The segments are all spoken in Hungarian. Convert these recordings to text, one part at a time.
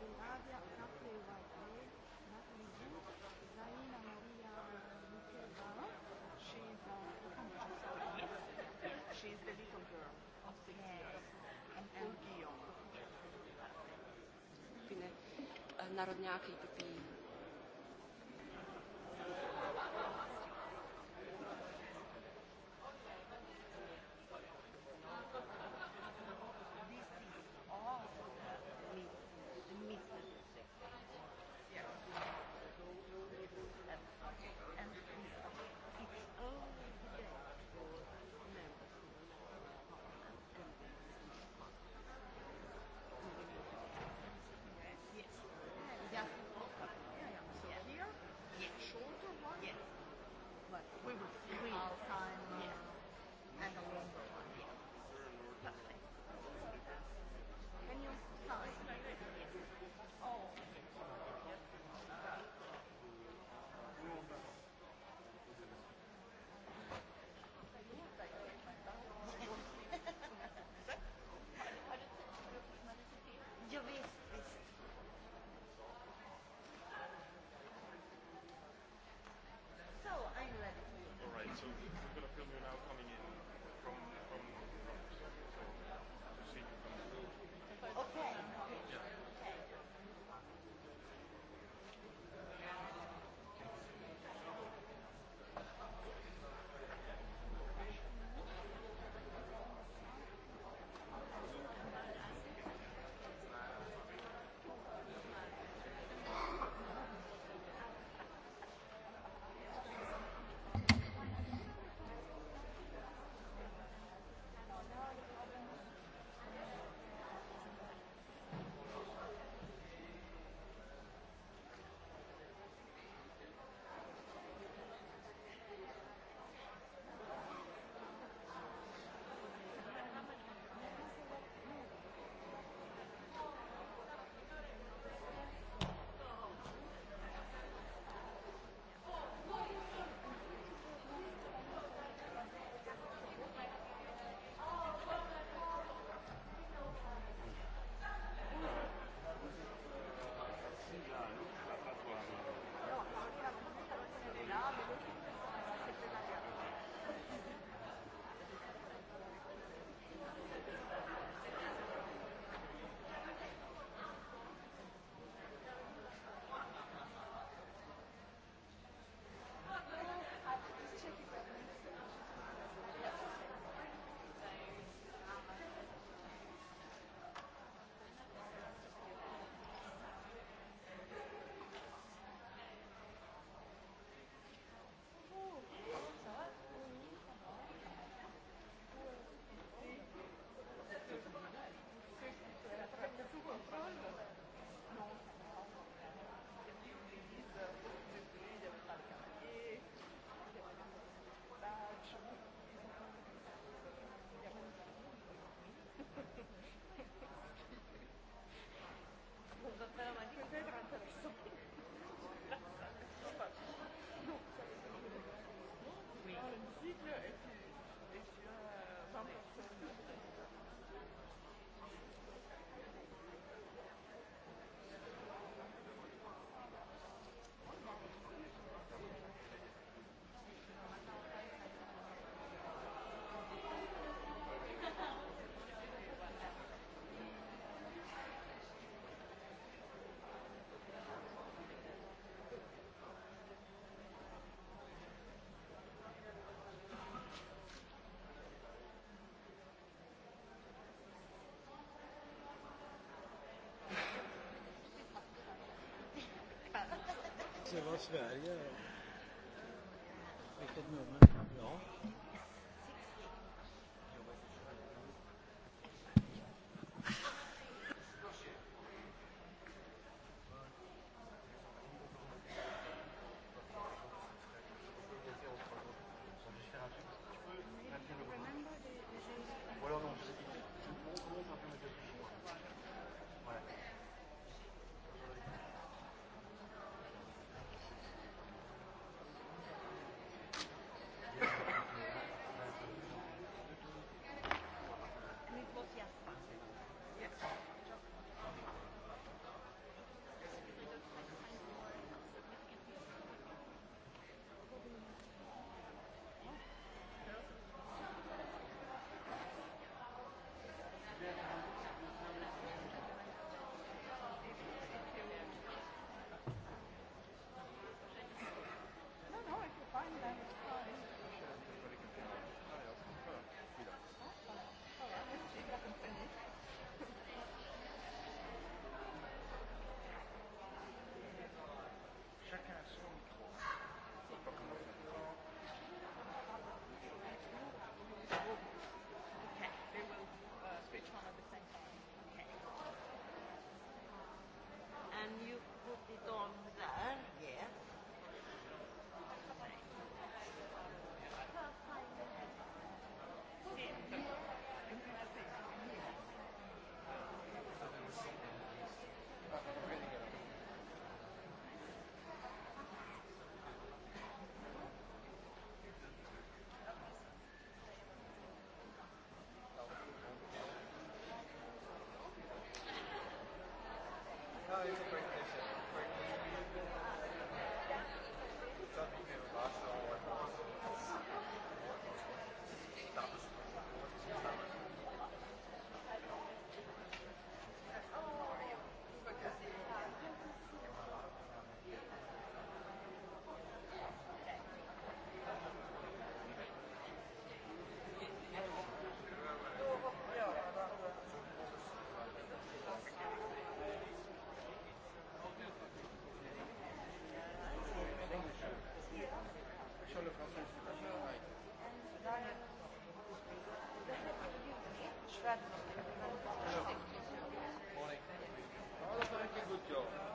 Adelaide Cappe Whiteley, Nathalie Zaina Maria Mikeva. She's um, she's the little girl of six yes. years. And, and Guillaume. Eh, Narodňáky, hozott fel, se vad Sverige Vilket nummer? Ja. Hello. Morning. Good job.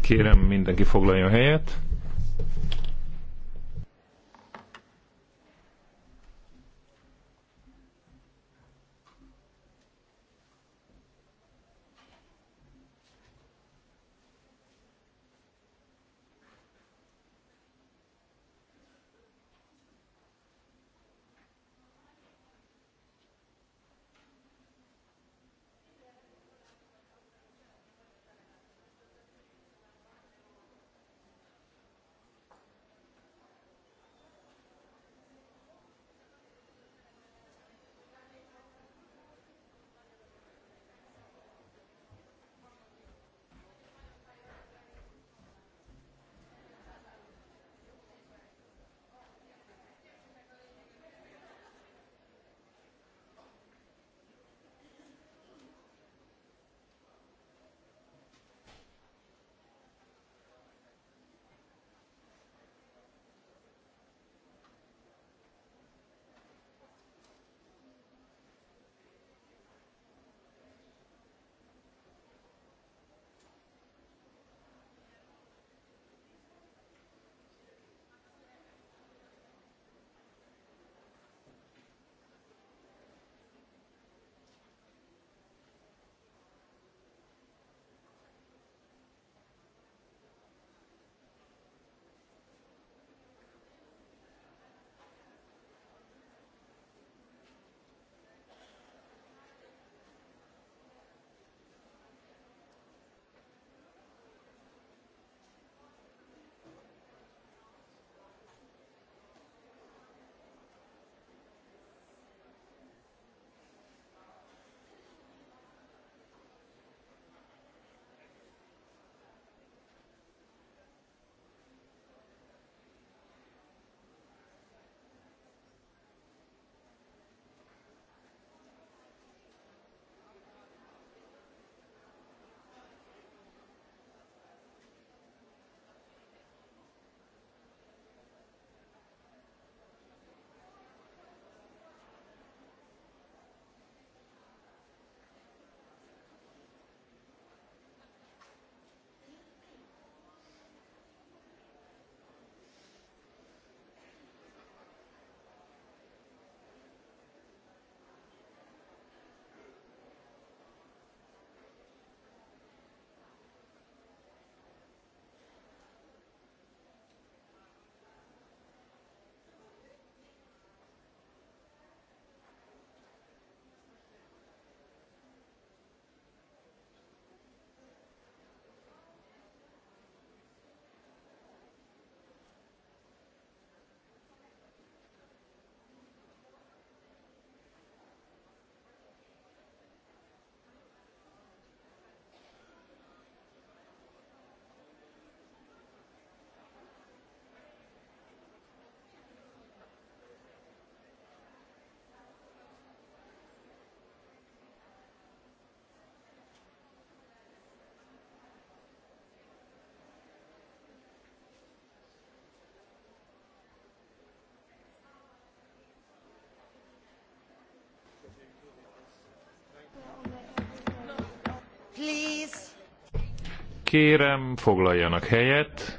Kérem, mindenki foglaljon helyet. Kérem, foglaljanak helyet.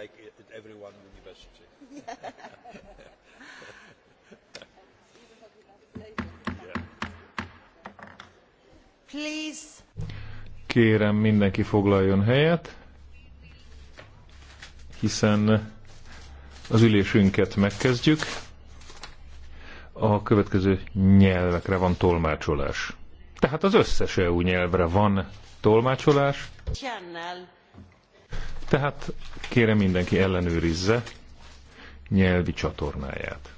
like at every one university. Please. Kérem, mindenki foglaljon helyet, hiszen az ülésünket megkezdjük. A következő nyelvekre van tolmácsolás. Tehát az összes EU nyelvre van tolmácsolás. Channel. Tehát kérem mindenki ellenőrizze nyelvi csatornáját.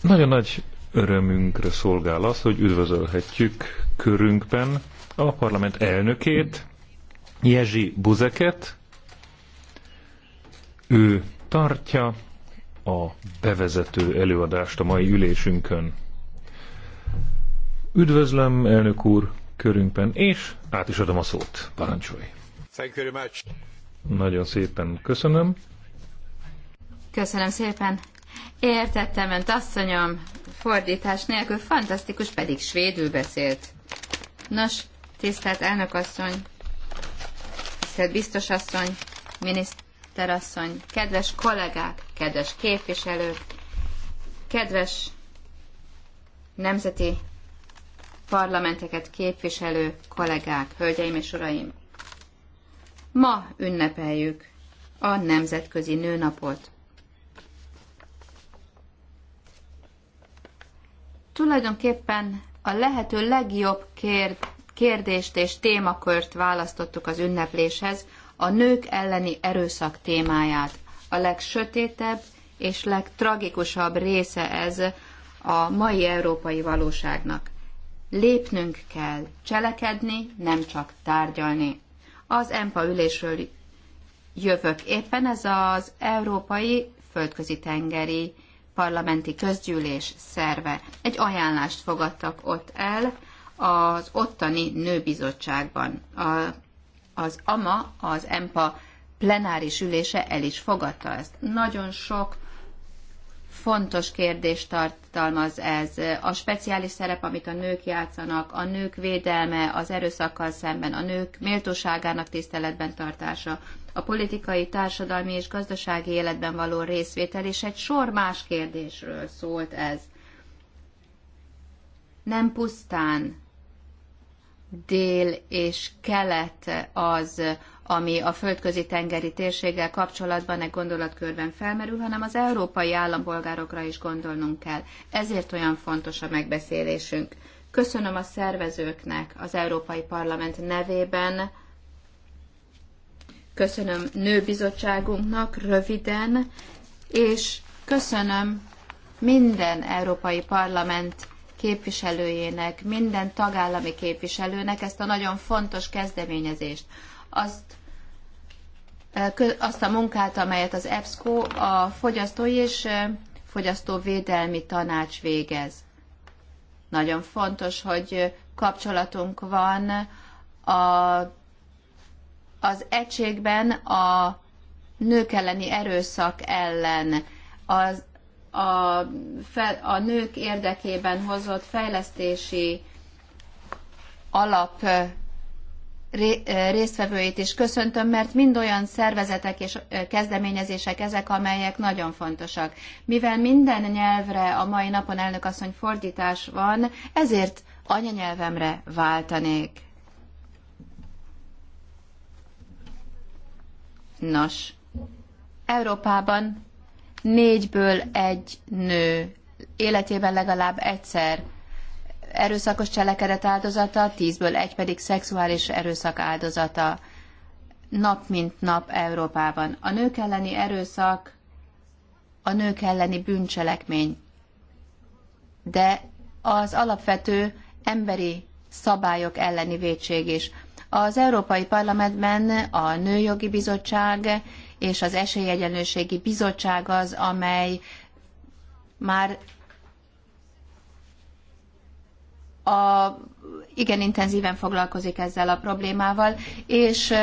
Nagyon nagy örömünkre szolgál az, hogy üdvözölhetjük körünkben a parlament elnökét, Jezsi Buzeket. Ő tartja a bevezető előadást a mai ülésünkön. Üdvözlöm, elnök úr, körünkben, és át is adom a szót. Parancsolj! Thank you very much. Nagyon szépen köszönöm. Köszönöm szépen. Értettem önt, asszonyom. Fordítás nélkül fantasztikus, pedig svédül beszélt. Nos, tisztelt elnök asszony, tisztelt biztos asszony, miniszter, miniszterasszony, kedves kollégák, kedves képviselők, kedves nemzeti parlamenteket képviselő kollégák, hölgyeim és uraim! Ma ünnepeljük a Nemzetközi Nőnapot. Tulajdonképpen a lehető legjobb kérdést és témakört választottuk az ünnepléshez, a nők elleni erőszak témáját. A legsötétebb és legtragikusabb része ez a mai európai valóságnak. Lépnünk kell, cselekedni, nem csak tárgyalni. Az EMPA ülésről jövök. Éppen ez az Európai Földközi Tengeri Parlamenti Közgyűlés szerve. Egy ajánlást fogadtak ott el az ottani nőbizottságban. A az AMA, az EMPA plenáris ülése el is fogadta ezt. Nagyon sok fontos kérdést tartalmaz ez. A speciális szerep, amit a nők játszanak, a nők védelme, az erőszakkal szemben, a nők méltóságának tiszteletben tartása, a politikai, társadalmi és gazdasági életben való részvétel, és egy sor más kérdésről szólt ez. Nem pusztán dél és kelet az, ami a földközi tengeri térséggel kapcsolatban egy gondolatkörben felmerül, hanem az európai állampolgárokra is gondolnunk kell. Ezért olyan fontos a megbeszélésünk. Köszönöm a szervezőknek az Európai Parlament nevében, köszönöm nőbizottságunknak röviden, és köszönöm minden Európai Parlament képviselőjének, minden tagállami képviselőnek ezt a nagyon fontos kezdeményezést. Azt azt a munkát, amelyet az EBSCO, a Fogyasztói és Fogyasztóvédelmi Tanács végez. Nagyon fontos, hogy kapcsolatunk van a, az egységben a nők elleni erőszak ellen, az a, a nők érdekében hozott fejlesztési alap résztvevőit is köszöntöm, mert mind olyan szervezetek és kezdeményezések ezek, amelyek nagyon fontosak. Mivel minden nyelvre a mai napon elnökasszony fordítás van, ezért anyanyelvemre váltanék. Nos, Európában Négyből egy nő életében legalább egyszer erőszakos cselekedet áldozata, tízből egy pedig szexuális erőszak áldozata nap mint nap Európában. A nők elleni erőszak a nők elleni bűncselekmény, de az alapvető emberi szabályok elleni védség is. Az Európai Parlamentben a Nőjogi Bizottság és az Esélyegyenlőségi Bizottság az, amely már a, igen intenzíven foglalkozik ezzel a problémával, és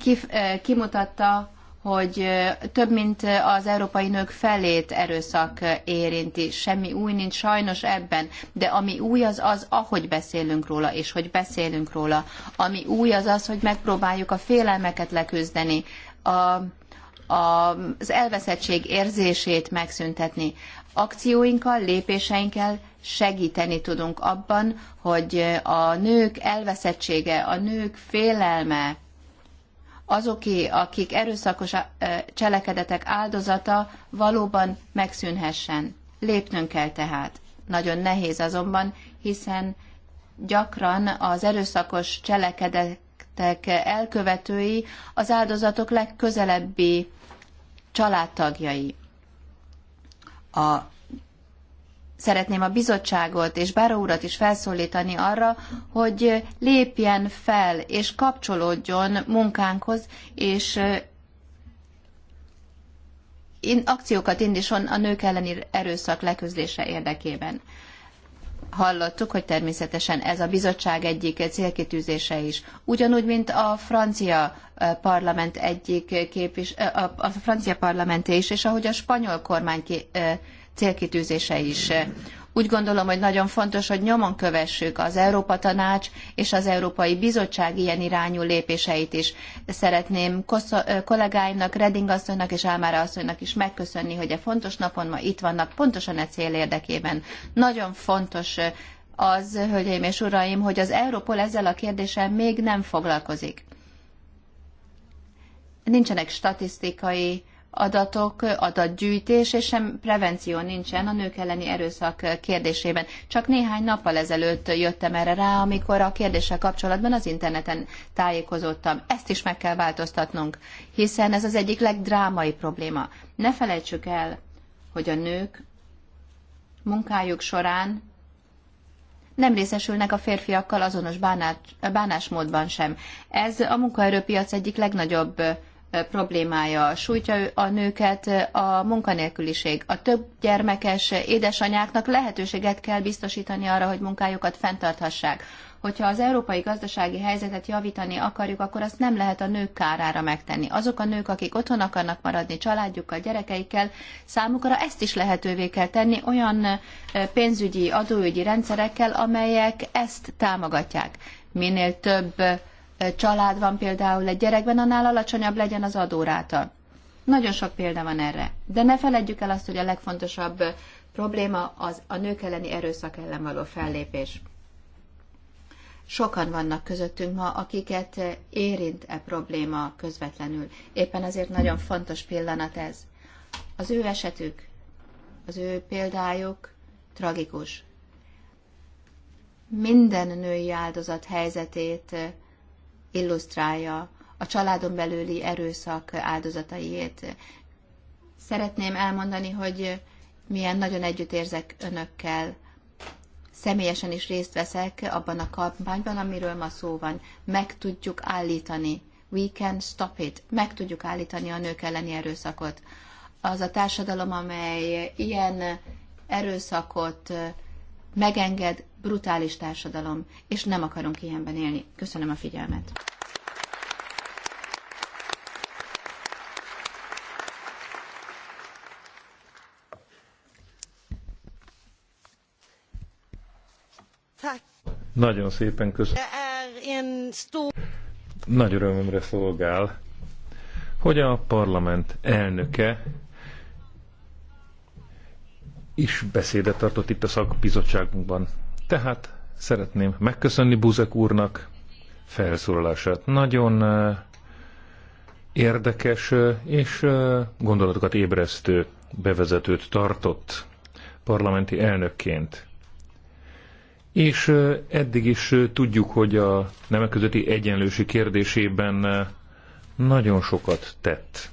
kif, kimutatta, hogy több mint az európai nők felét erőszak érinti. Semmi új nincs sajnos ebben, de ami új az az, ahogy beszélünk róla, és hogy beszélünk róla. Ami új az az, hogy megpróbáljuk a félelmeket leküzdeni. A, az elveszettség érzését megszüntetni. Akcióinkkal, lépéseinkkel segíteni tudunk abban, hogy a nők elveszettsége, a nők félelme, azoké, akik erőszakos cselekedetek áldozata valóban megszűnhessen. Lépnünk kell tehát. Nagyon nehéz azonban, hiszen gyakran az erőszakos cselekedetek tettek elkövetői az áldozatok legközelebbi családtagjai. A szeretném a bizottságot és Báró urat is felszólítani arra, hogy lépjen fel és kapcsolódjon munkánkhoz, és akciókat indítson a nők elleni erőszak leküzdése érdekében hallottuk, hogy természetesen ez a bizottság egyik célkitűzése is. Ugyanúgy, mint a francia eh, parlament egyik képvis, eh, a, francia parlamenté is, és ahogy a spanyol kormány eh, célkitűzése is. Úgy gondolom, hogy nagyon fontos, hogy nyomon kövessük az Európa Tanács és az Európai Bizottság ilyen irányú lépéseit is. Szeretném kollégáimnak, Reding asszonynak és Álmára asszonynak is megköszönni, hogy a e fontos napon ma itt vannak, pontosan e cél érdekében. Nagyon fontos az, hölgyeim és uraim, hogy az Európol ezzel a kérdéssel még nem foglalkozik. Nincsenek statisztikai adatok, adatgyűjtés és sem prevenció nincsen a nők elleni erőszak kérdésében. Csak néhány nappal ezelőtt jöttem erre rá, amikor a kérdéssel kapcsolatban az interneten tájékozottam. Ezt is meg kell változtatnunk, hiszen ez az egyik legdrámai probléma. Ne felejtsük el, hogy a nők munkájuk során nem részesülnek a férfiakkal azonos bánát, bánásmódban sem. Ez a munkaerőpiac egyik legnagyobb problémája sújtja a nőket a munkanélküliség. A több gyermekes édesanyáknak lehetőséget kell biztosítani arra, hogy munkájukat fenntarthassák. Hogyha az európai gazdasági helyzetet javítani akarjuk, akkor azt nem lehet a nők kárára megtenni. Azok a nők, akik otthon akarnak maradni családjukkal, gyerekeikkel, számukra ezt is lehetővé kell tenni olyan pénzügyi, adóügyi rendszerekkel, amelyek ezt támogatják. Minél több család van például egy gyerekben, annál alacsonyabb legyen az adóráta. Nagyon sok példa van erre. De ne feledjük el azt, hogy a legfontosabb probléma az a nők elleni erőszak ellen való fellépés. Sokan vannak közöttünk ma, akiket érint e probléma közvetlenül. Éppen azért nagyon fontos pillanat ez. Az ő esetük, az ő példájuk tragikus. Minden női áldozat helyzetét illusztrálja a családon belüli erőszak áldozataiét. Szeretném elmondani, hogy milyen nagyon együttérzek önökkel. Személyesen is részt veszek abban a kampányban, amiről ma szó van. Meg tudjuk állítani. We can stop it. Meg tudjuk állítani a nők elleni erőszakot. Az a társadalom, amely ilyen erőszakot megenged brutális társadalom, és nem akarunk ilyenben élni. Köszönöm a figyelmet. Nagyon szépen köszönöm. Er, er, Nagy örömömre szolgál, hogy a parlament elnöke is beszédet tartott itt a szakbizottságunkban. Tehát szeretném megköszönni Buzek úrnak felszólalását. Nagyon érdekes és gondolatokat ébresztő bevezetőt tartott parlamenti elnökként. És eddig is tudjuk, hogy a nemek közötti egyenlősi kérdésében nagyon sokat tett.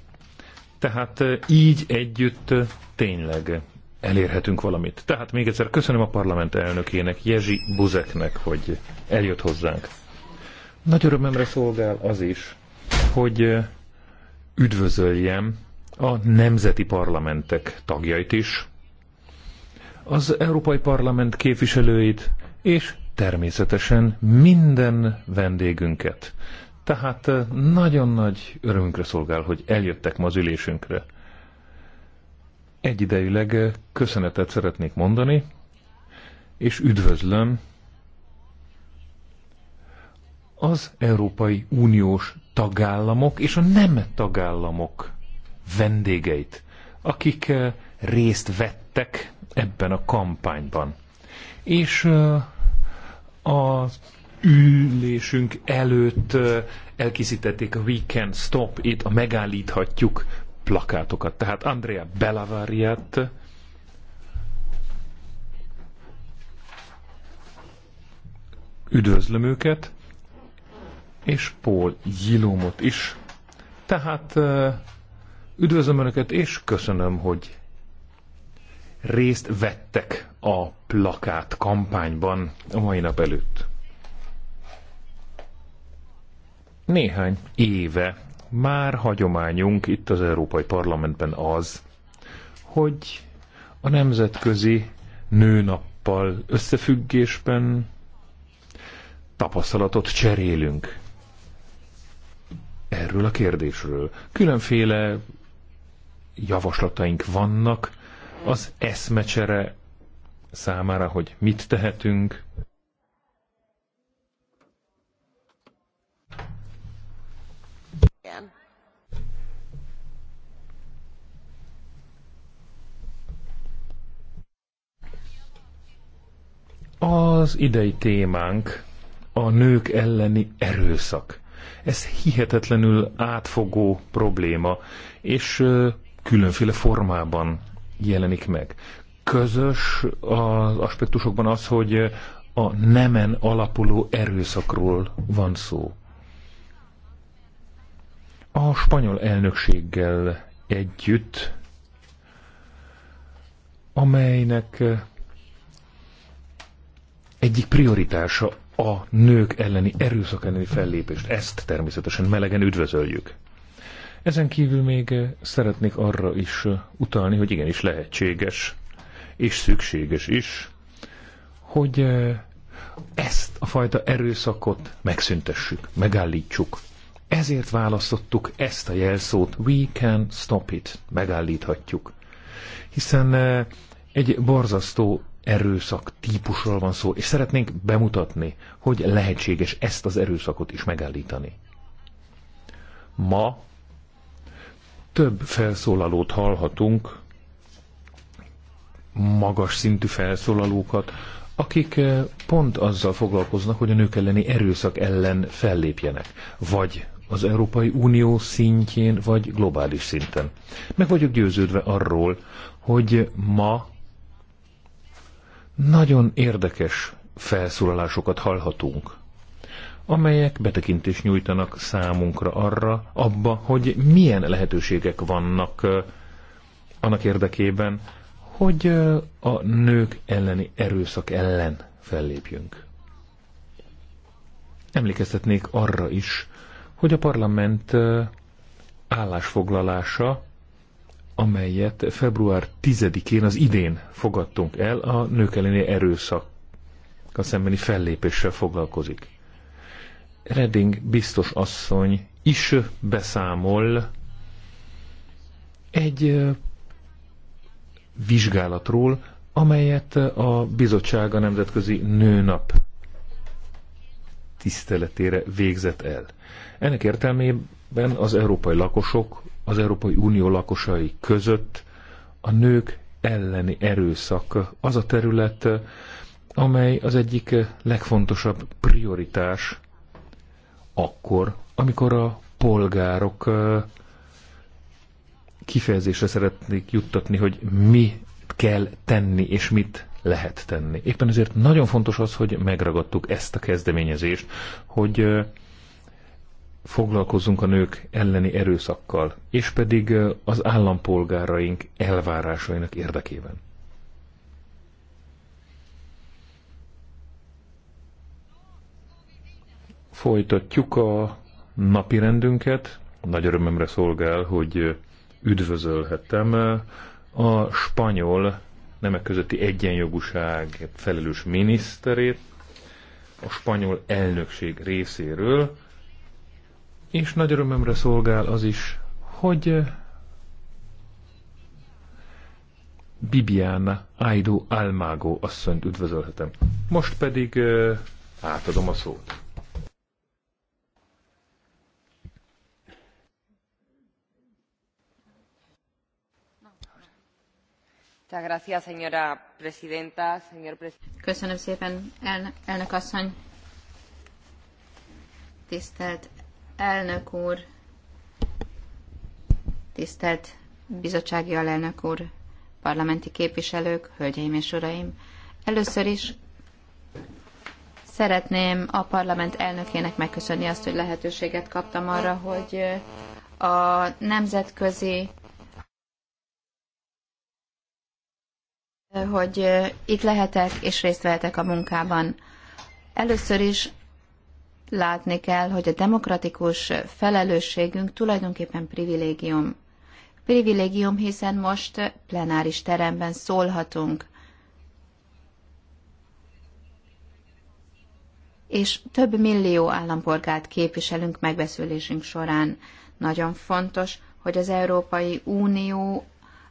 Tehát így együtt tényleg elérhetünk valamit. Tehát még egyszer köszönöm a parlament elnökének, Jezsi Buzeknek, hogy eljött hozzánk. Nagy örömemre szolgál az is, hogy üdvözöljem a nemzeti parlamentek tagjait is, az Európai Parlament képviselőit, és természetesen minden vendégünket. Tehát nagyon nagy örömünkre szolgál, hogy eljöttek ma az ülésünkre. Egyidejűleg eh, köszönetet szeretnék mondani, és üdvözlöm az Európai Uniós tagállamok és a nem tagállamok vendégeit, akik eh, részt vettek ebben a kampányban. És eh, az ülésünk előtt elkészítették a We Can Stop It, a megállíthatjuk plakátokat. Tehát Andrea Belavariát üdvözlöm őket, és Paul Gilomot is. Tehát üdvözlöm Önöket, és köszönöm, hogy részt vettek a plakát kampányban a mai nap előtt. Néhány éve már hagyományunk itt az Európai Parlamentben az, hogy a nemzetközi nőnappal összefüggésben tapasztalatot cserélünk erről a kérdésről. Különféle javaslataink vannak az eszmecsere számára, hogy mit tehetünk, Az idei témánk a nők elleni erőszak. Ez hihetetlenül átfogó probléma, és különféle formában jelenik meg. Közös az aspektusokban az, hogy a nemen alapuló erőszakról van szó. A spanyol elnökséggel együtt, amelynek egyik prioritása a nők elleni erőszak elleni fellépést. Ezt természetesen melegen üdvözöljük. Ezen kívül még eh, szeretnék arra is eh, utalni, hogy igenis lehetséges és szükséges is, hogy eh, ezt a fajta erőszakot megszüntessük, megállítsuk. Ezért választottuk ezt a jelszót, we can stop it, megállíthatjuk. Hiszen egy borzasztó erőszak típusról van szó, és szeretnénk bemutatni, hogy lehetséges ezt az erőszakot is megállítani. Ma több felszólalót hallhatunk, magas szintű felszólalókat, akik eh, pont azzal foglalkoznak, hogy a nők elleni erőszak ellen fellépjenek, vagy az Európai Unió szintjén, vagy globális szinten. Meg vagyok győződve arról, hogy ma nagyon érdekes felszólalásokat hallhatunk, amelyek betekintést nyújtanak számunkra arra, abba, hogy milyen lehetőségek vannak annak érdekében, hogy a nők elleni erőszak ellen fellépjünk. Emlékeztetnék arra is, hogy a parlament állásfoglalása amelyet február 10-én az idén fogadtunk el, a nők elleni erőszak szembeni fellépéssel foglalkozik. Redding biztos asszony is beszámol egy vizsgálatról, amelyet a bizottság a Nemzetközi Nőnap tiszteletére végzett el. Ennek értelmében az európai lakosok az Európai Unió lakosai között a nők elleni erőszak az a terület, amely az egyik legfontosabb prioritás akkor, amikor a polgárok kifejezésre szeretnék juttatni, hogy mi kell tenni és mit lehet tenni. Éppen ezért nagyon fontos az, hogy megragadtuk ezt a kezdeményezést, hogy foglalkozunk a nők elleni erőszakkal, és pedig az állampolgáraink elvárásainak érdekében. Folytatjuk a napi rendünket. Nagy örömömre szolgál, hogy üdvözölhettem a spanyol nemek közötti egyenjogúság felelős miniszterét, a spanyol elnökség részéről, és nagy örömömre szolgál az is, hogy eh, Bibiana Aido Almago asszonyt üdvözölhetem. Most pedig eh, átadom a szót. Köszönöm szépen, elnök asszony. Tisztelt Elnök úr, tisztelt bizottsági alelnök úr, parlamenti képviselők, hölgyeim és uraim! Először is szeretném a parlament elnökének megköszönni azt, hogy lehetőséget kaptam arra, hogy a nemzetközi hogy itt lehetek és részt vehetek a munkában. Először is látni kell, hogy a demokratikus felelősségünk tulajdonképpen privilégium. Privilégium, hiszen most plenáris teremben szólhatunk. És több millió állampolgárt képviselünk megbeszélésünk során. Nagyon fontos, hogy az Európai Unió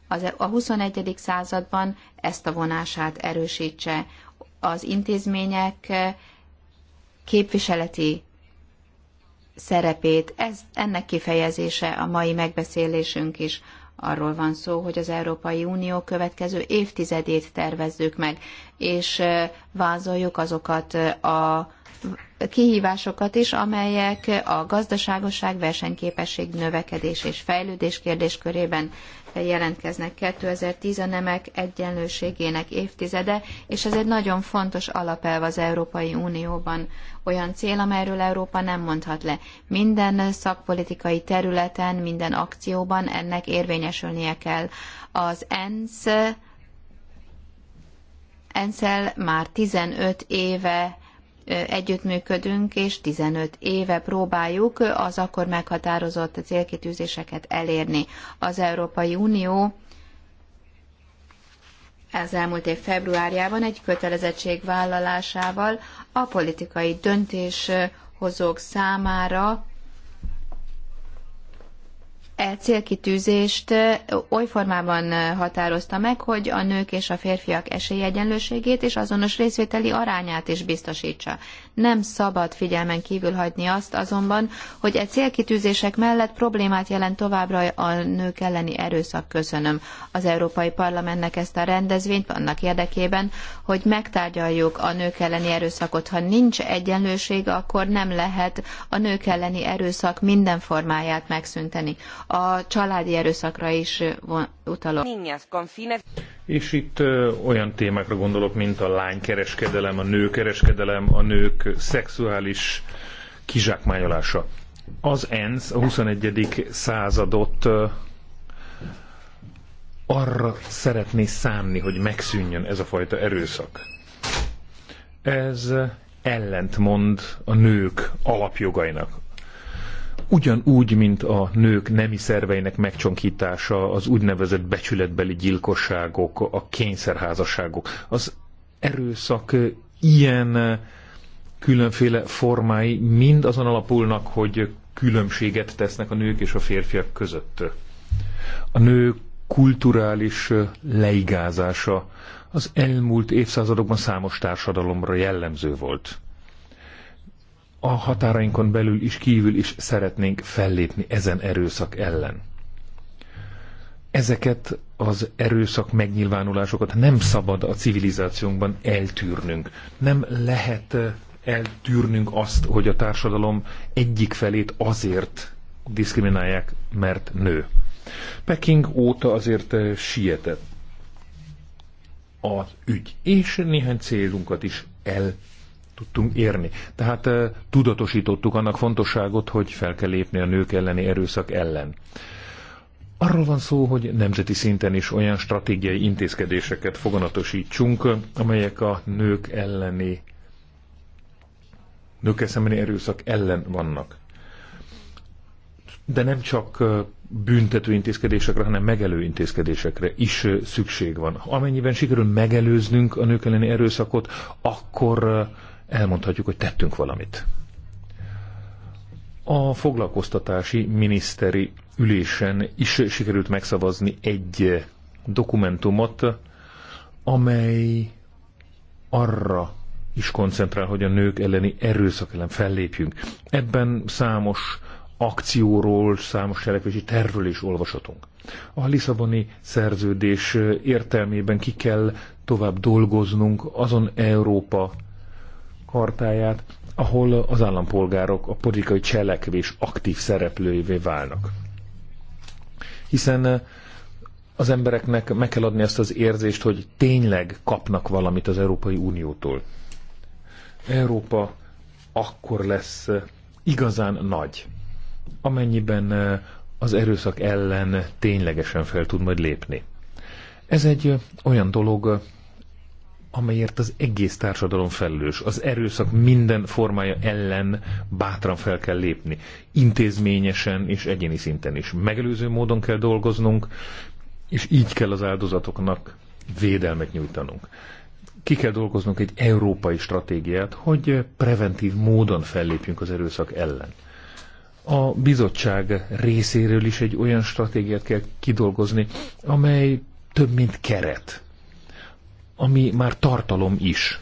az, a 21. században ezt a vonását erősítse. Az intézmények képviseleti szerepét, ez, ennek kifejezése a mai megbeszélésünk is. Arról van szó, hogy az Európai Unió következő évtizedét tervezzük meg, és vázoljuk azokat a kihívásokat is, amelyek a gazdaságosság, versenyképesség, növekedés és fejlődés kérdéskörében jelentkeznek. 2010 a nemek egyenlőségének évtizede, és ez egy nagyon fontos alapelv az Európai Unióban olyan cél, amelyről Európa nem mondhat le. Minden szakpolitikai területen, minden akcióban ennek érvényesülnie kell. Az ENSZ Enszel már 15 éve együttműködünk, és 15 éve próbáljuk az akkor meghatározott célkitűzéseket elérni. Az Európai Unió az elmúlt év februárjában egy kötelezettség vállalásával a politikai döntéshozók számára e célkitűzést oly formában határozta meg, hogy a nők és a férfiak esélyegyenlőségét és azonos részvételi arányát is biztosítsa. Nem szabad figyelmen kívül hagyni azt azonban, hogy e célkitűzések mellett problémát jelent továbbra a nők elleni erőszak. Köszönöm az Európai Parlamentnek ezt a rendezvényt annak érdekében, hogy megtárgyaljuk a nők elleni erőszakot. Ha nincs egyenlőség, akkor nem lehet a nők elleni erőszak minden formáját megszünteni a családi erőszakra is utalok. És itt olyan témákra gondolok, mint a lánykereskedelem, a nőkereskedelem, a nők szexuális kizsákmányolása. Az ENSZ a 21. századot arra szeretné szánni, hogy megszűnjön ez a fajta erőszak. Ez ellentmond a nők alapjogainak ugyanúgy, mint a nők nemi szerveinek megcsonkítása, az úgynevezett becsületbeli gyilkosságok, a kényszerházasságok, az erőszak ilyen különféle formái mind azon alapulnak, hogy különbséget tesznek a nők és a férfiak között. A nő kulturális leigázása az elmúlt évszázadokban számos társadalomra jellemző volt a határainkon belül is kívül is szeretnénk fellépni ezen erőszak ellen. Ezeket az erőszak megnyilvánulásokat nem szabad a civilizációnkban eltűrnünk. Nem lehet eh, eltűrnünk azt, hogy a társadalom egyik felét azért diszkriminálják, mert nő. Peking óta azért eh, sietett az ügy, és néhány célunkat is el tudtunk érni. Tehát tudatosítottuk annak fontosságot, hogy fel kell lépni a nők elleni erőszak ellen. Arról van szó, hogy nemzeti szinten is olyan stratégiai intézkedéseket foganatosítsunk, amelyek a nők elleni nők szembeni erőszak ellen vannak. De nem csak büntető intézkedésekre, hanem megelő intézkedésekre is szükség van. Amennyiben sikerül megelőznünk a nők elleni erőszakot, akkor elmondhatjuk, hogy tettünk valamit. A foglalkoztatási miniszteri ülésen is sikerült megszavazni egy dokumentumot, amely arra is koncentrál, hogy a nők elleni erőszak ellen fellépjünk. Ebben számos akcióról, számos cselekvési tervről is olvashatunk. A Lisszaboni szerződés értelmében ki kell tovább dolgoznunk azon Európa hartáját, ahol az állampolgárok a politikai cselekvés aktív szereplőivé válnak. Hiszen eh, az embereknek meg kell adni azt az érzést, hogy tényleg kapnak valamit az Európai Uniótól. Európa akkor lesz eh, igazán nagy, amennyiben eh, az erőszak ellen ténylegesen fel tud majd lépni. Ez egy olyan dolog, amelyért az egész társadalom felelős. Az erőszak minden formája ellen bátran fel kell lépni. Intézményesen és egyéni szinten is. Megelőző módon kell dolgoznunk, és így kell az áldozatoknak védelmet nyújtanunk. Ki kell dolgoznunk egy európai stratégiát, hogy preventív módon fellépjünk az erőszak ellen. A bizottság részéről is egy olyan stratégiát kell kidolgozni, amely több mint keret ami már tartalom is,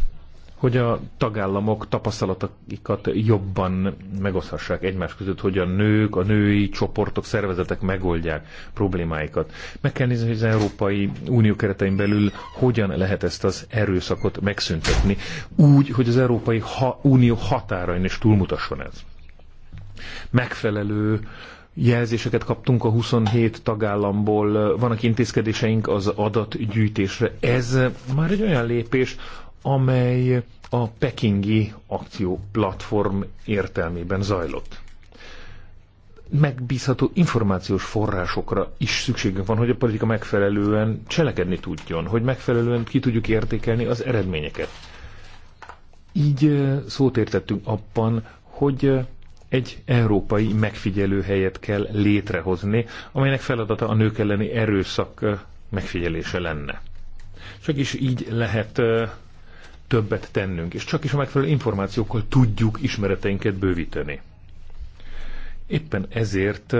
hogy a tagállamok tapasztalatokat jobban megoszhassák egymás között, hogy a nők, a női csoportok, szervezetek megoldják problémáikat. Meg kell nézni, hogy az Európai Unió keretein belül hogyan lehet ezt az erőszakot megszüntetni, úgy, hogy az Európai ha Unió határain is túlmutasson ez. Megfelelő jelzéseket kaptunk a 27 tagállamból, vannak intézkedéseink az adatgyűjtésre. Ez már egy olyan lépés, amely a pekingi platform értelmében zajlott. Megbízható információs forrásokra is szükségünk van, hogy a politika megfelelően cselekedni tudjon, hogy megfelelően ki tudjuk értékelni az eredményeket. Így szót értettünk abban, hogy egy európai megfigyelőhelyet kell létrehozni, amelynek feladata a nők elleni erőszak megfigyelése lenne. Csak is így lehet többet tennünk, és csak is a megfelelő információkkal tudjuk ismereteinket bővíteni. Éppen ezért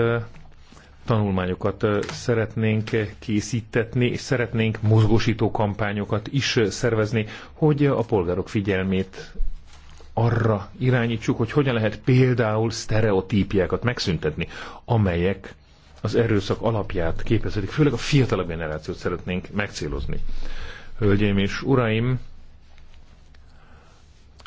tanulmányokat szeretnénk készítetni, és szeretnénk mozgósító kampányokat is szervezni, hogy a polgárok figyelmét arra irányítsuk, hogy hogyan lehet például sztereotípiákat megszüntetni, amelyek az erőszak alapját képezhetik. főleg a fiatalabb generációt szeretnénk megcélozni. Hölgyeim és uraim,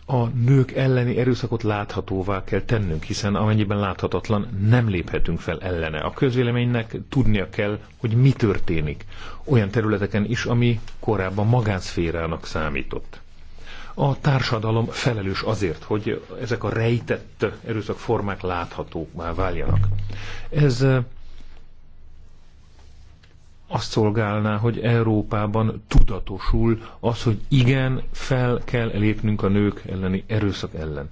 a nők elleni erőszakot láthatóvá kell tennünk, hiszen amennyiben láthatatlan, nem léphetünk fel ellene. A közvéleménynek tudnia kell, hogy mi történik olyan területeken is, ami korábban magánszférának számított. A társadalom felelős azért, hogy ezek a rejtett erőszakformák már váljanak. Ez eh, azt szolgálná, hogy Európában tudatosul az, hogy igen, fel kell lépnünk a nők elleni erőszak ellen.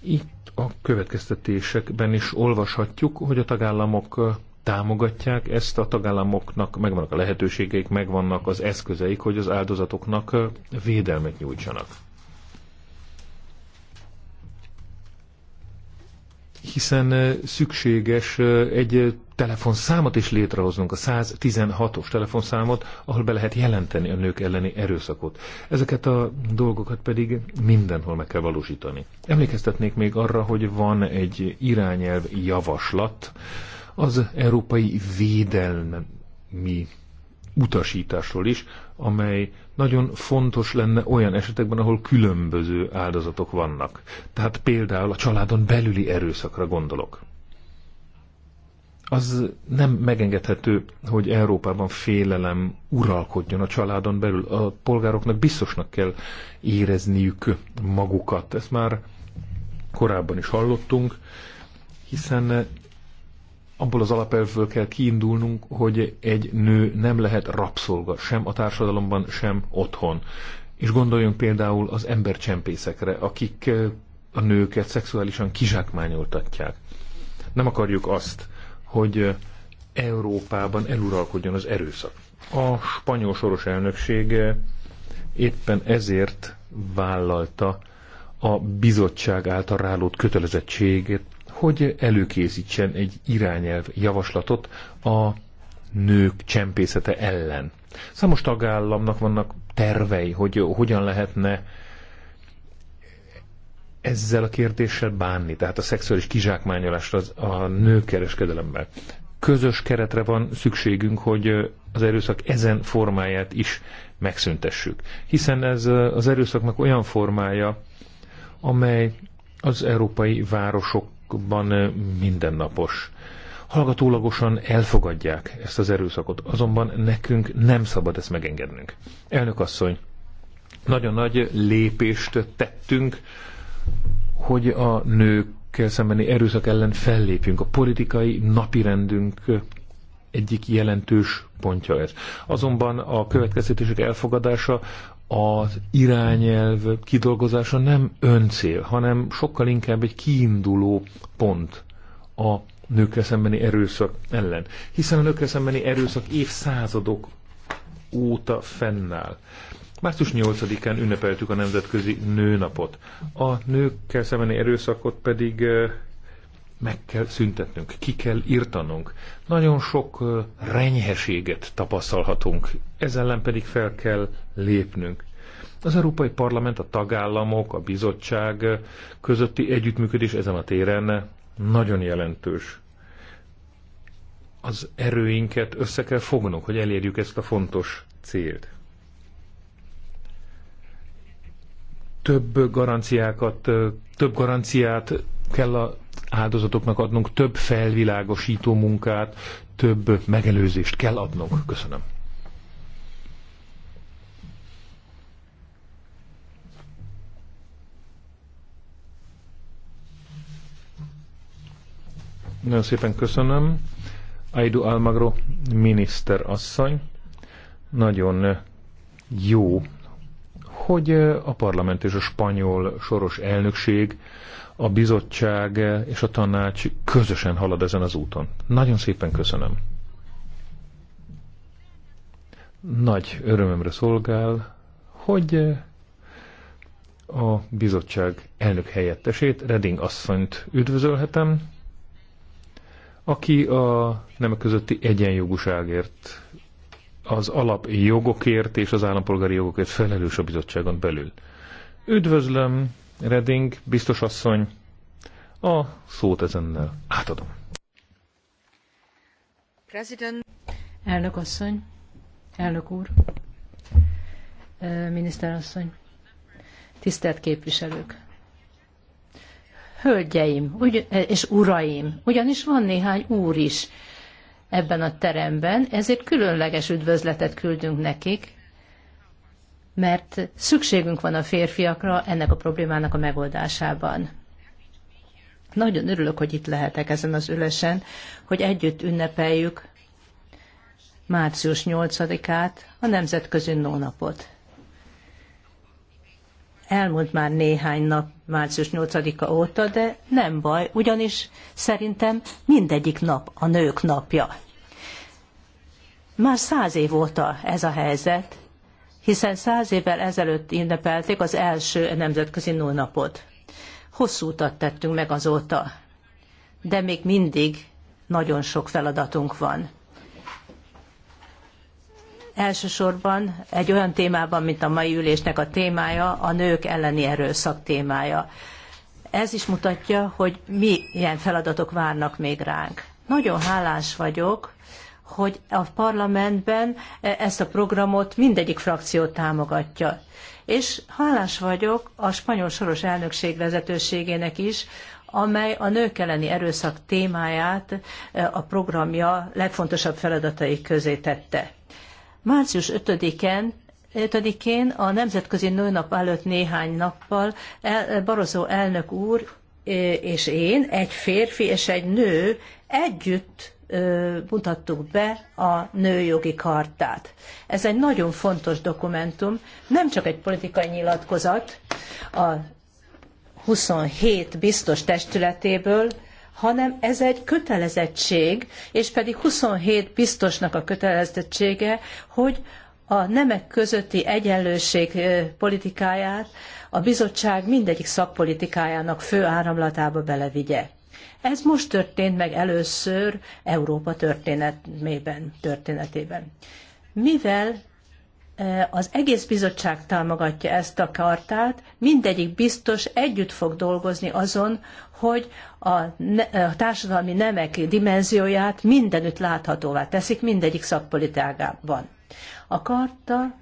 Itt a következtetésekben is olvashatjuk, hogy a tagállamok eh, támogatják ezt, a tagállamoknak megvannak a lehetőségeik, megvannak az eszközeik, hogy az áldozatoknak védelmet nyújtsanak. Hiszen szükséges egy telefonszámot is létrehoznunk, a 116-os telefonszámot, ahol be lehet jelenteni a nők elleni erőszakot. Ezeket a dolgokat pedig mindenhol meg kell valósítani. Emlékeztetnék még arra, hogy van egy irányelv javaslat, az európai védelmi utasításról is, amely nagyon fontos lenne olyan esetekben, ahol különböző áldozatok vannak. Tehát például a családon belüli erőszakra gondolok. Az nem megengedhető, hogy Európában félelem uralkodjon a családon belül. A polgároknak biztosnak kell érezniük magukat. Ezt már korábban is hallottunk, hiszen abból az alapelvből kell kiindulnunk, hogy egy nő nem lehet rabszolga, sem a társadalomban, sem otthon. És gondoljunk például az embercsempészekre, akik eh, a nőket szexuálisan kizsákmányoltatják. Nem akarjuk azt, hogy eh, Európában eluralkodjon az erőszak. A spanyol soros elnökség eh, éppen ezért vállalta a bizottság által rálót kötelezettséget hogy előkészítsen egy irányelv javaslatot a nők csempészete ellen. Számos tagállamnak vannak tervei, hogy hogyan lehetne ezzel a kérdéssel bánni, tehát a szexuális kizsákmányolásra a nőkereskedelemmel. Közös keretre van szükségünk, hogy az erőszak ezen formáját is megszüntessük. Hiszen ez az erőszaknak olyan formája, amely az európai városok országban mindennapos. Hallgatólagosan elfogadják ezt az erőszakot, azonban nekünk nem szabad ezt megengednünk. Elnök asszony, nagyon nagy lépést tettünk, hogy a nőkkel szembeni erőszak ellen fellépjünk. A politikai napirendünk egyik jelentős pontja ez. Azonban a következtetések elfogadása az irányelv kidolgozása nem öncél, hanem sokkal inkább egy kiinduló pont a nőkre szembeni erőszak ellen. Hiszen a nőkre szembeni erőszak évszázadok óta fennáll. Március 8-án ünnepeltük a Nemzetközi Nőnapot. A nőkkel szembeni erőszakot pedig meg kell szüntetnünk, ki kell írtanunk. Nagyon sok renyheséget tapasztalhatunk, ez ellen pedig fel kell lépnünk. Az Európai Parlament, a tagállamok, a bizottság közötti együttműködés ezen a téren nagyon jelentős. Az erőinket össze kell fognunk, hogy elérjük ezt a fontos célt. Több garanciákat, több garanciát kell az áldozatoknak adnunk, több felvilágosító munkát, több megelőzést kell adnunk. Köszönöm. Nagyon szépen köszönöm. Aidu Almagro miniszter asszony. Nagyon eh, jó, hogy eh, a parlament és a spanyol soros elnökség, a bizottság eh, és a tanács közösen halad ezen az úton. Nagyon szépen köszönöm. Nagy örömömre szolgál, hogy a bizottság elnök helyettesét, Reding asszonyt üdvözölhetem aki a nemek közötti egyenjogúságért, az alapjogokért és az állampolgári jogokért felelős a bizottságon belül. Üdvözlöm, Reding, biztos asszony, a szót ezennel átadom. President. Elnök asszony, elnök úr, miniszterasszony, tisztelt képviselők! Hölgyeim ugy, és uraim, ugyanis van néhány úr is ebben a teremben, ezért különleges üdvözletet küldünk nekik, mert szükségünk van a férfiakra ennek a problémának a megoldásában. Nagyon örülök, hogy itt lehetek ezen az ülesen, hogy együtt ünnepeljük március 8-át, a Nemzetközi Nónapot elmúlt már néhány nap, március 8-a óta, de nem baj, ugyanis szerintem mindegyik nap a nők napja. Már száz év óta ez a helyzet, hiszen száz évvel ezelőtt ünnepelték az első nemzetközi nőnapot. Hosszú utat tettünk meg azóta, de még mindig nagyon sok feladatunk van. Elsősorban egy olyan témában, mint a mai ülésnek a témája, a nők elleni erőszak témája. Ez is mutatja, hogy milyen feladatok várnak még ránk. Nagyon hálás vagyok, hogy a parlamentben ezt a programot mindegyik frakció támogatja. És hálás vagyok a spanyol soros elnökség vezetőségének is, amely a nők elleni erőszak témáját a programja legfontosabb feladatai közé tette. Március 5-en 5-én a Nemzetközi Nőnap előtt néhány nappal el, Barozó elnök úr és én, egy férfi és egy nő együtt mutattuk be a nőjogi kartát. Ez egy nagyon fontos dokumentum, nem csak egy politikai nyilatkozat a 27 biztos testületéből, hanem ez egy kötelezettség, és pedig 27 biztosnak a kötelezettsége, hogy a nemek közötti egyenlőség politikáját a bizottság mindegyik szakpolitikájának fő áramlatába belevigye. Ez most történt meg először Európa történetében, történetében. Mivel az egész bizottság támogatja ezt a kartát, mindegyik biztos együtt fog dolgozni azon, hogy a, a társadalmi nemek dimenzióját mindenütt láthatóvá teszik mindegyik szakpolitágában. A karta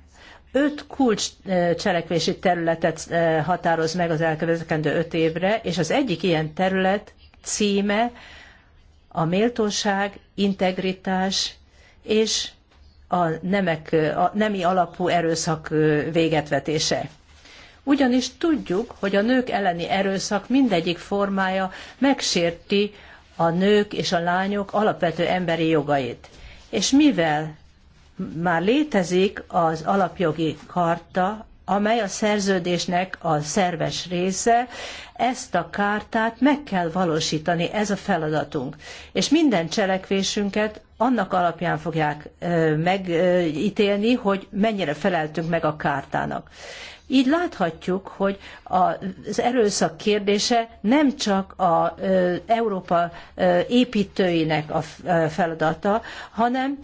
öt kulcs e, cselekvési területet e, határoz meg az elkövetkezendő öt évre, és az egyik ilyen terület címe a méltóság, integritás és a, nemek, e, a nemi alapú erőszak végetvetése. Ugyanis tudjuk, hogy a nők elleni erőszak mindegyik formája megsérti a nők és a lányok alapvető emberi jogait. És mivel már létezik az alapjogi karta, amely a szerződésnek a szerves része, ezt a kártát meg kell valósítani, ez a feladatunk. És minden cselekvésünket annak alapján fogják megítélni, hogy mennyire feleltünk meg a kártának. Így láthatjuk, hogy az erőszak kérdése nem csak az Európa építőinek a feladata, hanem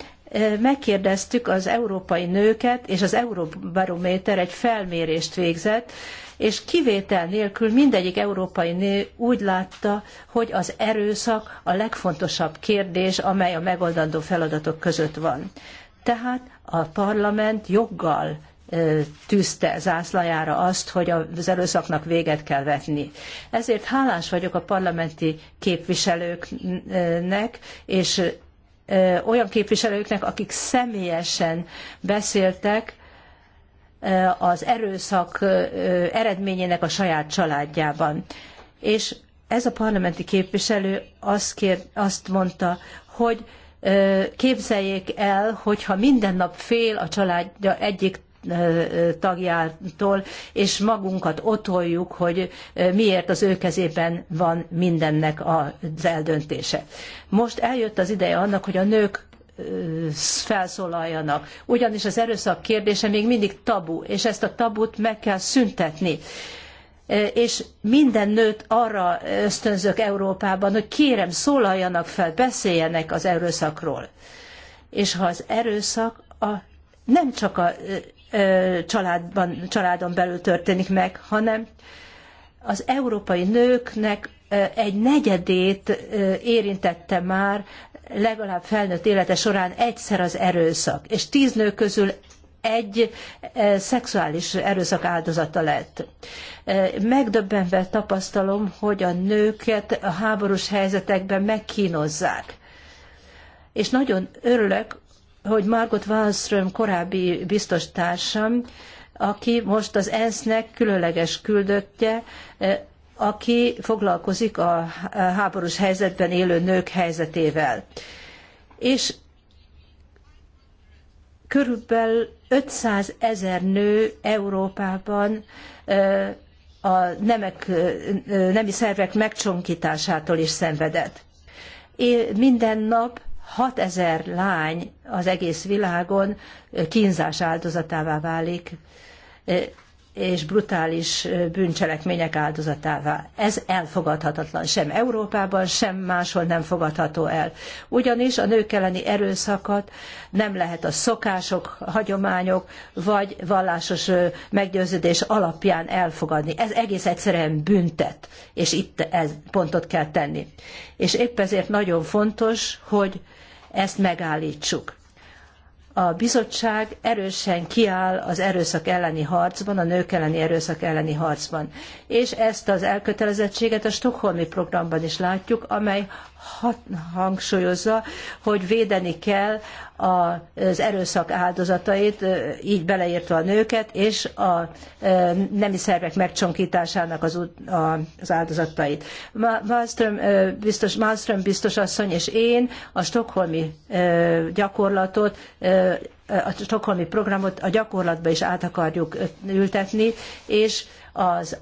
megkérdeztük az európai nőket, és az Euróbarométer egy felmérést végzett, és kivétel nélkül mindegyik európai nő úgy látta, hogy az erőszak a legfontosabb kérdés, amely a megoldandó feladatok között van. Tehát a parlament joggal tűzte zászlajára azt, hogy az erőszaknak véget kell vetni. Ezért hálás vagyok a parlamenti képviselőknek, és olyan képviselőknek, akik személyesen beszéltek az erőszak eredményének a saját családjában. És ez a parlamenti képviselő azt, kér, azt mondta, hogy képzeljék el, hogyha minden nap fél a családja egyik tagjától, és magunkat otoljuk, hogy miért az ő kezében van mindennek az eldöntése. Most eljött az ideje annak, hogy a nők felszólaljanak. Ugyanis az erőszak kérdése még mindig tabu, és ezt a tabut meg kell szüntetni és minden nőt arra ösztönzök Európában, hogy kérem, szólaljanak fel, beszéljenek az erőszakról. És ha az erőszak a, nem csak a családban, családon belül történik meg, hanem az európai nőknek egy negyedét érintette már legalább felnőtt élete során egyszer az erőszak, és tíz nő közül egy szexuális erőszak áldozata lett. Megdöbbenve tapasztalom, hogy a nőket a háborús helyzetekben megkínozzák. És nagyon örülök, hogy Margot Wallström korábbi biztos társam, aki most az ENSZ-nek különleges küldöttje, eh, aki foglalkozik a háborús helyzetben élő nők helyzetével. És körülbelül 500 ezer nő Európában eh, a nemek, eh, nemi szervek megcsonkításától is szenvedett. minden nap 6000 lány az egész világon kínzás áldozatává válik, és brutális bűncselekmények áldozatává. Ez elfogadhatatlan. Sem Európában, sem máshol nem fogadható el. Ugyanis a nők elleni erőszakat nem lehet a szokások, hagyományok vagy vallásos meggyőződés alapján elfogadni. Ez egész egyszerűen büntet, és itt ez pontot kell tenni. És épp ezért nagyon fontos, hogy ezt megállítsuk. A bizottság erősen kiáll az erőszak elleni harcban, a nők elleni erőszak elleni harcban. És ezt az elkötelezettséget a Stockholmi programban is látjuk, amely hangsúlyozza, hogy védeni kell az erőszak áldozatait, így beleértve a nőket, és a nemi szervek megcsonkításának az, az áldozatait. Malmström biztos, Malmström biztos asszony és én a stokholmi gyakorlatot a stokholmi programot a gyakorlatba is át akarjuk ültetni, és az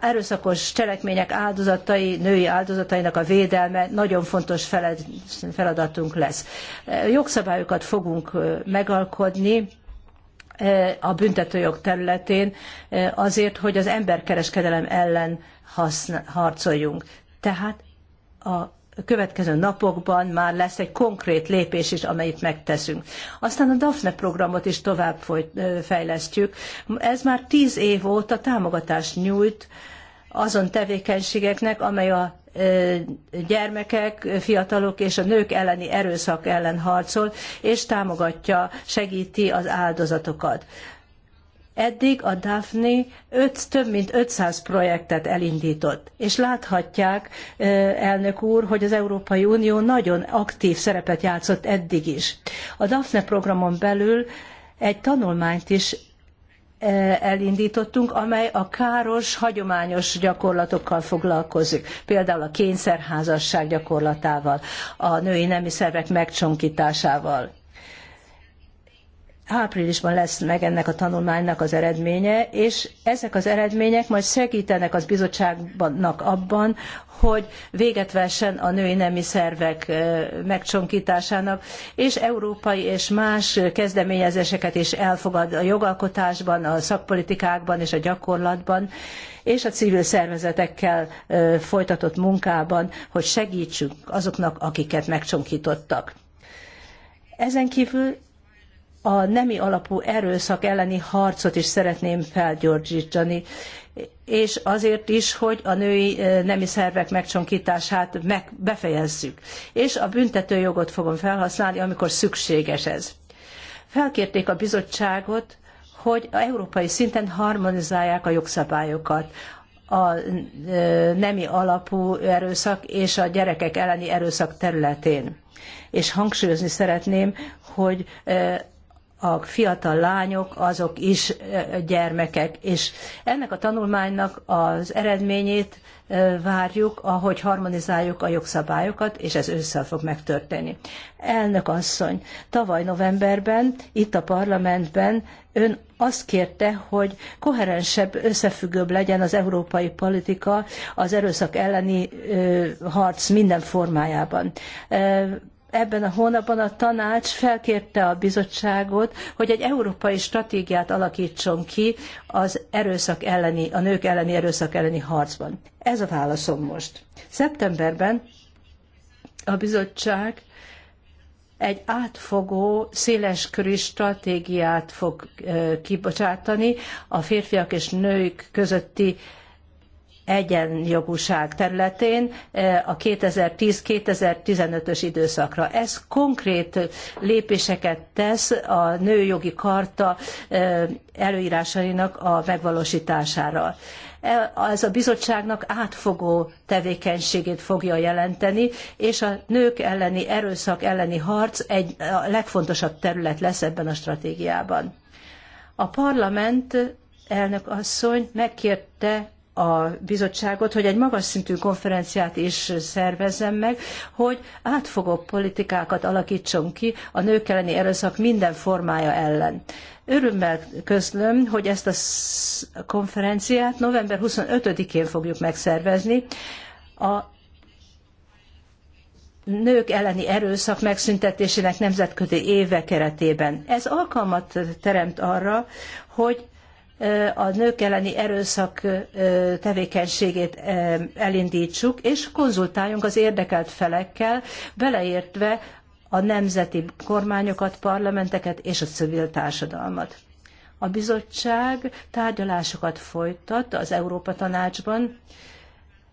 erőszakos cselekmények áldozatai, női áldozatainak a védelme nagyon fontos feladatunk lesz. Jogszabályokat fogunk megalkotni a büntetőjog területén azért, hogy az emberkereskedelem ellen harcoljunk. Tehát a következő napokban már lesz egy konkrét lépés is, amelyet megteszünk. Aztán a DAFNE programot is tovább fejlesztjük. Ez már tíz év óta támogatást nyújt azon tevékenységeknek, amely a gyermekek, fiatalok és a nők elleni erőszak ellen harcol, és támogatja, segíti az áldozatokat. Eddig a Daphne öt, több mint 500 projektet elindított, és láthatják, elnök úr, hogy az Európai Unió nagyon aktív szerepet játszott eddig is. A Daphne programon belül egy tanulmányt is elindítottunk, amely a káros, hagyományos gyakorlatokkal foglalkozik, például a kényszerházasság gyakorlatával, a női nemi szervek megcsonkításával áprilisban lesz meg ennek a tanulmánynak az eredménye, és ezek az eredmények majd segítenek az bizottságnak abban, hogy véget vessen a női nemi szervek megcsonkításának, és európai és más kezdeményezéseket is elfogad a jogalkotásban, a szakpolitikákban és a gyakorlatban, és a civil szervezetekkel folytatott munkában, hogy segítsünk azoknak, akiket megcsonkítottak. Ezen kívül a nemi alapú erőszak elleni harcot is szeretném felgyorsítani, és azért is, hogy a női nemi szervek megcsonkítását meg befejezzük. És a büntetőjogot fogom felhasználni, amikor szükséges ez. Felkérték a bizottságot, hogy a európai szinten harmonizálják a jogszabályokat a nemi alapú erőszak és a gyerekek elleni erőszak területén. És hangsúlyozni szeretném, hogy a fiatal lányok, azok is gyermekek. És ennek a tanulmánynak az eredményét várjuk, ahogy harmonizáljuk a jogszabályokat, és ez ősszel fog megtörténni. Elnök asszony, tavaly novemberben itt a parlamentben ön azt kérte, hogy koherensebb, összefüggőbb legyen az európai politika az erőszak elleni harc minden formájában ebben a hónapban a tanács felkérte a bizottságot, hogy egy európai stratégiát alakítson ki az erőszak elleni, a nők elleni erőszak elleni harcban. Ez a válaszom most. Szeptemberben a bizottság egy átfogó, széleskörű stratégiát fog kibocsátani a férfiak és nők közötti egyenjogúság területén eh, a 2010-2015-ös időszakra. Ez konkrét lépéseket tesz a nőjogi karta eh, előírásainak a megvalósítására e, ez a bizottságnak átfogó tevékenységét fogja jelenteni, és a nők elleni erőszak elleni harc egy a legfontosabb terület lesz ebben a stratégiában. A parlament elnök asszony megkérte a bizottságot, hogy egy magas szintű konferenciát is szervezzen meg, hogy átfogó politikákat alakítsunk ki a nők elleni erőszak minden formája ellen. Örömmel közlöm, hogy ezt a konferenciát november 25-én fogjuk megszervezni. A nők elleni erőszak megszüntetésének nemzetközi éve keretében. Ez alkalmat teremt arra, hogy a nők elleni erőszak tevékenységét elindítsuk, és konzultáljunk az érdekelt felekkel, beleértve a nemzeti kormányokat, parlamenteket és a civil társadalmat. A bizottság tárgyalásokat folytat az Európa Tanácsban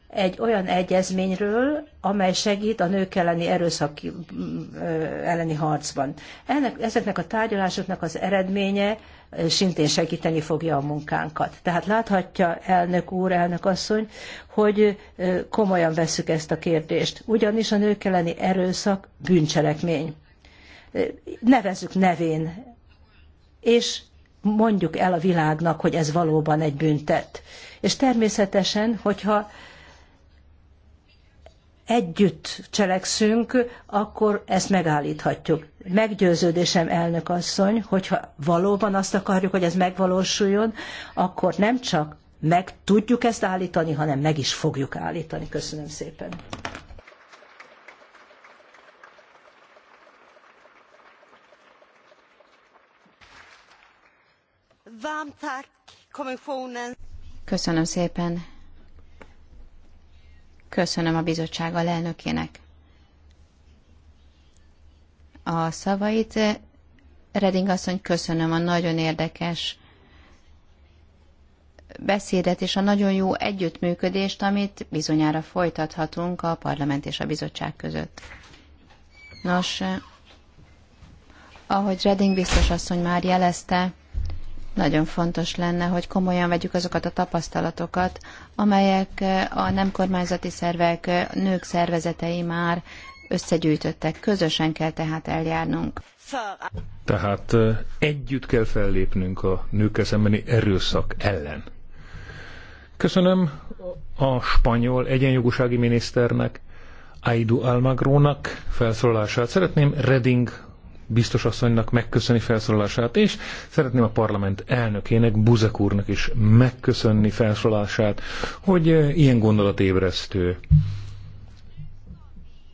egy olyan egyezményről, amely segít a nők elleni erőszak elleni harcban. Ennek, ezeknek a tárgyalásoknak az eredménye szintén segíteni fogja a munkánkat. Tehát láthatja elnök úr, elnök asszony, hogy komolyan vesszük ezt a kérdést. Ugyanis a nők elleni erőszak bűncselekmény. Nevezzük nevén, és mondjuk el a világnak, hogy ez valóban egy büntet. És természetesen, hogyha együtt cselekszünk, akkor ezt megállíthatjuk meggyőződésem, elnök asszony, hogyha valóban azt akarjuk, hogy ez megvalósuljon, akkor nem csak meg tudjuk ezt állítani, hanem meg is fogjuk állítani. Köszönöm szépen. Köszönöm szépen. Köszönöm a bizottság alelnökének a szavait. Reding asszony, köszönöm a nagyon érdekes beszédet és a nagyon jó együttműködést, amit bizonyára folytathatunk a parlament és a bizottság között. Nos, ahogy Reding biztos asszony már jelezte, nagyon fontos lenne, hogy komolyan vegyük azokat a tapasztalatokat, amelyek a nem kormányzati szervek, nők szervezetei már összegyűjtöttek. Közösen kell tehát eljárnunk. Tehát együtt kell fellépnünk a nőkkel szembeni erőszak ellen. Köszönöm a spanyol egyenjogúsági miniszternek, Aidu Almagrónak felszólalását. Szeretném Reding biztos asszonynak megköszönni felszólalását, és szeretném a parlament elnökének, Buzek úrnak is megköszönni felszólalását, hogy ilyen gondolatébresztő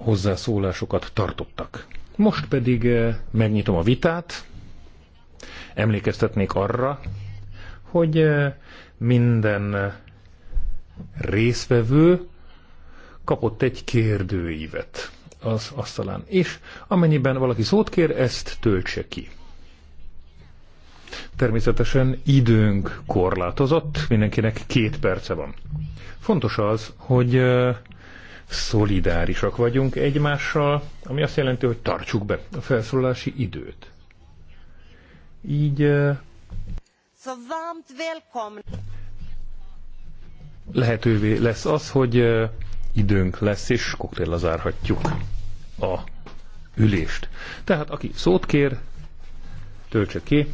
hozzászólásokat tartottak. Most pedig eh, megnyitom a vitát, emlékeztetnék arra, hogy eh, minden részvevő kapott egy kérdőívet az asztalán, és amennyiben valaki szót kér, ezt töltse ki. Természetesen időnk korlátozott, mindenkinek két perce van. Fontos az, hogy eh, szolidárisak vagyunk egymással, ami azt jelenti, hogy tartsuk be a felszólalási időt. Így lehetővé lesz az, hogy időnk lesz, és koktéllal zárhatjuk a ülést. Tehát aki szót kér, töltse ki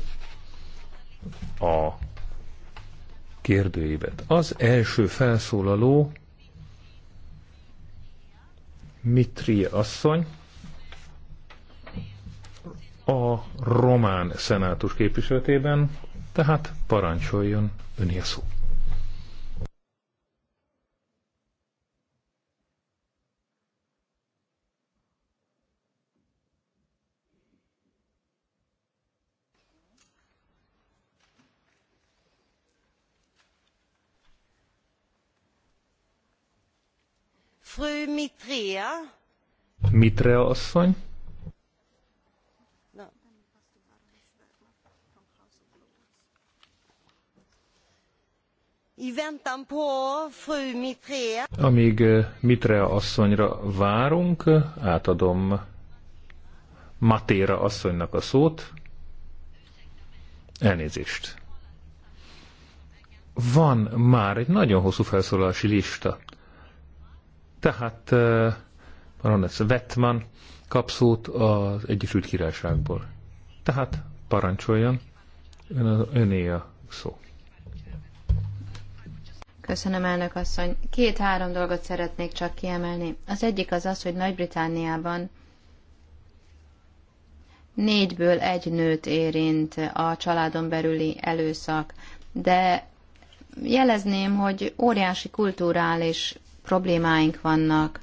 a kérdőjébet. Az első felszólaló Mitri asszony, a román szenátus képviseletében, tehát parancsoljon öné szót. Mitrea. Mitrea asszony. Amíg eh, Mitrea asszonyra várunk, átadom Matéra asszonynak a szót. Elnézést. Van már egy nagyon hosszú felszólalási lista. Tehát Baroness Vettman kap szót az Egyesült Királyságból. Tehát parancsoljon, ön, az, öné a szó. Köszönöm, elnök asszony. Két-három dolgot szeretnék csak kiemelni. Az egyik az az, hogy Nagy-Britániában négyből egy nőt érint a családon belüli előszak, de jelezném, hogy óriási kulturális problémáink vannak.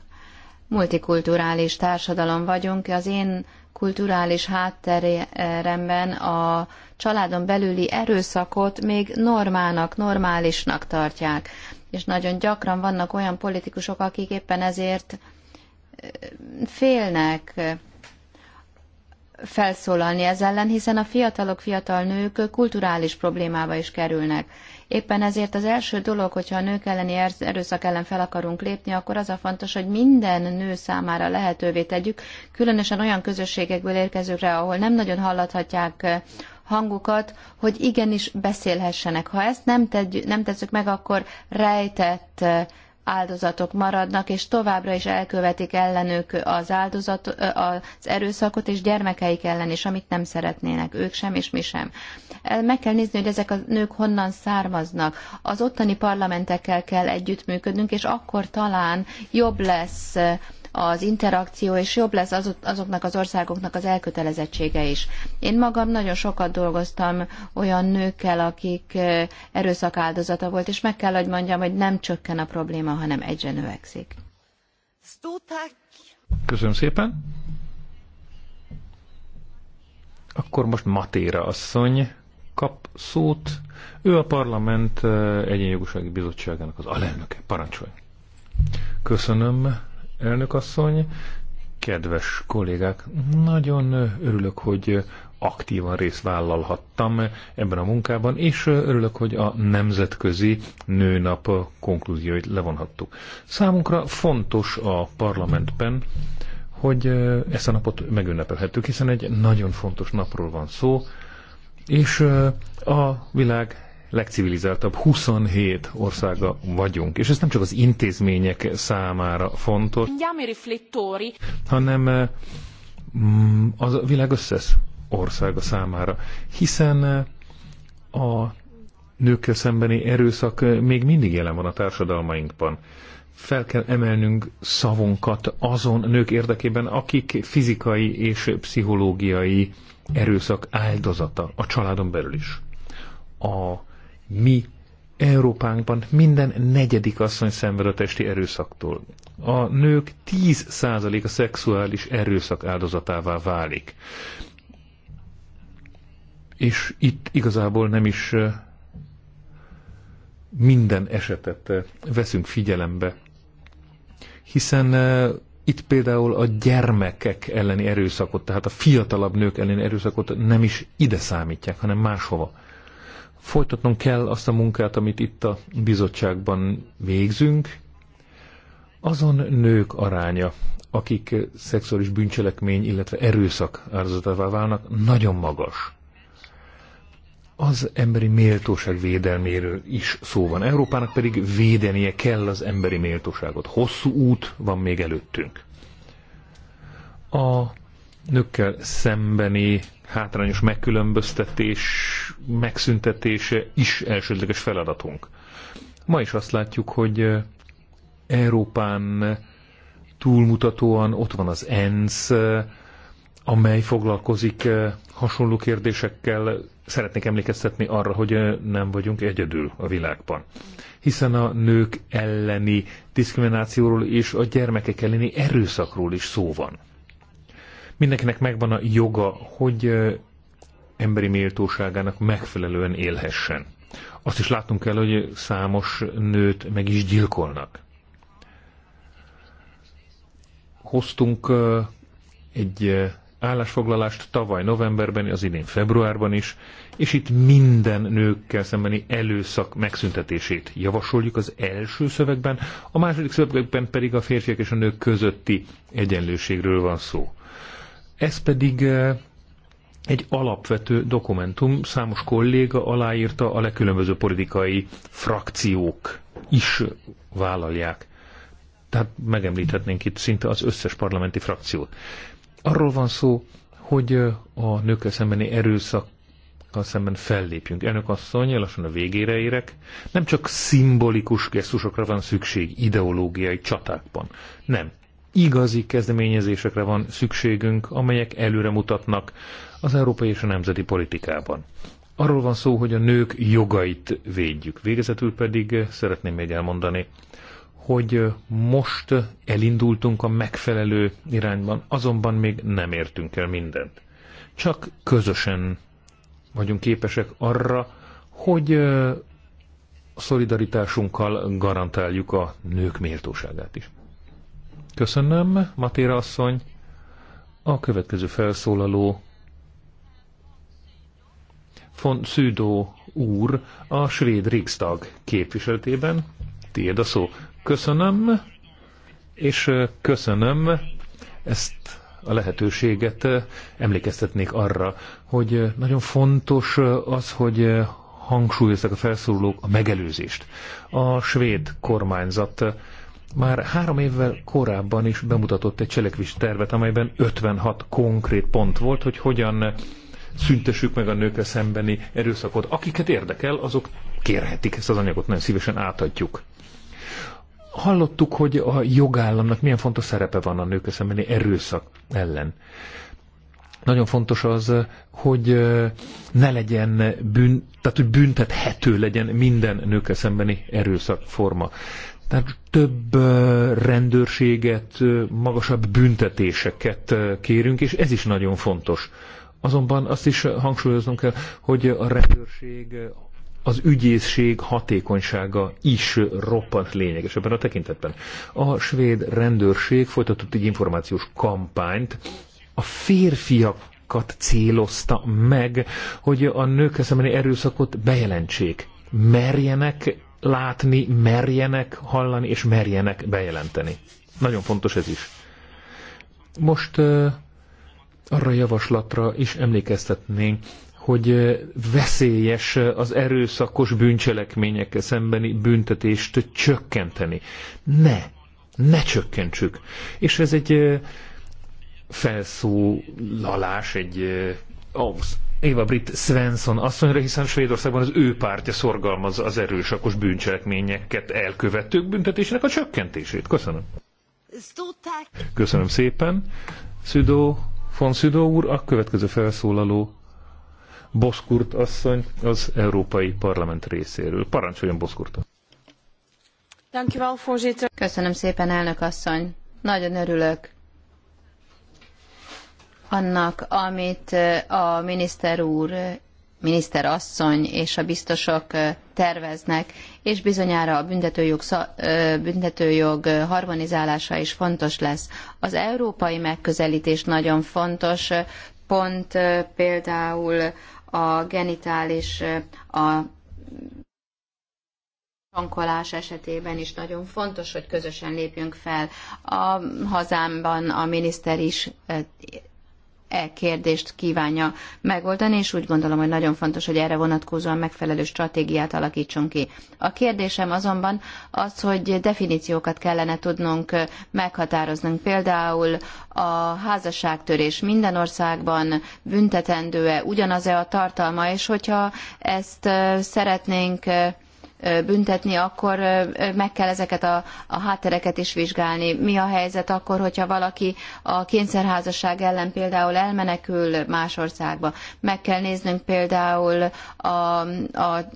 Multikulturális társadalom vagyunk, az én kulturális hátteremben a családon belüli erőszakot még normának, normálisnak tartják. És nagyon gyakran vannak olyan politikusok, akik éppen ezért eh, félnek eh, felszólalni ez ellen, hiszen a fiatalok, fiatal nők kulturális problémába is kerülnek. Éppen ezért az első dolog, hogyha a nők elleni erőszak ellen fel akarunk lépni, akkor az a fontos, hogy minden nő számára lehetővé tegyük, különösen olyan közösségekből érkezőkre, ahol nem nagyon hallathatják eh, hangukat, hogy igenis beszélhessenek. Ha ezt nem, tegy, nem tesszük meg, akkor rejtett eh, áldozatok maradnak, és továbbra is elkövetik ellenük az, áldozat, az erőszakot, és gyermekeik ellen is, amit nem szeretnének, ők sem, és mi sem. Meg kell nézni, hogy ezek a nők honnan származnak. Az ottani parlamentekkel kell együttműködnünk, és akkor talán jobb lesz az interakció, és jobb lesz azoknak az országoknak az elkötelezettsége is. Én magam nagyon sokat dolgoztam olyan nőkkel, akik erőszak áldozata volt, és meg kell, hogy mondjam, hogy nem csökken a probléma, hanem egyre növekszik. Köszönöm szépen. Akkor most Matéra asszony kap szót. Ő a parlament Egyénjogúsági Bizottságának az alelnöke. Parancsolj! Köszönöm, elnökasszony, kedves kollégák, nagyon örülök, hogy aktívan részt vállalhattam ebben a munkában, és örülök, hogy a Nemzetközi Nőnap konklúzióit levonhattuk. Számunkra fontos a parlamentben, hogy ezt a napot megünnepelhettük, hiszen egy nagyon fontos napról van szó, és a világ legcivilizáltabb 27 országa vagyunk. És ez nem csak az intézmények számára fontos, hanem eh, mm, az a világ összes országa számára. Hiszen eh, a nőkkel szembeni erőszak eh, még mindig jelen van a társadalmainkban. Fel kell emelnünk szavunkat azon nők érdekében, akik fizikai és pszichológiai erőszak áldozata a családon belül is. A mi Európánkban minden negyedik asszony szenved a testi erőszaktól. A nők 10%-a szexuális erőszak áldozatává válik. És itt igazából nem is eh, minden esetet eh, veszünk figyelembe. Hiszen eh, itt például a gyermekek elleni erőszakot, tehát a fiatalabb nők elleni erőszakot nem is ide számítják, hanem máshova folytatnunk kell azt a munkát, amit itt a bizottságban végzünk, azon nők aránya, akik szexuális bűncselekmény, illetve erőszak áldozatává válnak, nagyon magas. Az emberi méltóság védelméről is szó van. Európának pedig védenie kell az emberi méltóságot. Hosszú út van még előttünk. A nőkkel szembeni hátrányos megkülönböztetés megszüntetése is elsődleges feladatunk. Ma is azt látjuk, hogy Európán túlmutatóan ott van az ENSZ, amely foglalkozik hasonló kérdésekkel. Szeretnék emlékeztetni arra, hogy nem vagyunk egyedül a világban. Hiszen a nők elleni diszkriminációról és a gyermekek elleni erőszakról is szó van. Mindenkinek megvan a joga, hogy emberi méltóságának megfelelően élhessen. Azt is látunk kell, hogy számos nőt meg is gyilkolnak. Hoztunk egy állásfoglalást tavaly novemberben, az idén februárban is, és itt minden nőkkel szembeni előszak megszüntetését javasoljuk az első szövegben, a második szövegben pedig a férfiak és a nők közötti egyenlőségről van szó. Ez pedig egy alapvető dokumentum, számos kolléga aláírta, a legkülönböző politikai frakciók is vállalják. Tehát megemlíthetnénk itt szinte az összes parlamenti frakciót. Arról van szó, hogy a nőkkel szembeni erőszak szemben fellépjünk. Elnök asszony, lassan a végére érek. Nem csak szimbolikus gesztusokra van szükség ideológiai csatákban. Nem igazi kezdeményezésekre van szükségünk, amelyek előre mutatnak az európai és a nemzeti politikában. Arról van szó, hogy a nők jogait védjük. Végezetül pedig szeretném még elmondani, hogy most elindultunk a megfelelő irányban, azonban még nem értünk el mindent. Csak közösen vagyunk képesek arra, hogy a szolidaritásunkkal garantáljuk a nők méltóságát is. Köszönöm, Matéra asszony. A következő felszólaló von Szűdó úr a svéd Riksdag képviseletében. Tiéd a szó. Köszönöm, és köszönöm ezt a lehetőséget. Emlékeztetnék arra, hogy nagyon fontos az, hogy hangsúlyozzák a felszólalók a megelőzést. A svéd kormányzat már három évvel korábban is bemutatott egy cselekvés tervet, amelyben 56 konkrét pont volt, hogy hogyan szüntessük meg a nőkre szembeni erőszakot. Akiket érdekel, azok kérhetik ezt az anyagot, nagyon szívesen átadjuk. Hallottuk, hogy a jogállamnak milyen fontos szerepe van a nőkre szembeni erőszak ellen. Nagyon fontos az, hogy ne legyen bűn, tehát hogy büntethető legyen minden nőkre szembeni erőszak forma. Tehát több rendőrséget, magasabb büntetéseket kérünk, és ez is nagyon fontos. Azonban azt is hangsúlyoznunk kell, hogy a rendőrség, az ügyészség hatékonysága is roppant lényeges ebben a tekintetben. A svéd rendőrség folytatott egy információs kampányt a férfiakat célozta meg, hogy a nők szembeni erőszakot bejelentsék merjenek látni, merjenek hallani és merjenek bejelenteni. Nagyon fontos ez is. Most arra javaslatra is emlékeztetnénk, hogy veszélyes az erőszakos bűncselekményekkel szembeni büntetést csökkenteni. Ne! Ne csökkentsük! És ez egy felszólalás, egy Éva Britt Svensson asszonyra, hiszen Svédországban az ő pártja szorgalmazza az erőszakos bűncselekményeket elkövetők büntetésének a csökkentését. Köszönöm. Köszönöm szépen. Szüdó, von Szüdó úr, a következő felszólaló Boszkurt asszony az Európai Parlament részéről. Parancsoljon Boszkurt. Köszönöm szépen, elnök asszony. Nagyon örülök, annak, amit a miniszter úr, miniszter Asszony és a biztosok terveznek, és bizonyára a büntetőjog, büntetőjog harmonizálása is fontos lesz. Az európai megközelítés nagyon fontos, pont például a genitális, a tankolás esetében is nagyon fontos, hogy közösen lépjünk fel. A hazámban a miniszter is e kérdést kívánja megoldani, és úgy gondolom, hogy nagyon fontos, hogy erre vonatkozóan megfelelő stratégiát alakítson ki. A kérdésem azonban az, hogy definíciókat kellene tudnunk meghatároznunk. Például a házasságtörés minden országban büntetendő-e, ugyanaz-e a tartalma, és hogyha ezt szeretnénk büntetni, akkor meg kell ezeket a, a háttereket is vizsgálni. Mi a helyzet akkor, hogyha valaki a kényszerházasság ellen például elmenekül más országba? Meg kell néznünk például a, a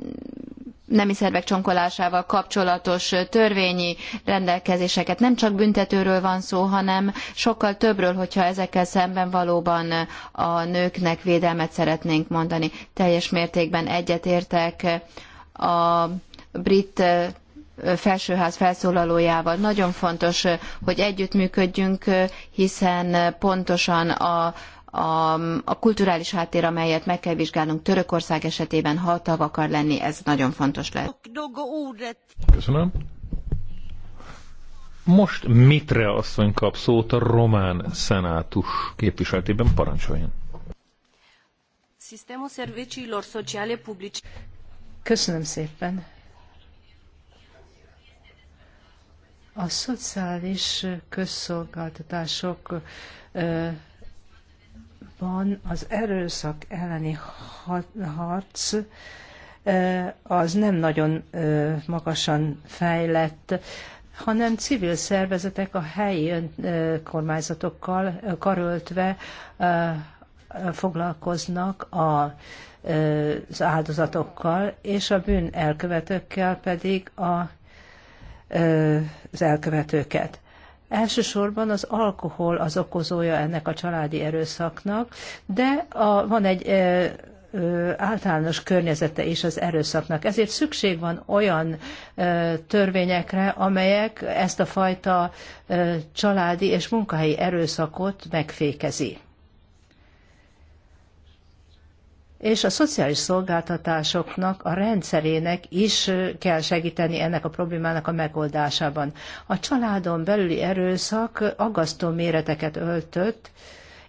nemi szervek csonkolásával kapcsolatos törvényi rendelkezéseket. Nem csak büntetőről van szó, hanem sokkal többről, hogyha ezekkel szemben valóban a nőknek védelmet szeretnénk mondani. Teljes mértékben egyetértek a brit felsőház felszólalójával. Nagyon fontos, hogy együttműködjünk, hiszen pontosan a, a, a kulturális háttér, amelyet meg kell vizsgálnunk Törökország esetében, ha tag akar lenni, ez nagyon fontos lehet. Köszönöm. Most Mitre asszony kap szót a román szenátus képviseletében, parancsoljon. Köszönöm szépen. A szociális közszolgáltatások van az erőszak elleni harc az nem nagyon magasan fejlett, hanem civil szervezetek a helyi önkormányzatokkal karöltve foglalkoznak a, az áldozatokkal, és a bűn elkövetőkkel pedig a az elkövetőket. Elsősorban az alkohol az okozója ennek a családi erőszaknak, de a, van egy e, e, általános környezete is az erőszaknak. Ezért szükség van olyan e, törvényekre, amelyek ezt a fajta e, családi és munkahelyi erőszakot megfékezi. és a szociális szolgáltatásoknak a rendszerének is kell segíteni ennek a problémának a megoldásában. A családon belüli erőszak aggasztó méreteket öltött,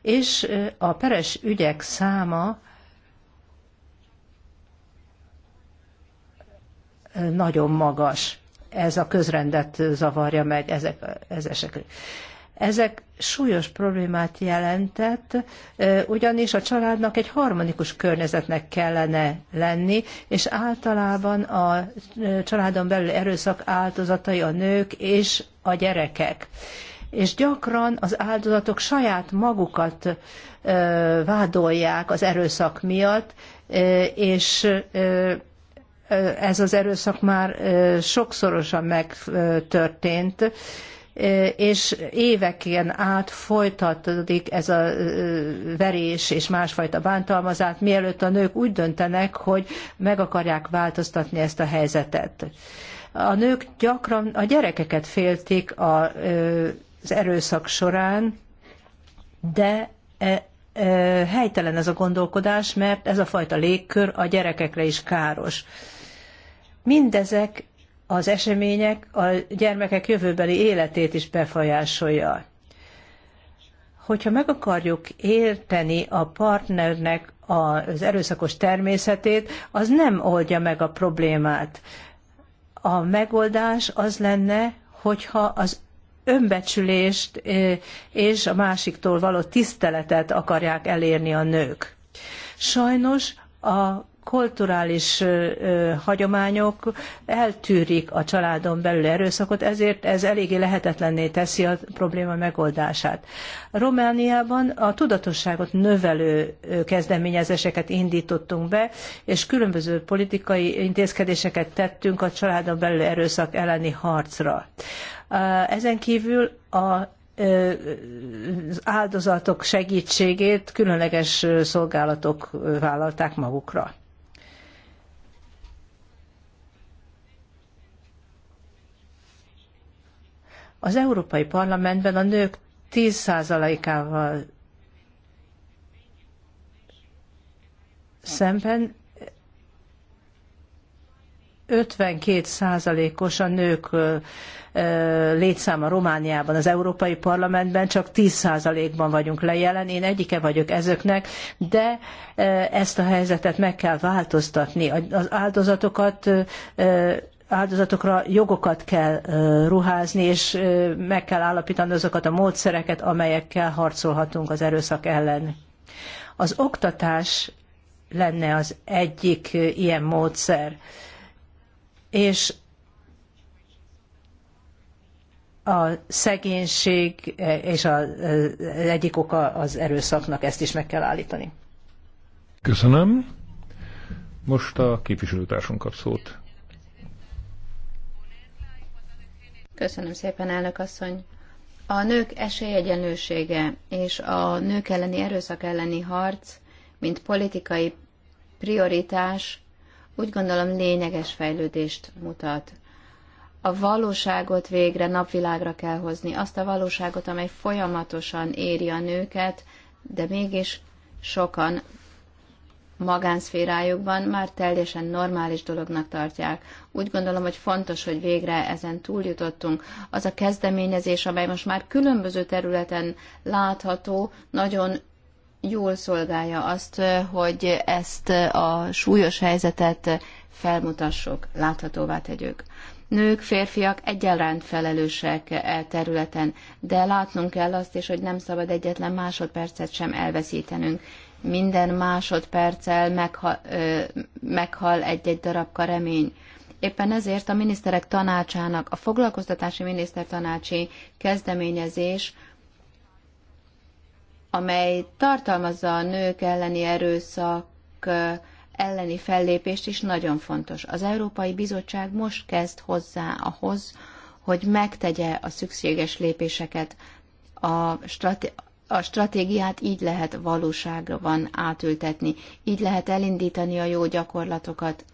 és a peres ügyek száma nagyon magas. Ez a közrendet zavarja meg ezek, ez esetek. Ezek súlyos problémát jelentett, ugyanis a családnak egy harmonikus környezetnek kellene lenni, és általában a családon belül erőszak áldozatai a nők és a gyerekek. És gyakran az áldozatok saját magukat vádolják az erőszak miatt, és ez az erőszak már sokszorosan megtörtént, és éveken át folytatódik ez a verés és másfajta bántalmazás, mielőtt a nők úgy döntenek, hogy meg akarják változtatni ezt a helyzetet. A nők gyakran a gyerekeket féltik a, az erőszak során, de e, e, helytelen ez a gondolkodás, mert ez a fajta légkör a gyerekekre is káros. Mindezek az események a gyermekek jövőbeli életét is befolyásolja. Hogyha meg akarjuk érteni a partnernek az erőszakos természetét, az nem oldja meg a problémát. A megoldás az lenne, hogyha az önbecsülést és a másiktól való tiszteletet akarják elérni a nők. Sajnos a kulturális hagyományok eltűrik a családon belül erőszakot, ezért ez eléggé lehetetlenné teszi a probléma megoldását. Romániában a tudatosságot növelő kezdeményezéseket indítottunk be, és különböző politikai intézkedéseket tettünk a családon belül erőszak elleni harcra. Ezen kívül a az áldozatok segítségét különleges szolgálatok vállalták magukra. Az Európai Parlamentben a nők 10%-ával szemben 52%-os a nők létszáma Romániában, az Európai Parlamentben csak 10%-ban vagyunk lejelen, én egyike vagyok ezeknek, de ezt a helyzetet meg kell változtatni. Az áldozatokat áldozatokra jogokat kell ruházni, és meg kell állapítani azokat a módszereket, amelyekkel harcolhatunk az erőszak ellen. Az oktatás lenne az egyik ilyen módszer. És a szegénység és az egyik oka az erőszaknak, ezt is meg kell állítani. Köszönöm. Most a képviselőtársunk kap szót. Köszönöm szépen, elnök asszony. A nők esélyegyenlősége és a nők elleni erőszak elleni harc, mint politikai prioritás, úgy gondolom lényeges fejlődést mutat. A valóságot végre napvilágra kell hozni, azt a valóságot, amely folyamatosan éri a nőket, de mégis sokan magánszférájukban már teljesen normális dolognak tartják. Úgy gondolom, hogy fontos, hogy végre ezen túljutottunk. Az a kezdeményezés, amely most már különböző területen látható, nagyon jól szolgálja azt, hogy ezt a súlyos helyzetet felmutassuk, láthatóvá tegyük. Nők, férfiak egyaránt felelősek e területen, de látnunk kell azt is, hogy nem szabad egyetlen másodpercet sem elveszítenünk minden másodperccel megha, meghal egy-egy darab remény. Éppen ezért a miniszterek tanácsának, a foglalkoztatási miniszter tanácsi kezdeményezés, amely tartalmazza a nők elleni erőszak elleni fellépést is nagyon fontos. Az Európai Bizottság most kezd hozzá ahhoz, hogy megtegye a szükséges lépéseket a, strate- a stratégiát így lehet valóságra van átültetni, így lehet elindítani a jó gyakorlatokat.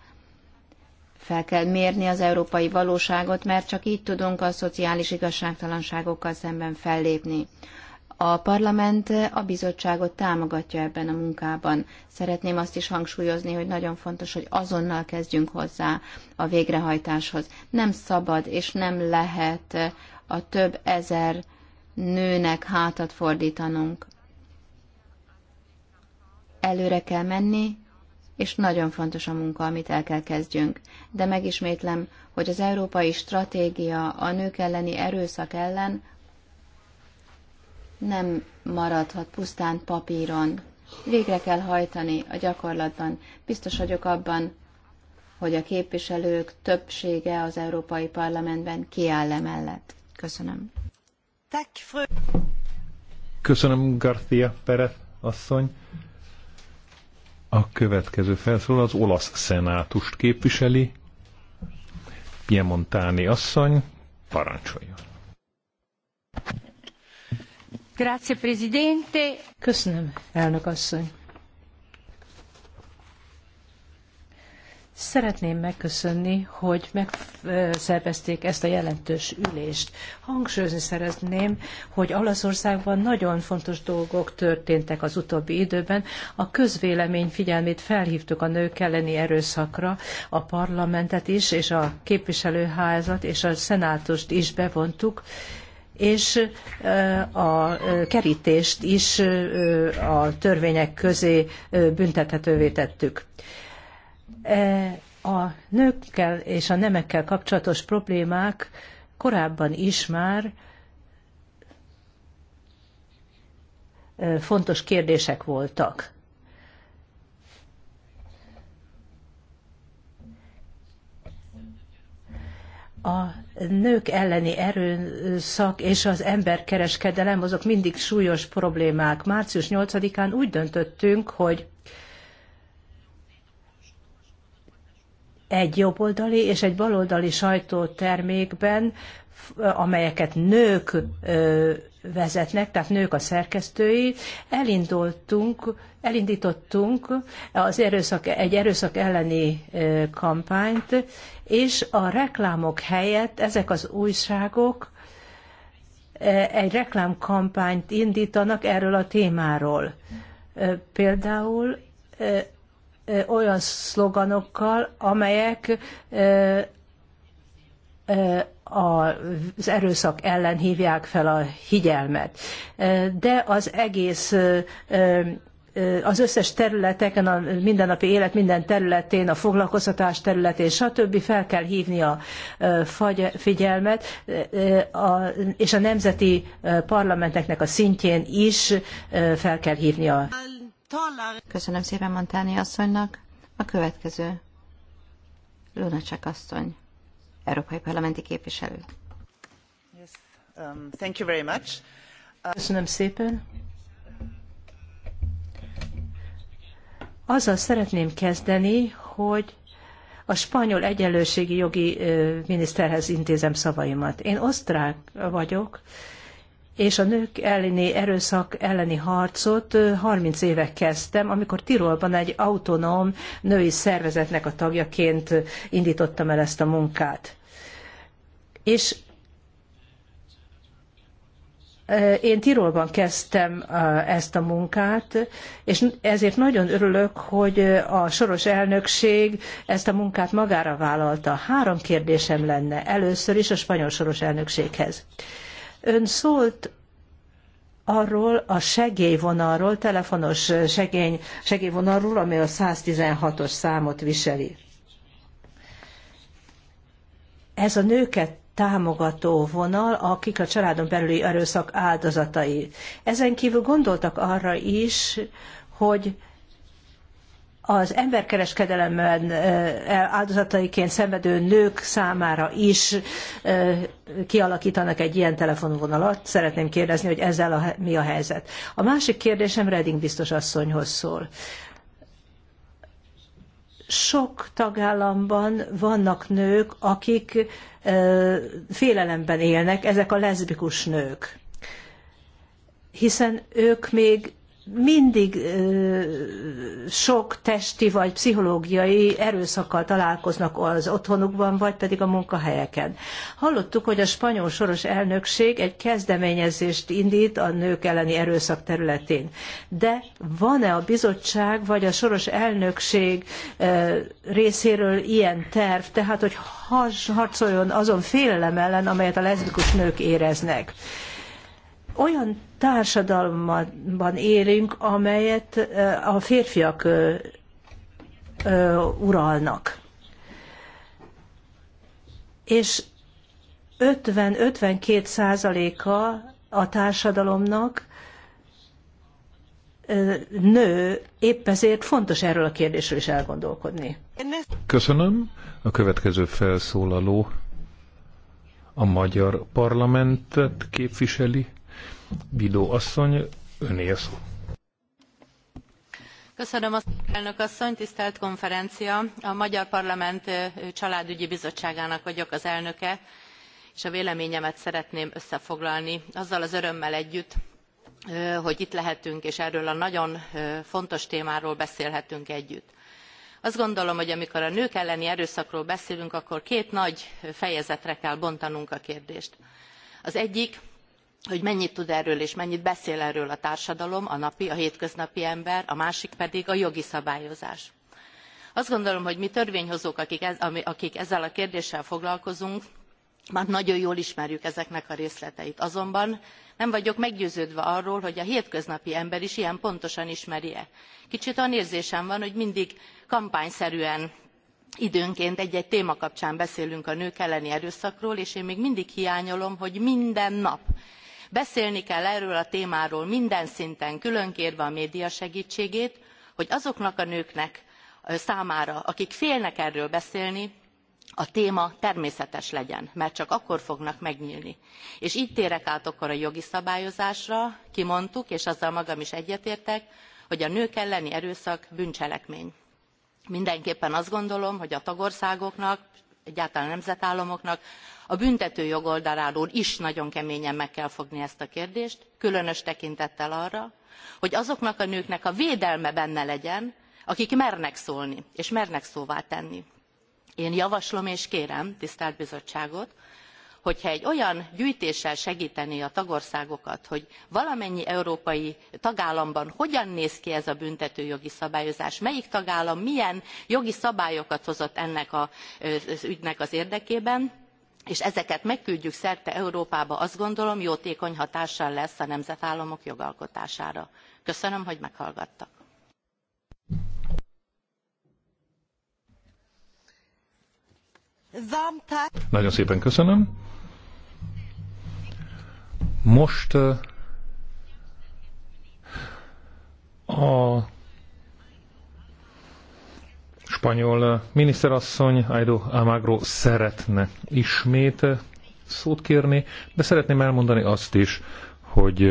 Fel kell mérni az európai valóságot, mert csak így tudunk a szociális igazságtalanságokkal szemben fellépni. A parlament a bizottságot támogatja ebben a munkában. Szeretném azt is hangsúlyozni, hogy nagyon fontos, hogy azonnal kezdjünk hozzá a végrehajtáshoz. Nem szabad és nem lehet a több ezer nőnek hátat fordítanunk. Előre kell menni, és nagyon fontos a munka, amit el kell kezdjünk. De megismétlem, hogy az európai stratégia a nők elleni erőszak ellen nem maradhat pusztán papíron. Végre kell hajtani a gyakorlatban. Biztos vagyok abban, hogy a képviselők többsége az Európai Parlamentben kiáll emellett. Köszönöm. Köszönöm, García Perez asszony. A következő felszólal az olasz szenátust képviseli. Piemontáni asszony, parancsoljon. Grazie, Presidente. Köszönöm, elnök asszony. Szeretném megköszönni, hogy megszervezték ezt a jelentős ülést. Hangsúlyozni szeretném, hogy Olaszországban nagyon fontos dolgok történtek az utóbbi időben. A közvélemény figyelmét felhívtuk a nők elleni erőszakra, a parlamentet is, és a képviselőházat, és a szenátust is bevontuk, és a kerítést is a törvények közé büntethetővé tettük. E, a nőkkel és a nemekkel kapcsolatos problémák korábban is már e, fontos kérdések voltak. a nők elleni erőszak és az emberkereskedelem, azok mindig súlyos problémák. Március 8-án úgy döntöttünk, hogy egy jobboldali és egy baloldali sajtótermékben, amelyeket nők vezetnek, tehát nők a szerkesztői, elindultunk, elindítottunk az erőszak, egy erőszak elleni kampányt, és a reklámok helyett ezek az újságok egy reklámkampányt indítanak erről a témáról. Például olyan szloganokkal, amelyek az erőszak ellen hívják fel a figyelmet. De az egész az összes területeken, a mindennapi élet minden területén, a foglalkoztatás területén, stb. fel kell hívni a figyelmet, és a nemzeti parlamenteknek a szintjén is fel kell hívni a Köszönöm szépen Montáni asszonynak. A következő Lunacek asszony, Európai Parlamenti képviselő. Yes, um, thank you very much. Uh... Köszönöm szépen. Azzal szeretném kezdeni, hogy a spanyol egyenlőségi jogi miniszterhez intézem szavaimat. Én osztrák vagyok, és a nők elleni erőszak elleni harcot 30 éve kezdtem, amikor Tirolban egy autonóm női szervezetnek a tagjaként indítottam el ezt a munkát. És én Tirolban kezdtem ezt a munkát, és ezért nagyon örülök, hogy a soros elnökség ezt a munkát magára vállalta. Három kérdésem lenne először is a spanyol soros elnökséghez. Ön szólt arról a segélyvonalról, telefonos segény, segélyvonalról, ami a 116-os számot viseli. Ez a nőket támogató vonal, akik a családon belüli erőszak áldozatai. Ezen kívül gondoltak arra is, hogy az emberkereskedelem áldozataiként szenvedő nők számára is kialakítanak egy ilyen telefonvonalat. Szeretném kérdezni, hogy ezzel a, mi a helyzet. A másik kérdésem Reding biztos asszonyhoz szól sok tagállamban vannak nők, akik félelemben élnek, ezek a leszbikus nők. Hiszen ők még mindig sok testi vagy pszichológiai erőszakkal találkoznak az otthonukban, vagy pedig a munkahelyeken. Hallottuk, hogy a spanyol soros elnökség egy kezdeményezést indít a nők elleni erőszak területén. De van-e a bizottság vagy a soros elnökség részéről ilyen terv, tehát hogy harcoljon azon félelem ellen, amelyet a leszbikus nők éreznek? olyan társadalomban élünk, amelyet eh, a férfiak eh, eh, uralnak. És 50-52 százaléka a társadalomnak nő, épp ezért fontos erről a kérdésről is elgondolkodni. Köszönöm. A következő felszólaló a magyar parlamentet képviseli. Bidó asszony, öné a szó. Köszönöm a elnök asszony, tisztelt konferencia! A Magyar Parlament Családügyi Bizottságának vagyok az elnöke, és a véleményemet szeretném összefoglalni azzal az örömmel együtt, hogy itt lehetünk, és erről a nagyon fontos témáról beszélhetünk együtt. Azt gondolom, hogy amikor a nők elleni erőszakról beszélünk, akkor két nagy fejezetre kell bontanunk a kérdést. Az egyik hogy mennyit tud erről és mennyit beszél erről a társadalom, a napi, a hétköznapi ember, a másik pedig a jogi szabályozás. Azt gondolom, hogy mi törvényhozók, akik, ez, akik ezzel a kérdéssel foglalkozunk, már nagyon jól ismerjük ezeknek a részleteit. Azonban nem vagyok meggyőződve arról, hogy a hétköznapi ember is ilyen pontosan ismeri-e. Kicsit olyan érzésem van, hogy mindig kampányszerűen időnként egy-egy téma kapcsán beszélünk a nők elleni erőszakról, és én még mindig hiányolom, hogy minden nap beszélni kell erről a témáról minden szinten külön kérve a média segtségét hogy azoknak a nőknek számára akik félnek erről beszélni a téma természetes legyen mert csak akkor fognak megnyílni. és itt térek át akkor a jogi szabályozásra kimondtuk és azzal magam is egyetértek hogy a nők elleni erőszak bűncselekmény mindenképpen azt gondolom hogy a tagországoknak egyáltalán a nemzetállamoknak a jog oldaláról is nagyon keményen meg kell fogni ezt a kérdést különös tekintettel arra hogy azoknak a nőknek a védelme benne legyen akik mernek szólni és mernek szóvá tenni. én javaslom és kérem tisztelt bizottságot hogyha egy olyan gyűjtéssel segtené a tagországokat hogy valamennyi európai tagállamban hogyan néz ki ez a büntetőjogi szabályozás melyik tagállam milyen jogi szabályokat hozott ennek az ügynek az érdekében és ezeket megküldjük szerte európába azt gondolom jótékony hatással lesz a nemzetállamok jogalkotására. köszönöm hogy meghallgattak. Nagyon szépen köszönöm. Most a spanyol miniszterasszony Aido Amagro szeretne ismét szót kérni, de szeretném elmondani azt is, hogy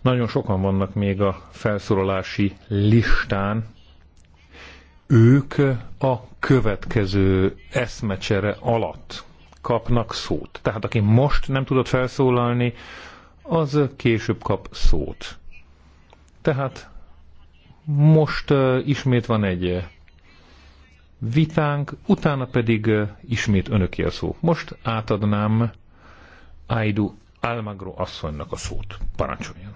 nagyon sokan vannak még a felszólalási listán. Ők a következő eszmecsere alatt kapnak szót. Tehát aki most nem tudott felszólalni, az később kap szót. Tehát most uh, ismét van egy vitánk, utána pedig uh, ismét önöké a szó. Most átadnám Aidu Almagro asszonynak a szót. Parancsoljon!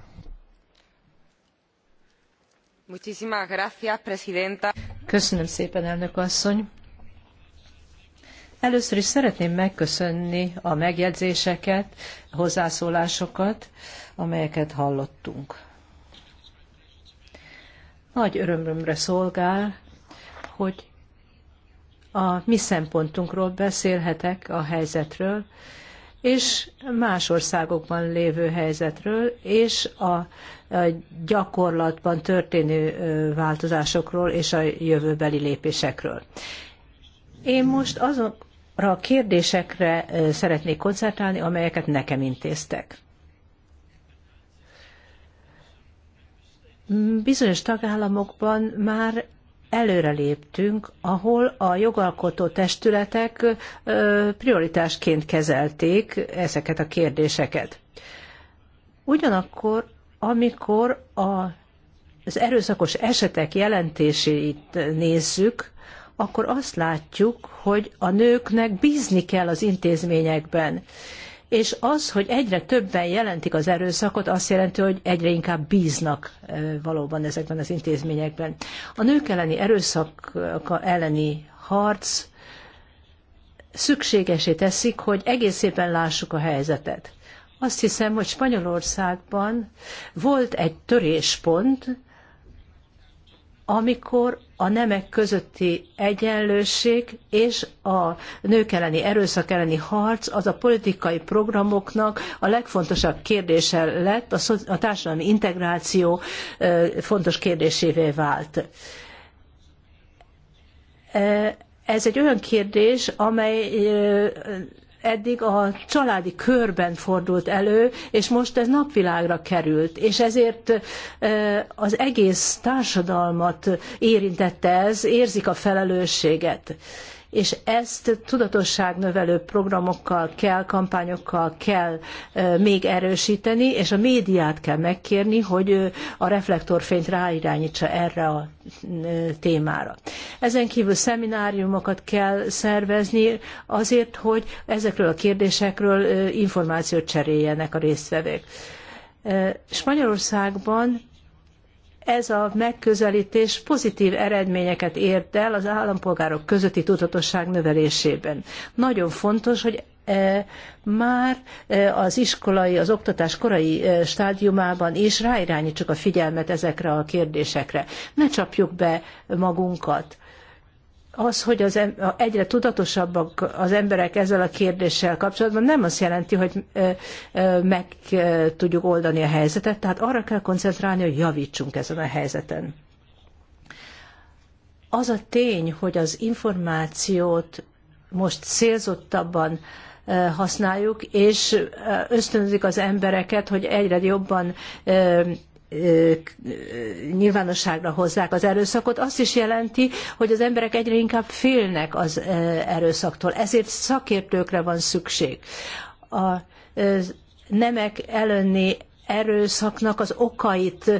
Köszönöm szépen, elnök asszony! Először is szeretném megköszönni a megjegyzéseket, hozzászólásokat, amelyeket hallottunk. Nagy örömömre szolgál, hogy a mi szempontunkról beszélhetek a helyzetről, és más országokban lévő helyzetről, és a, a gyakorlatban történő változásokról és a jövőbeli lépésekről. Én most azok a kérdésekre szeretnék koncentrálni, amelyeket nekem intéztek. Bizonyos tagállamokban már előreléptünk, ahol a jogalkotó testületek prioritásként kezelték ezeket a kérdéseket. Ugyanakkor, amikor a, az erőszakos esetek jelentését nézzük, akkor azt látjuk, hogy a nőknek bízni kell az intézményekben. És az, hogy egyre többen jelentik az erőszakot, azt jelenti, hogy egyre inkább bíznak valóban ezekben az intézményekben. A nők elleni erőszak elleni harc szükségesé teszik, hogy egészében lássuk a helyzetet. Azt hiszem, hogy Spanyolországban volt egy töréspont, amikor a nemek közötti egyenlőség és a nők elleni erőszak elleni harc az a politikai programoknak a legfontosabb kérdése lett, a társadalmi integráció fontos kérdésévé vált. Ez egy olyan kérdés, amely eddig a családi körben fordult elő, és most ez napvilágra került, és ezért az egész társadalmat érintette ez, érzik a felelősséget és ezt tudatosságnövelő programokkal kell, kampányokkal kell még erősíteni, és a médiát kell megkérni, hogy a reflektorfényt ráirányítsa erre a témára. Ezen kívül szemináriumokat kell szervezni azért, hogy ezekről a kérdésekről információt cseréljenek a résztvevők. Spanyolországban ez a megközelítés pozitív eredményeket ért el az állampolgárok közötti tudatosság növelésében. Nagyon fontos, hogy e, már e, az iskolai, az oktatás korai e, stádiumában is ráirányítsuk a figyelmet ezekre a kérdésekre. Ne csapjuk be magunkat az, hogy az egyre tudatosabbak az emberek ezzel a kérdéssel kapcsolatban, nem azt jelenti, hogy meg tudjuk oldani a helyzetet, tehát arra kell koncentrálni, hogy javítsunk ezen a helyzeten. Az a tény, hogy az információt most célzottabban használjuk, és ösztönzik az embereket, hogy egyre jobban nyilvánosságra hozzák az erőszakot, azt is jelenti, hogy az emberek egyre inkább félnek az erőszaktól. Ezért szakértőkre van szükség. A nemek elleni erőszaknak az okait,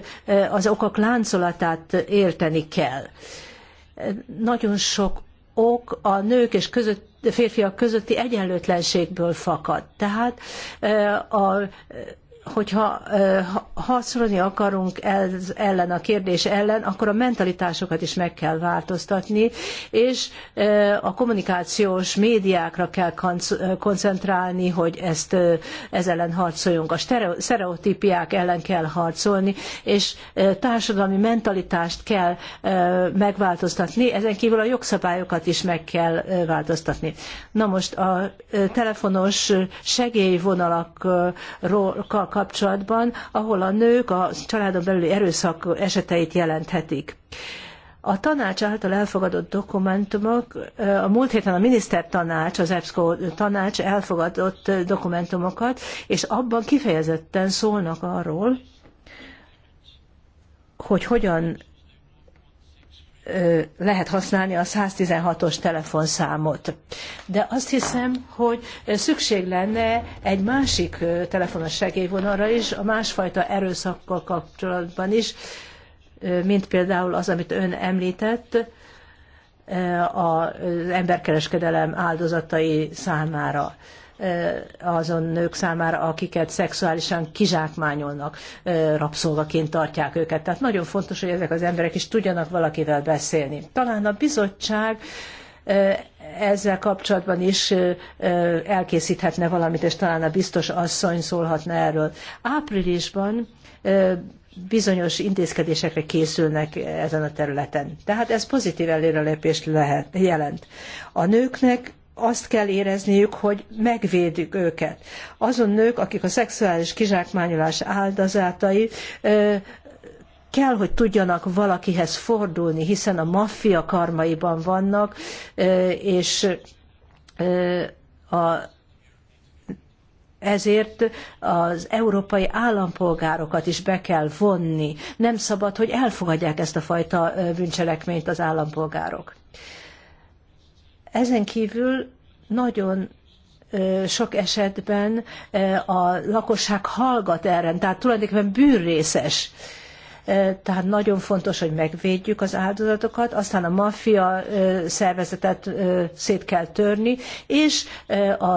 az okok láncolatát érteni kell. Nagyon sok ok a nők és között, férfiak közötti egyenlőtlenségből fakad. Tehát a hogyha harcolni akarunk ez ellen a kérdés ellen, akkor a mentalitásokat is meg kell változtatni, és a kommunikációs médiákra kell koncentrálni, hogy ezt ez ellen harcoljunk. A sztereotípiák ellen kell harcolni, és társadalmi mentalitást kell megváltoztatni, ezen kívül a jogszabályokat is meg kell változtatni. Na most a telefonos segélyvonalakról kapcsolatban, ahol a nők a családon belüli erőszak eseteit jelenthetik. A tanács által elfogadott dokumentumok, a múlt héten a minisztertanács, az EBSCO tanács elfogadott dokumentumokat, és abban kifejezetten szólnak arról, hogy hogyan lehet használni a 116-os telefonszámot. De azt hiszem, hogy szükség lenne egy másik telefonos segélyvonalra is, a másfajta erőszakkal kapcsolatban is, mint például az, amit ön említett, az emberkereskedelem áldozatai számára azon nők számára, akiket szexuálisan kizsákmányolnak, rabszolgaként tartják őket. Tehát nagyon fontos, hogy ezek az emberek is tudjanak valakivel beszélni. Talán a bizottság ezzel kapcsolatban is elkészíthetne valamit, és talán a biztos asszony szólhatna erről. Áprilisban bizonyos intézkedésekre készülnek ezen a területen. Tehát ez pozitív előrelépést lehet, jelent. A nőknek azt kell érezniük, hogy megvédjük őket. Azon nők, akik a szexuális kizsákmányolás áldozatai, kell, hogy tudjanak valakihez fordulni, hiszen a maffia karmaiban vannak, és a, ezért az európai állampolgárokat is be kell vonni. Nem szabad, hogy elfogadják ezt a fajta bűncselekményt az állampolgárok. Ezen kívül nagyon sok esetben a lakosság hallgat erre, tehát tulajdonképpen bűnrészes tehát nagyon fontos, hogy megvédjük az áldozatokat, aztán a maffia szervezetet szét kell törni, és a,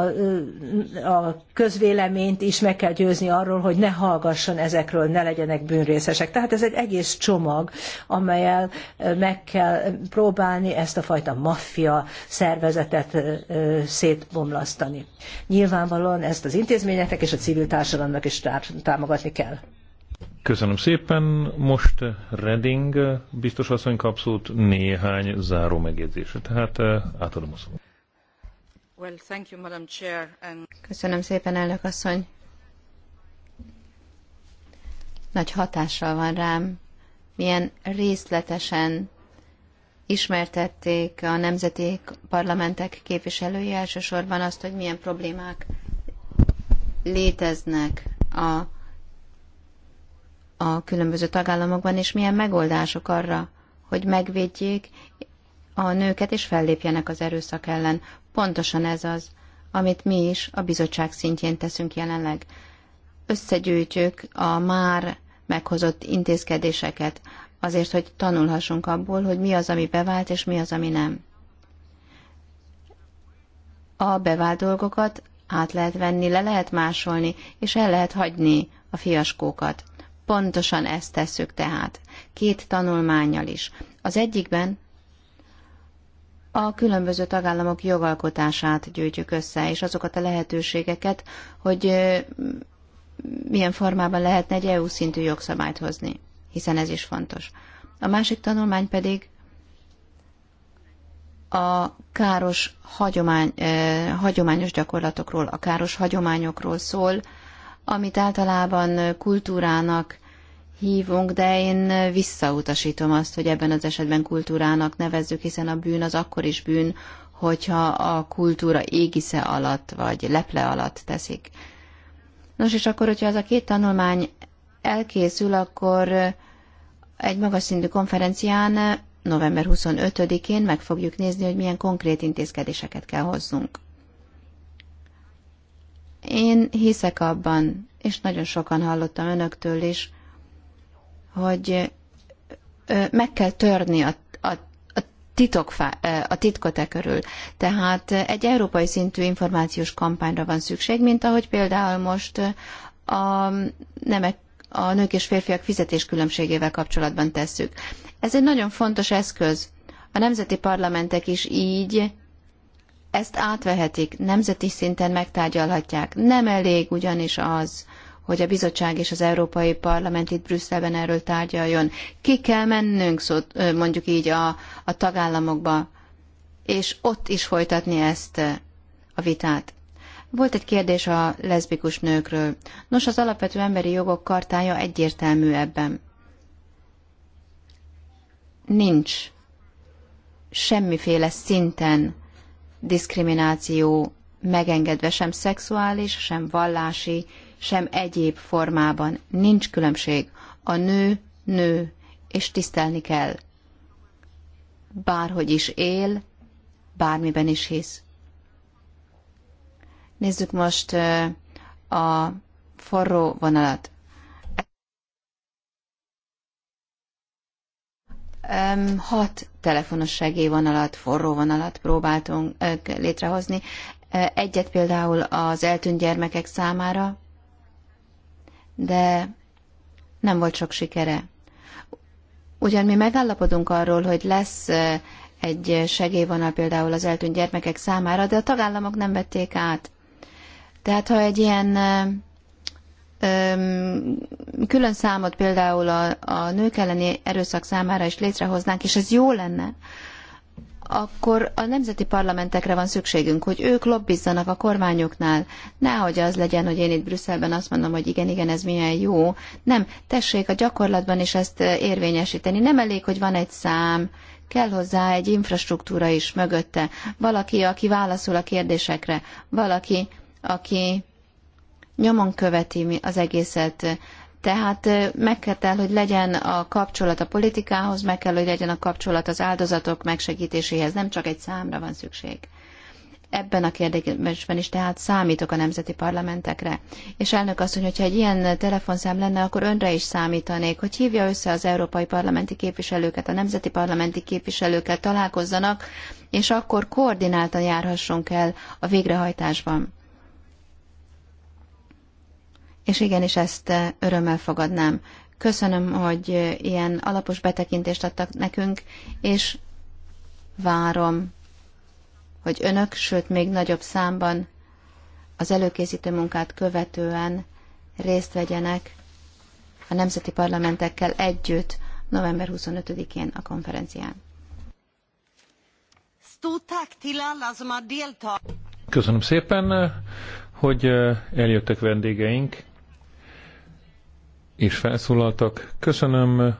a közvéleményt is meg kell győzni arról, hogy ne hallgasson ezekről, ne legyenek bűnrészesek. Tehát ez egy egész csomag, amelyel meg kell próbálni ezt a fajta maffia szervezetet szétbomlasztani. Nyilvánvalóan ezt az intézményeknek és a civil társadalomnak is támogatni kell. Köszönöm szépen. Most Reding biztos asszony kap néhány záró megjegyzésre. Tehát eh, átadom a szót. Well, thank you, Madam Chair, and... Köszönöm szépen, elnök asszony. Nagy hatással van rám, milyen részletesen ismertették a nemzeti parlamentek képviselői elsősorban azt, hogy milyen problémák léteznek a a különböző tagállamokban, és milyen megoldások arra, hogy megvédjék a nőket, és fellépjenek az erőszak ellen. Pontosan ez az, amit mi is a bizottság szintjén teszünk jelenleg. Összegyűjtjük a már meghozott intézkedéseket, azért, hogy tanulhassunk abból, hogy mi az, ami bevált, és mi az, ami nem. A bevált dolgokat át lehet venni, le lehet másolni, és el lehet hagyni a fiaskókat. Pontosan ezt tesszük tehát. Két tanulmányjal is. Az egyikben a különböző tagállamok jogalkotását gyűjtjük össze, és azokat a lehetőségeket, hogy milyen formában lehetne egy EU szintű jogszabályt hozni, hiszen ez is fontos. A másik tanulmány pedig a káros hagyomány, eh, hagyományos gyakorlatokról, a káros hagyományokról szól, amit általában kultúrának, hívunk, de én visszautasítom azt, hogy ebben az esetben kultúrának nevezzük, hiszen a bűn az akkor is bűn, hogyha a kultúra égisze alatt vagy leple alatt teszik. Nos, és akkor, hogyha az a két tanulmány elkészül, akkor egy magas szintű konferencián november 25-én meg fogjuk nézni, hogy milyen konkrét intézkedéseket kell hoznunk. Én hiszek abban, és nagyon sokan hallottam önöktől is, hogy meg kell törni a, a, a, titok, a titkot e körül. Tehát egy európai szintű információs kampányra van szükség, mint ahogy például most a nemek a nők és férfiak fizetés különbségével kapcsolatban tesszük. Ez egy nagyon fontos eszköz. A nemzeti parlamentek is így ezt átvehetik, nemzeti szinten megtárgyalhatják. Nem elég ugyanis az, hogy a bizottság és az Európai Parlament itt Brüsszelben erről tárgyaljon. Ki kell mennünk, szó, mondjuk így a, a tagállamokba, és ott is folytatni ezt a vitát. Volt egy kérdés a leszbikus nőkről. Nos, az alapvető emberi jogok kartája egyértelmű ebben. Nincs semmiféle szinten diszkrimináció megengedve sem szexuális, sem vallási sem egyéb formában nincs különbség. A nő nő, és tisztelni kell. Bárhogy is él, bármiben is hisz. Nézzük most a forró vonalat. Hat telefonos segélyvonalat, forró vonalat próbáltunk létrehozni. Egyet például az eltűnt gyermekek számára, de nem volt sok sikere. Ugyan mi megállapodunk arról, hogy lesz egy segélyvonal például az eltűnt gyermekek számára, de a tagállamok nem vették át. Tehát ha egy ilyen külön számot például a, a nők elleni erőszak számára is létrehoznánk, és ez jó lenne, akkor a nemzeti parlamentekre van szükségünk, hogy ők lobbizzanak a kormányoknál. Nehogy az legyen, hogy én itt Brüsszelben azt mondom, hogy igen, igen, ez milyen jó. Nem, tessék a gyakorlatban is ezt eh, érvényesíteni. Nem elég, hogy van egy szám, kell hozzá egy infrastruktúra is mögötte. Valaki, aki válaszol a kérdésekre, valaki, aki nyomon követi az egészet, tehát meg kell, hogy legyen a kapcsolat a politikához, meg kell, hogy legyen a kapcsolat az áldozatok megsegítéséhez, nem csak egy számra van szükség. Ebben a kérdésben is tehát számítok a nemzeti parlamentekre. És elnök azt mondja, hogyha egy ilyen telefonszám lenne, akkor önre is számítanék, hogy hívja össze az európai parlamenti képviselőket, a nemzeti parlamenti képviselőkkel találkozzanak, és akkor koordináltan járhassunk el a végrehajtásban és igenis ezt eh, örömmel fogadnám. Köszönöm, hogy eh, ilyen alapos betekintést adtak nekünk, és várom, hogy önök, sőt még nagyobb számban az előkészítő munkát követően részt vegyenek a nemzeti parlamentekkel együtt november 25-én a konferencián. Köszönöm szépen, eh, hogy eljöttek vendégeink és felszólaltak. Köszönöm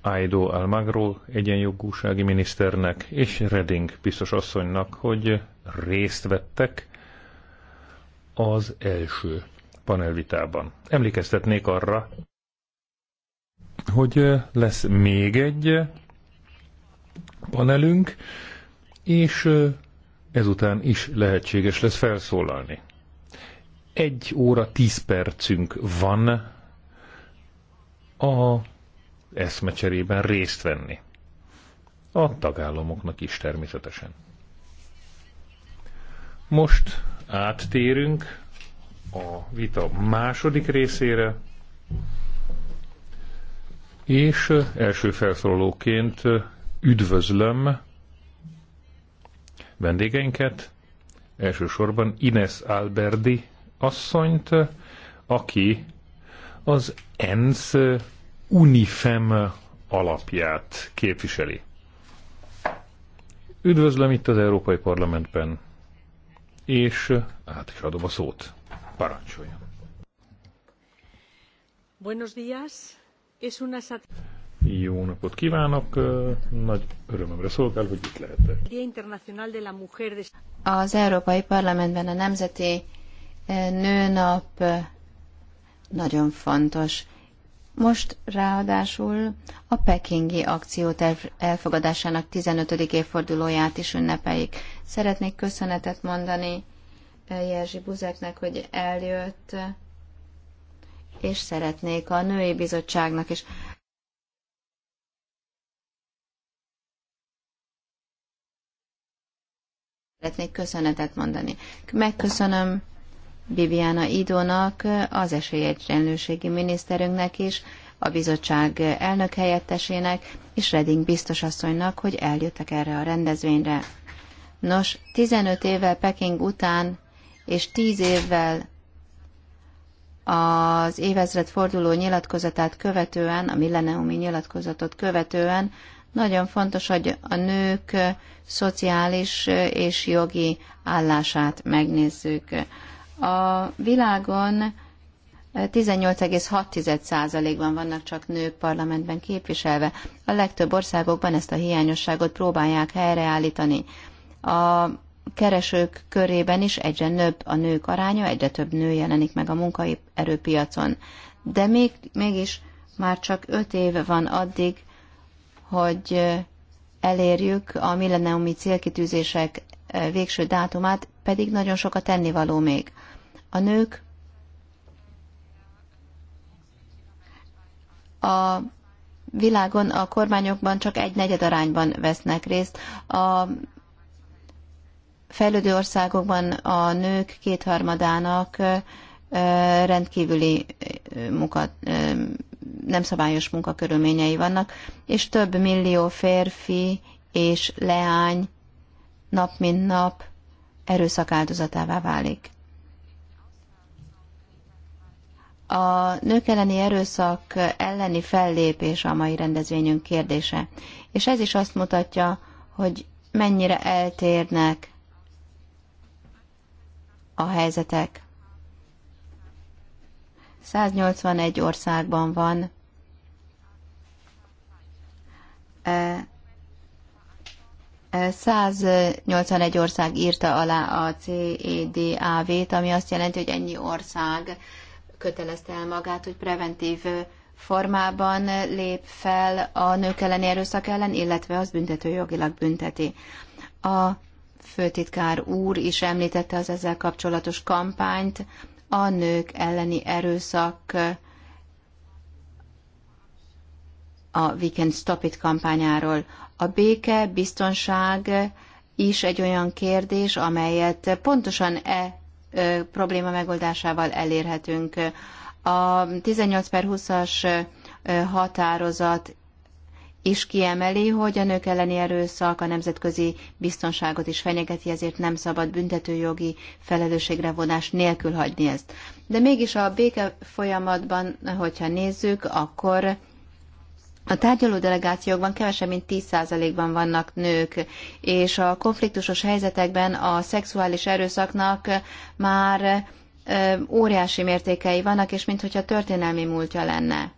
Aido Almagro egyenjogúsági miniszternek és Reding biztos asszonynak, hogy részt vettek az első panelvitában. Emlékeztetnék arra, hogy lesz még egy panelünk, és ezután is lehetséges lesz felszólalni. Egy óra tíz percünk van a eszmecserében részt venni. A tagállamoknak is természetesen. Most áttérünk a vita második részére, és első felszólalóként üdvözlöm vendégeinket, elsősorban Ines Alberdi asszonyt, aki az ENSZ UNIFEM alapját képviseli. Üdvözlöm itt az Európai Parlamentben, és át is adom a szót. Parancsoljon! Buenos días. Es una sat. jó napot kívánok! Nagy örömömre szolgál, hogy itt lehetek. Az Európai Parlamentben a Nemzeti Nőnap nagyon fontos. Most ráadásul a pekingi akcióterv elfogadásának 15. évfordulóját is ünnepeljük. Szeretnék köszönetet mondani eh, Jerzy Buzeknek, hogy eljött, és szeretnék a női bizottságnak is. Szeretnék köszönetet mondani. Megköszönöm Bibiana Idónak, az esélyegyenlőségi miniszterünknek is, a bizottság elnök helyettesének és Reding biztosasszonynak, hogy eljöttek erre a rendezvényre. Nos, 15 évvel Peking után és 10 évvel az évezred forduló nyilatkozatát követően, a milleniumi nyilatkozatot követően nagyon fontos, hogy a nők szociális és jogi állását megnézzük. A világon 18,6%-ban vannak csak nők parlamentben képviselve. A legtöbb országokban ezt a hiányosságot próbálják helyreállítani. A keresők körében is egyre nőbb a nők aránya, egyre több nő jelenik meg a munkai erőpiacon. De még, mégis már csak öt év van addig, hogy elérjük a milleniumi célkitűzések eh, végső dátumát, pedig nagyon sok a tennivaló még. A nők a világon a kormányokban csak egy negyed arányban vesznek részt. A fejlődő országokban a nők kétharmadának rendkívüli munka, nem szabályos munkakörülményei vannak, és több millió férfi és leány nap mint nap erőszak áldozatává válik. A nők elleni erőszak elleni fellépés a mai rendezvényünk kérdése. És ez is azt mutatja, hogy mennyire eltérnek a helyzetek. 181 országban van e 181 e, ország írta alá a CEDAV-t, ami azt jelenti, hogy ennyi ország kötelezte el magát, hogy preventív formában lép fel a nők elleni erőszak ellen, illetve az büntető jogilag bünteti. A főtitkár úr is említette az ezzel kapcsolatos kampányt, a nők elleni erőszak a We Can Stop It kampányáról. A béke, biztonság is egy olyan kérdés, amelyet pontosan e probléma megoldásával elérhetünk. A 18 per 20-as határozat is kiemeli, hogy a nők elleni erőszak a nemzetközi biztonságot is fenyegeti, ezért nem szabad büntetőjogi felelősségre vonás nélkül hagyni ezt. De mégis a béke folyamatban, hogyha nézzük, akkor a tárgyaló delegációkban kevesebb, mint 10%-ban vannak nők, és a konfliktusos helyzetekben a szexuális erőszaknak már óriási mértékei vannak, és mintha történelmi múltja lenne.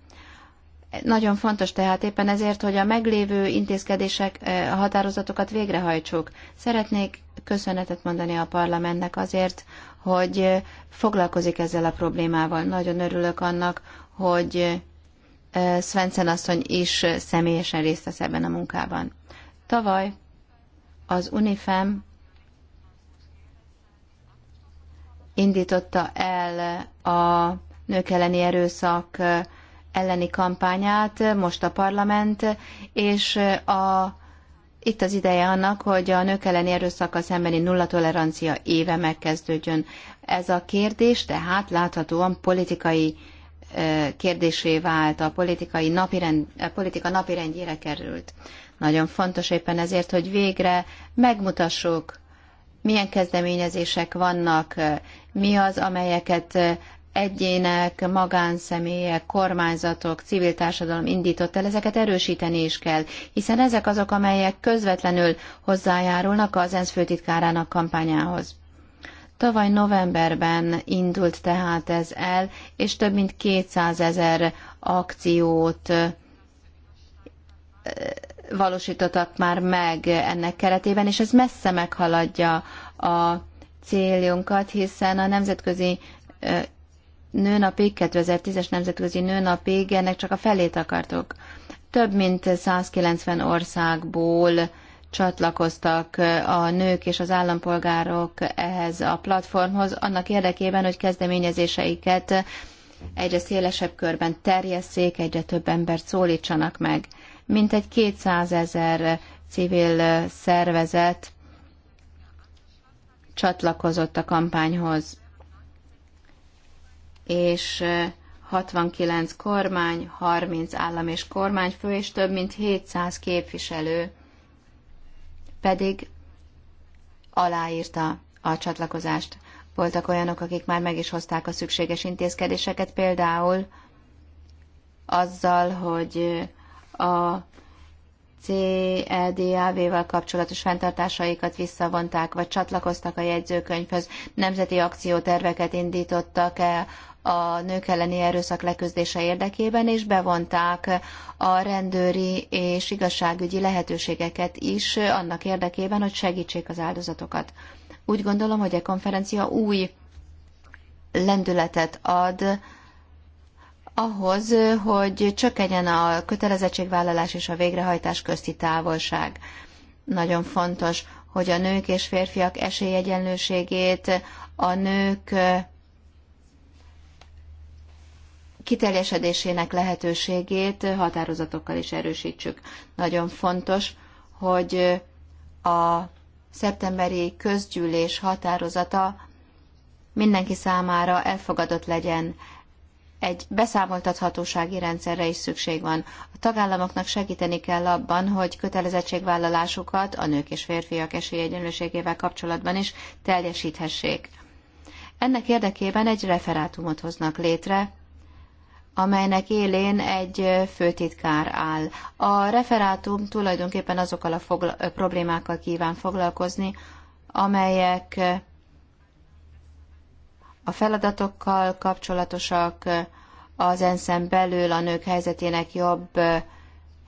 Nagyon fontos tehát éppen ezért, hogy a meglévő intézkedések, a határozatokat végrehajtsuk. Szeretnék köszönetet mondani a parlamentnek azért, hogy foglalkozik ezzel a problémával. Nagyon örülök annak, hogy Svensson asszony is személyesen részt vesz ebben a munkában. Tavaly az UNIFEM indította el a nők elleni erőszak elleni kampányát, most a parlament, és a, itt az ideje annak, hogy a nők elleni a szembeni nulla tolerancia éve megkezdődjön. Ez a kérdés tehát láthatóan politikai kérdésé vált, a, politikai napirend, a politika napirendjére került. Nagyon fontos éppen ezért, hogy végre megmutassuk, milyen kezdeményezések vannak, mi az, amelyeket egyének, magánszemélyek, kormányzatok, civil társadalom indított el, ezeket erősíteni is kell, hiszen ezek azok, amelyek közvetlenül hozzájárulnak az ENSZ főtitkárának kampányához. Tavaly novemberben indult tehát ez el, és több mint 200 ezer akciót valósítottak már meg ennek keretében, és ez messze meghaladja a céljunkat, hiszen a nemzetközi nőnapig, 2010-es nemzetközi nőnapig ennek csak a felét akartok. Több mint 190 országból csatlakoztak eh, a nők és az állampolgárok ehhez a platformhoz, annak érdekében, hogy kezdeményezéseiket egyre szélesebb körben terjesszék, egyre több embert szólítsanak meg. Mintegy 200 ezer civil szervezet csatlakozott a kampányhoz, és 69 eh, kormány, 30 állam és kormányfő, és több mint 700 képviselő pedig aláírta a csatlakozást. Voltak olyanok, akik már meg is hozták a szükséges intézkedéseket, például azzal, hogy a cedav val kapcsolatos fenntartásaikat visszavonták, vagy csatlakoztak a jegyzőkönyvhöz, nemzeti akcióterveket indítottak el a nők elleni erőszak leküzdése érdekében, és bevonták a rendőri és igazságügyi lehetőségeket is annak érdekében, hogy segítsék az áldozatokat. Úgy gondolom, hogy a konferencia új lendületet ad ahhoz, hogy csökkenjen a kötelezettségvállalás és a végrehajtás közti távolság. Nagyon fontos, hogy a nők és férfiak esélyegyenlőségét, a nők kiteljesedésének lehetőségét határozatokkal is erősítsük. Nagyon fontos, hogy a szeptemberi közgyűlés határozata mindenki számára elfogadott legyen. Egy beszámoltathatósági rendszerre is szükség van. A tagállamoknak segíteni kell abban, hogy kötelezettségvállalásukat a nők és férfiak esélyegyenlőségével kapcsolatban is teljesíthessék. Ennek érdekében egy referátumot hoznak létre, amelynek élén egy főtitkár áll. A referátum tulajdonképpen azokkal a fogla- problémákkal kíván foglalkozni, amelyek a feladatokkal kapcsolatosak, az enszem belül a nők helyzetének jobb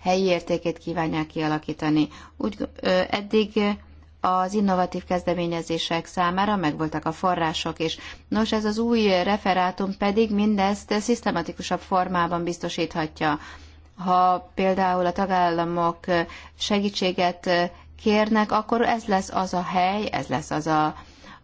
helyi értékét kívánják kialakítani. Úgy, eddig az innovatív kezdeményezések számára megvoltak a források is. Nos, ez az új referátum pedig mindezt szisztematikusabb formában biztosíthatja. Ha például a tagállamok segítséget kérnek, akkor ez lesz az a hely, ez lesz az a,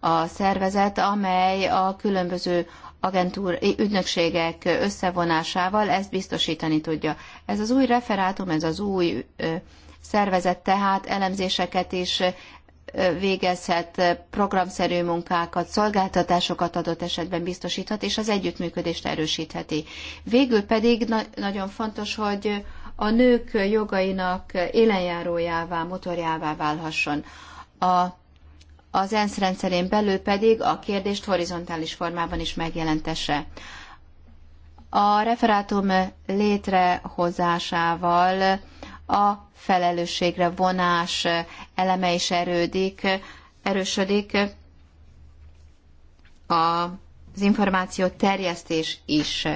a szervezet, amely a különböző agentúr, ügynökségek összevonásával ezt biztosítani tudja. Ez az új referátum, ez az új szervezet tehát elemzéseket is végezhet programszerű munkákat, szolgáltatásokat adott esetben biztosíthat, és az együttműködést erősítheti. Végül pedig na- nagyon fontos, hogy a nők jogainak élenjárójává, motorjává válhasson. A az ENSZ rendszerén belül pedig a kérdést horizontális formában is megjelentese. A referátum létrehozásával a felelősségre vonás eleme is erődik, erősödik, az információ terjesztés is.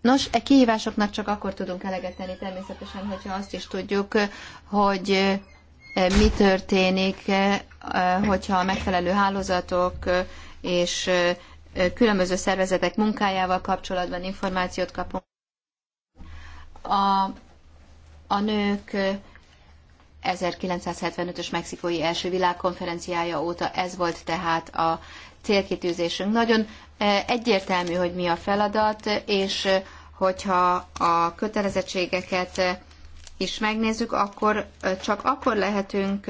Nos, e kihívásoknak csak akkor tudunk eleget tenni természetesen, hogyha azt is tudjuk, hogy e, mi történik, e, e, hogyha a megfelelő hálózatok és különböző szervezetek munkájával kapcsolatban információt kapunk. A a nők 1975-ös mexikói első világkonferenciája óta ez volt tehát a célkitűzésünk. Nagyon egyértelmű, hogy mi a feladat, és hogyha a kötelezettségeket is megnézzük, akkor csak akkor lehetünk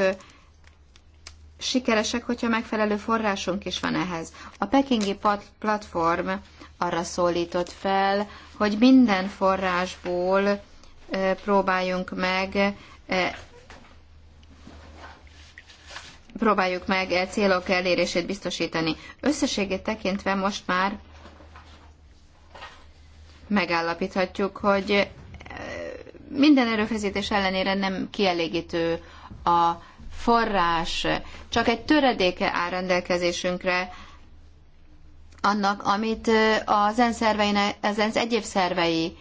sikeresek, hogyha megfelelő forrásunk is van ehhez. A pekingi platform arra szólított fel, hogy minden forrásból próbáljunk meg e, próbáljuk meg e célok elérését biztosítani. Összességét tekintve most már megállapíthatjuk, hogy e, minden erőfeszítés ellenére nem kielégítő a forrás, csak egy töredéke áll rendelkezésünkre annak, amit az ENSZ, szerveinek, az ENSZ egyéb szervei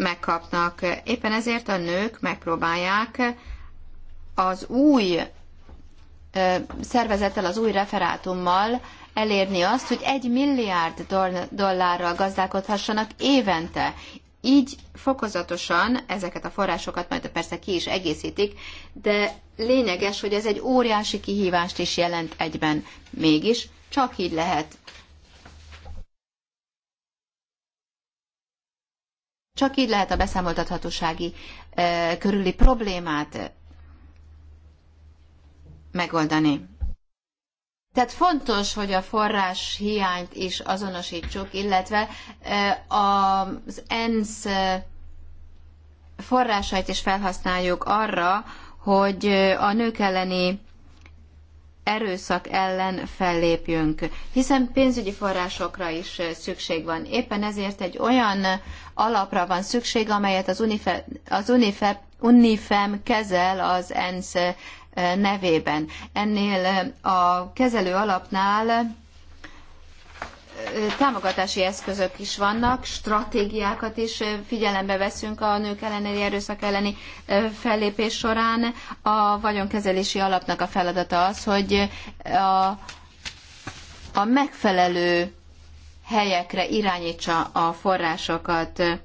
megkapnak. Éppen ezért a nők megpróbálják az új szervezettel, az új referátummal elérni azt, hogy egy milliárd dollárral gazdálkodhassanak évente. Így fokozatosan ezeket a forrásokat majd persze ki is egészítik, de lényeges, hogy ez egy óriási kihívást is jelent egyben. Mégis csak így lehet Csak így lehet a beszámoltathatósági e, körüli problémát e, megoldani. Tehát fontos, hogy a forrás hiányt is azonosítsuk, illetve e, az ENSZ forrásait is felhasználjuk arra, hogy a nők elleni erőszak ellen fellépjünk, hiszen pénzügyi forrásokra is szükség van. Éppen ezért egy olyan alapra van szükség, amelyet az, UNIFE, az UNIFE, UNIFEM kezel az ENSZ eh, nevében. Ennél eh, a kezelő alapnál eh, támogatási eszközök is vannak, stratégiákat is figyelembe veszünk a nők elleni erőszak elleni fellépés során. A vagyonkezelési alapnak a feladata az, hogy a, a megfelelő helyekre irányítsa a forrásokat.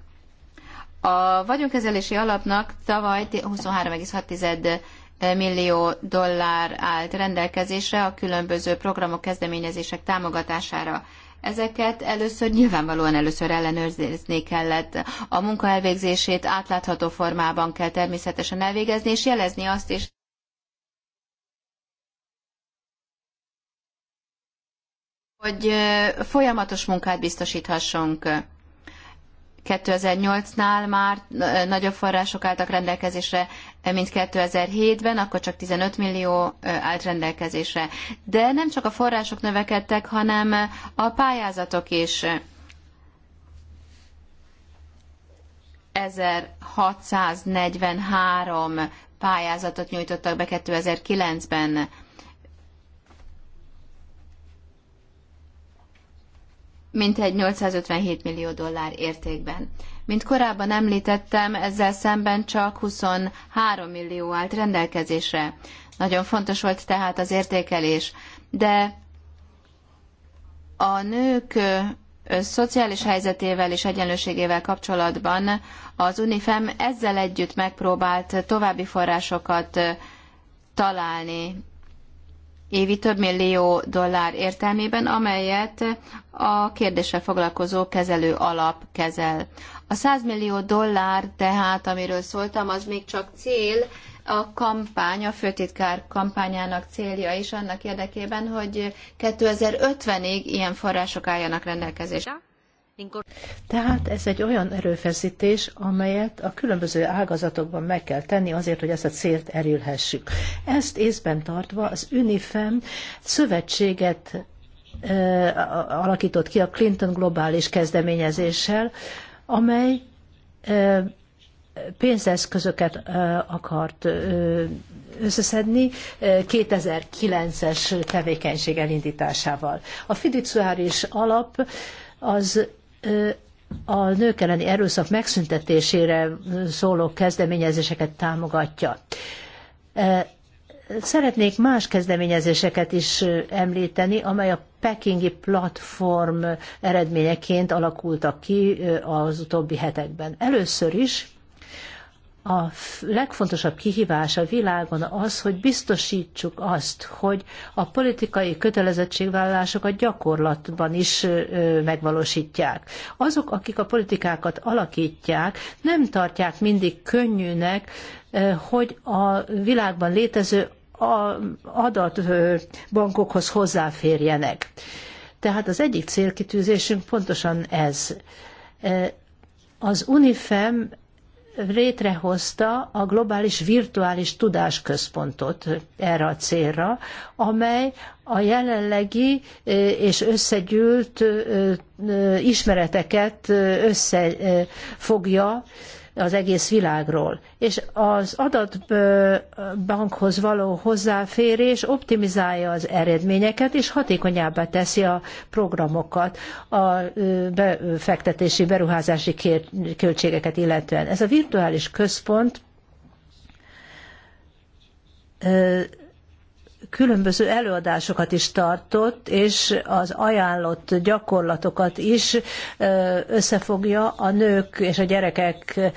A vagyonkezelési alapnak tavaly 23,6 eh, millió dollár állt rendelkezésre a különböző programok kezdeményezések támogatására. Ezeket először nyilvánvalóan először ellenőrizni kellett. A munka elvégzését átlátható formában kell természetesen elvégezni, és jelezni azt is, hogy folyamatos munkát biztosíthassunk. 2008-nál már nagyobb források álltak rendelkezésre, mint 2007-ben, akkor csak 15 millió állt rendelkezésre. De nem csak a források növekedtek, hanem a pályázatok is. 1643 pályázatot nyújtottak be 2009-ben mintegy 857 millió dollár értékben. Mint korábban említettem, ezzel szemben csak 23 millió állt rendelkezésre. Nagyon fontos volt tehát az értékelés, de a nők szociális helyzetével és egyenlőségével kapcsolatban az UNIFEM ezzel együtt megpróbált további forrásokat találni évi több millió dollár értelmében, amelyet a kérdéssel foglalkozó kezelő alap kezel. A 100 millió dollár tehát, amiről szóltam, az még csak cél, a kampány, a főtitkár kampányának célja is annak érdekében, hogy 2050-ig ilyen források álljanak rendelkezésre. Tehát ez egy olyan erőfeszítés, amelyet a különböző ágazatokban meg kell tenni azért, hogy ezt a célt erülhessük. Ezt észben tartva az UNIFEM szövetséget e, alakított ki a Clinton globális kezdeményezéssel, amely e, pénzeszközöket akart összeszedni 2009-es tevékenység elindításával. A fiduciáris alap az a nők elleni erőszak megszüntetésére szóló kezdeményezéseket támogatja. Szeretnék más kezdeményezéseket is említeni, amely a pekingi platform eredményeként alakultak ki az utóbbi hetekben. Először is a legfontosabb kihívás a világon az, hogy biztosítsuk azt, hogy a politikai kötelezettségvállalásokat gyakorlatban is megvalósítják. Azok, akik a politikákat alakítják, nem tartják mindig könnyűnek, hogy a világban létező adatbankokhoz hozzáférjenek. Tehát az egyik célkitűzésünk pontosan ez. Az UNIFEM létrehozta a globális virtuális tudásközpontot erre a célra, amely a jelenlegi és összegyűlt ismereteket összefogja az egész világról. És az adatbankhoz való hozzáférés optimizálja az eredményeket, és hatékonyabbá teszi a programokat a befektetési, beruházási költségeket illetően. Ez a virtuális központ különböző előadásokat is tartott, és az ajánlott gyakorlatokat is összefogja a nők és a gyerekekkel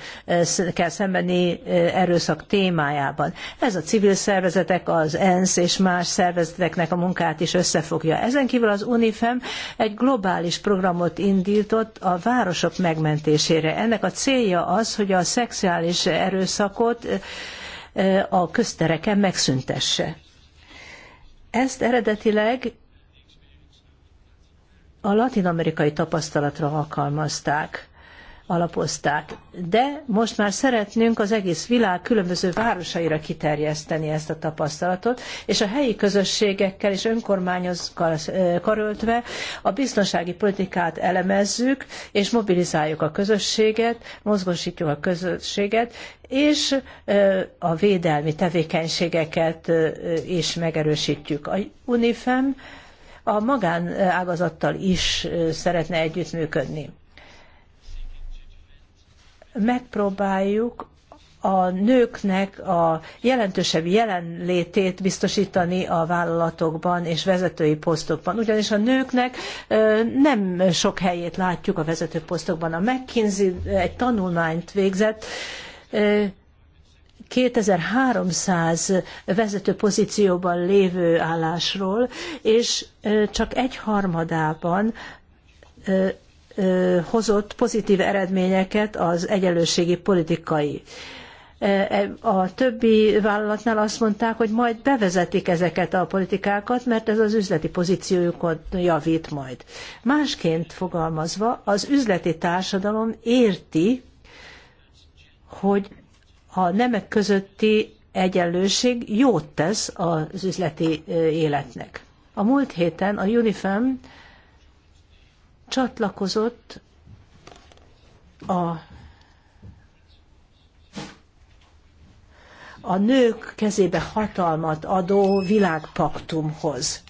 szembeni erőszak témájában. Ez a civil szervezetek, az ENSZ és más szervezeteknek a munkát is összefogja. Ezen kívül az UNIFEM egy globális programot indított a városok megmentésére. Ennek a célja az, hogy a szexuális erőszakot a köztereken megszüntesse. Ezt eredetileg a latin-amerikai tapasztalatra alkalmazták alapozták. De most már szeretnénk az egész világ különböző városaira kiterjeszteni ezt a tapasztalatot, és a helyi közösségekkel és önkormányokkal karöltve a biztonsági politikát elemezzük, és mobilizáljuk a közösséget, mozgósítjuk a közösséget, és a védelmi tevékenységeket is megerősítjük. A UNIFEM a magánágazattal is szeretne együttműködni megpróbáljuk a nőknek a jelentősebb jelenlétét biztosítani a vállalatokban és vezetői posztokban. Ugyanis a nőknek nem sok helyét látjuk a vezető posztokban. A McKinsey egy tanulmányt végzett, 2300 vezető pozícióban lévő állásról, és csak egy harmadában hozott pozitív eredményeket az egyenlőségi politikai. E, a többi vállalatnál azt mondták, hogy majd bevezetik ezeket a politikákat, mert ez az üzleti pozíciójukat javít majd. Másként fogalmazva, az üzleti társadalom érti, hogy a nemek közötti egyenlőség jót tesz az üzleti életnek. A múlt héten a UNIFEM csatlakozott a a nők kezébe hatalmat adó világpaktumhoz.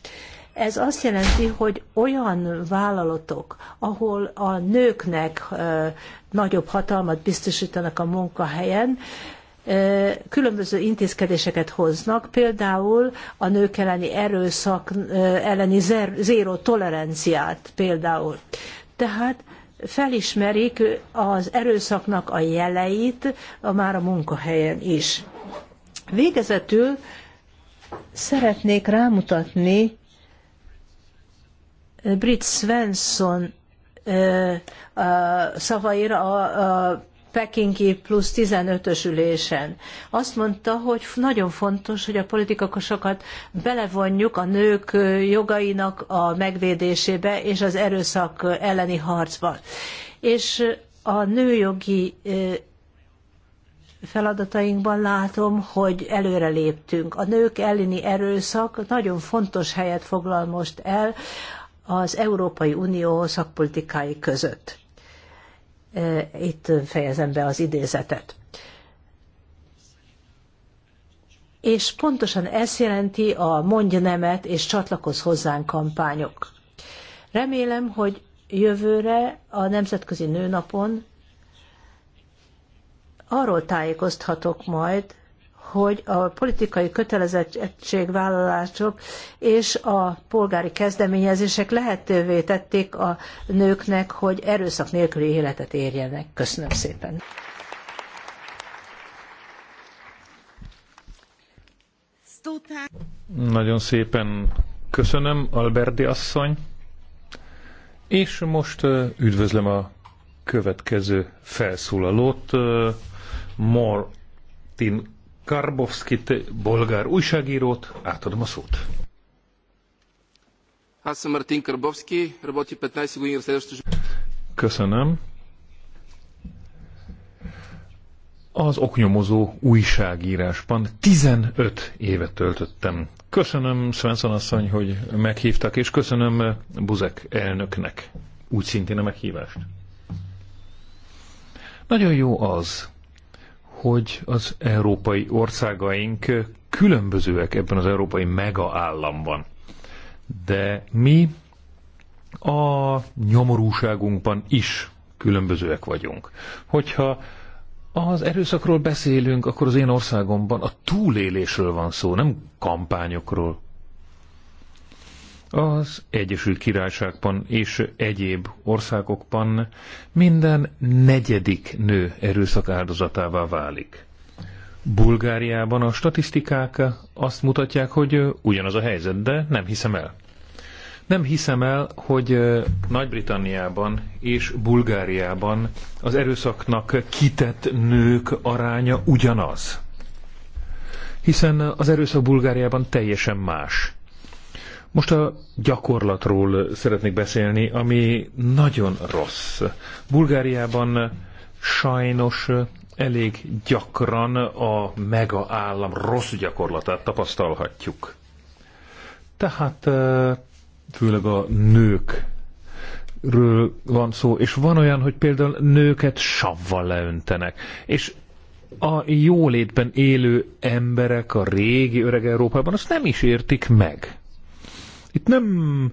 Ez azt jelenti, hogy olyan vállalatok, ahol a nőknek nagyobb hatalmat biztosítanak a munkahelyen, különböző intézkedéseket hoznak, például a nők elleni erőszak elleni zéró toleranciát például. Tehát felismerik az erőszaknak a jeleit a már a munkahelyen is. Végezetül szeretnék rámutatni Brit Svensson szavaira a Pekingi plusz 15-ös ülésen. Azt mondta, hogy nagyon fontos, hogy a politikusokat belevonjuk a nők jogainak a megvédésébe és az erőszak elleni harcba. És a nőjogi feladatainkban látom, hogy előre léptünk. A nők elleni erőszak nagyon fontos helyet foglal most el az Európai Unió szakpolitikái között. Itt fejezem be az idézetet. És pontosan ez jelenti a mondja nemet és csatlakoz hozzánk kampányok. Remélem, hogy jövőre a Nemzetközi Nőnapon arról tájékozthatok majd, hogy a politikai kötelezettségvállalások és a polgári kezdeményezések lehetővé tették a nőknek, hogy erőszak nélküli életet érjenek. Köszönöm szépen! Nagyon szépen köszönöm, Alberti asszony. És most üdvözlöm a következő felszólalót, Martin Karbovskit, bolgár újságírót, átadom a szót. Köszönöm. Az oknyomozó újságírásban 15 évet töltöttem. Köszönöm Svensson asszony, hogy meghívtak, és köszönöm Buzek elnöknek úgy szintén a meghívást. Nagyon jó az, hogy az európai országaink különbözőek ebben az európai megaállamban. De mi a nyomorúságunkban is különbözőek vagyunk. Hogyha az erőszakról beszélünk, akkor az én országomban a túlélésről van szó, nem kampányokról, az Egyesült Királyságban és egyéb országokban minden negyedik nő erőszak áldozatává válik. Bulgáriában a statisztikák azt mutatják, hogy ugyanaz a helyzet, de nem hiszem el. Nem hiszem el, hogy Nagy-Britanniában és Bulgáriában az erőszaknak kitett nők aránya ugyanaz. Hiszen az erőszak Bulgáriában teljesen más. Most a gyakorlatról szeretnék beszélni, ami nagyon rossz. Bulgáriában sajnos elég gyakran a mega állam rossz gyakorlatát tapasztalhatjuk. Tehát eh, főleg a nők ről van szó, és van olyan, hogy például nőket savval leöntenek. És a jólétben élő emberek a régi öreg Európában azt nem is értik meg. Itt nem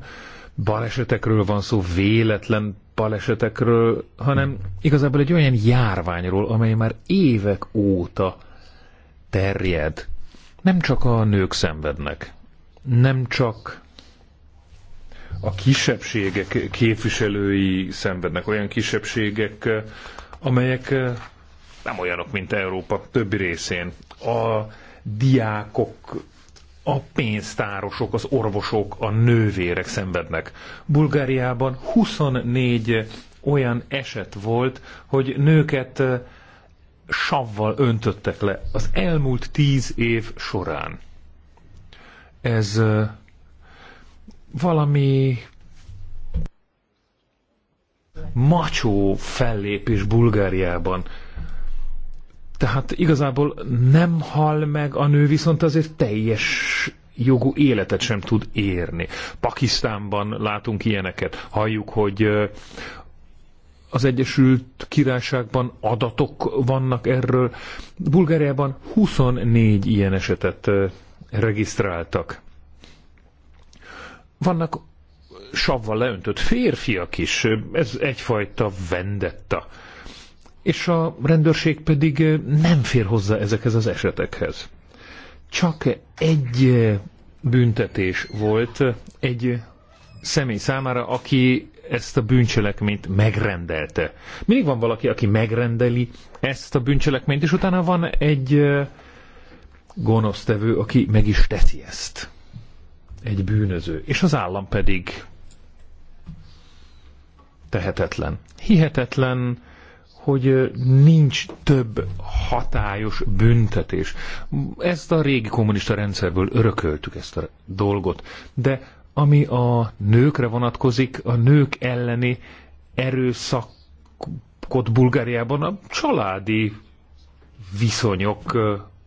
balesetekről van szó, véletlen balesetekről, hanem igazából egy olyan járványról, amely már évek óta terjed. Nem csak a nők szenvednek, nem csak a kisebbségek képviselői szenvednek, olyan kisebbségek, amelyek eh, nem olyanok, mint Európa többi részén. A diákok a pénztárosok, az orvosok, a nővérek szenvednek. Bulgáriában 24 olyan eset volt, hogy nőket savval öntöttek le az elmúlt tíz év során. Ez valami macsó fellépés Bulgáriában. Tehát igazából nem hal meg a nő, viszont azért teljes jogú életet sem tud érni. Pakisztánban látunk ilyeneket. Halljuk, hogy az Egyesült Királyságban adatok vannak erről. Bulgáriában 24 ilyen esetet regisztráltak. Vannak savval leöntött férfiak is. Ez egyfajta vendetta és a rendőrség pedig nem fér hozzá ezekhez az esetekhez. Csak egy büntetés volt egy személy számára, aki ezt a bűncselekményt megrendelte. Mindig van valaki, aki megrendeli ezt a bűncselekményt, és utána van egy gonosztevő, aki meg is teszi ezt. Egy bűnöző. És az állam pedig tehetetlen. Hihetetlen hogy nincs több hatályos büntetés. Ezt a régi kommunista rendszerből örököltük ezt a dolgot, de ami a nőkre vonatkozik, a nők elleni erőszakot Bulgáriában a családi viszonyok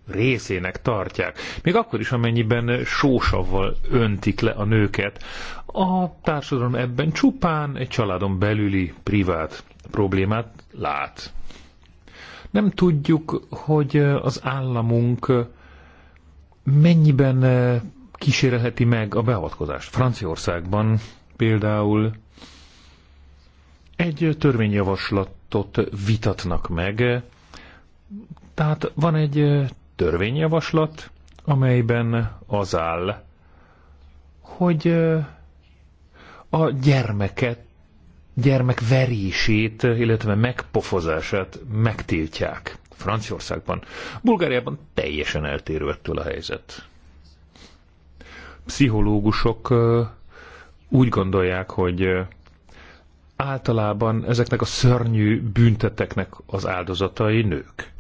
részének tartják. Még akkor is, amennyiben sósavval öntik le a nőket. A társadalom ebben csupán egy családon belüli privát problémát lát. Nem tudjuk, hogy az államunk mennyiben kísérelheti meg a beavatkozást. Franciaországban például egy törvényjavaslatot vitatnak meg, tehát van egy törvényjavaslat, amelyben az áll, hogy a gyermeket gyermek verését, illetve megpofozását megtiltják Franciaországban. Bulgáriában teljesen eltérő ettől a helyzet. Pszichológusok úgy gondolják, hogy általában ezeknek a szörnyű bünteteknek az áldozatai nők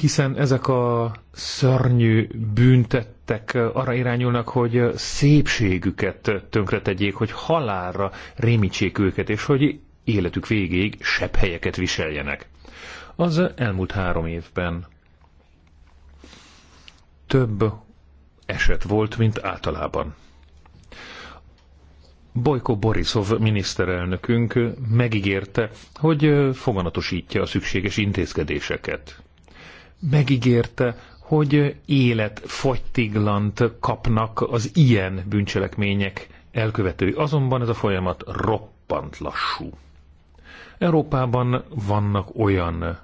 hiszen ezek a szörnyű büntettek arra irányulnak, hogy szépségüket tönkretegyék, hogy halálra rémítsék őket, és hogy életük végéig sebb helyeket viseljenek. Az elmúlt három évben több eset volt, mint általában. Bojko Borisov miniszterelnökünk megígérte, hogy foganatosítja a szükséges intézkedéseket megígérte, hogy életfogytiglant kapnak az ilyen bűncselekmények elkövetői. Azonban ez a folyamat roppant lassú. Európában vannak olyan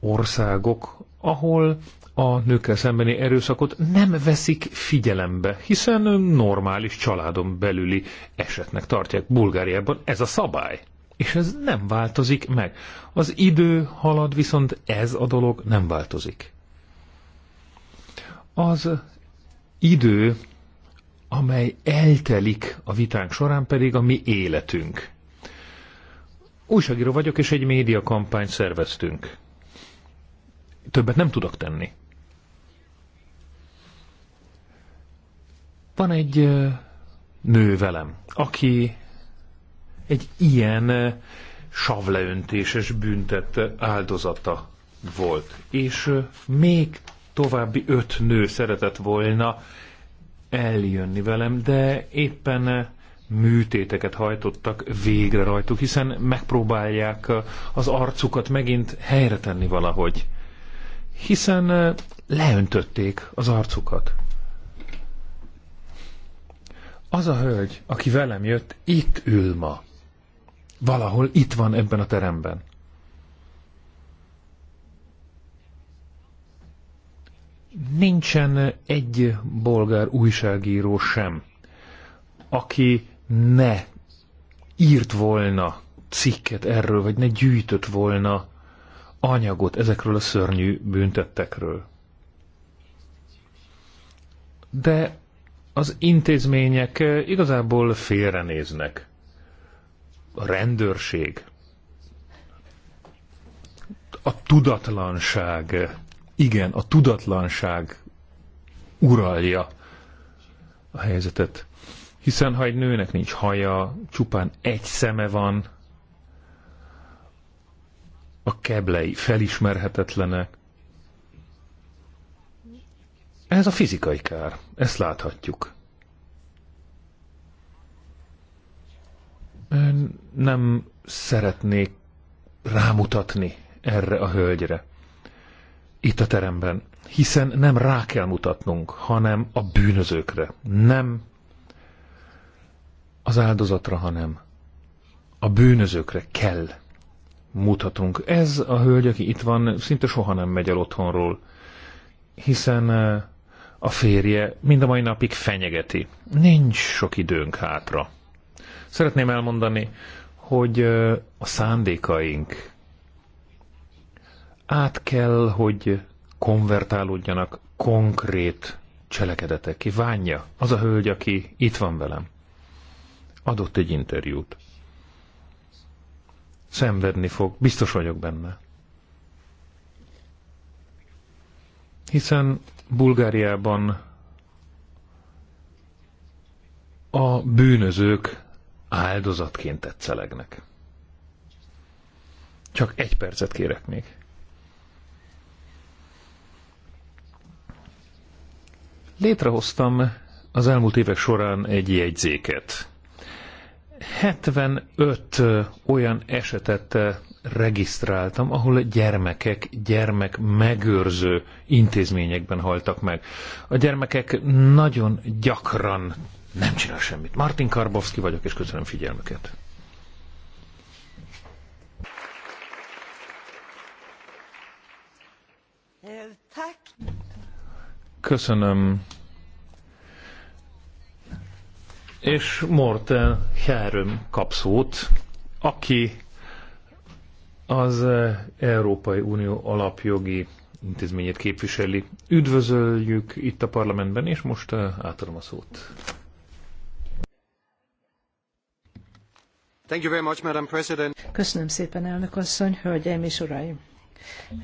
országok, ahol a nőkkel szembeni erőszakot nem veszik figyelembe, hiszen normális családon belüli esetnek tartják Bulgáriában. Ez a szabály. És ez nem változik meg. Az idő halad, viszont ez a dolog nem változik. Az idő, amely eltelik a vitánk során pedig a mi életünk. Újságíró vagyok, és egy média médiakampányt szerveztünk. Többet nem tudok tenni. Van egy nő velem, aki egy ilyen savleöntéses büntet áldozata volt. És még további öt nő szeretett volna eljönni velem, de éppen műtéteket hajtottak végre rajtuk, hiszen megpróbálják az arcukat megint helyre tenni valahogy. Hiszen leöntötték az arcukat. Az a hölgy, aki velem jött, itt ül ma valahol itt van ebben a teremben. Nincsen egy bolgár újságíró sem, aki ne írt volna cikket erről, vagy ne gyűjtött volna anyagot ezekről a szörnyű büntettekről. De az intézmények eh, igazából félrenéznek a rendőrség, a tudatlanság, igen, a tudatlanság uralja a helyzetet. Hiszen ha egy nőnek nincs haja, csupán egy szeme van, a keblei felismerhetetlenek. Ez a fizikai kár, ezt láthatjuk. Nem szeretnék rámutatni erre a hölgyre. Itt a teremben. Hiszen nem rá kell mutatnunk, hanem a bűnözőkre. Nem az áldozatra, hanem a bűnözőkre kell mutatunk. Ez a hölgy, aki itt van, szinte soha nem megy el otthonról, hiszen eh, a férje mind a mai napig fenyegeti. Nincs sok időnk hátra. Szeretném elmondani, hogy a szándékaink át kell, hogy konvertálódjanak konkrét cselekedetek. Ki ványja, Az a hölgy, aki itt van velem. Adott egy interjút. Szenvedni fog, biztos vagyok benne. Hiszen Bulgáriában a bűnözők áldozatként tetszelegnek. Csak egy percet kérek még. Létrehoztam az elmúlt évek során egy jegyzéket. 75 olyan esetet regisztráltam, ahol gyermekek gyermek megőrző intézményekben haltak meg. A gyermekek nagyon gyakran nem csinál semmit. Martin Karbowski vagyok, és köszönöm figyelmüket. Köszönöm. És Morten Herröm kapszót, aki az Európai Unió alapjogi intézményét képviseli. Üdvözöljük itt a parlamentben, és most eh, átadom a szót. Köszönöm szépen, elnök asszony, hölgyeim és uraim!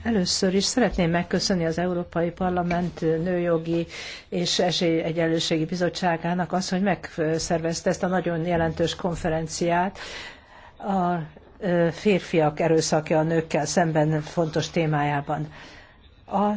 Először is szeretném megköszönni az Európai Parlament Nőjogi és Esélyegyenlőségi Bizottságának azt, hogy megszervezte ezt a nagyon jelentős konferenciát a férfiak erőszakja a nőkkel szemben fontos témájában. A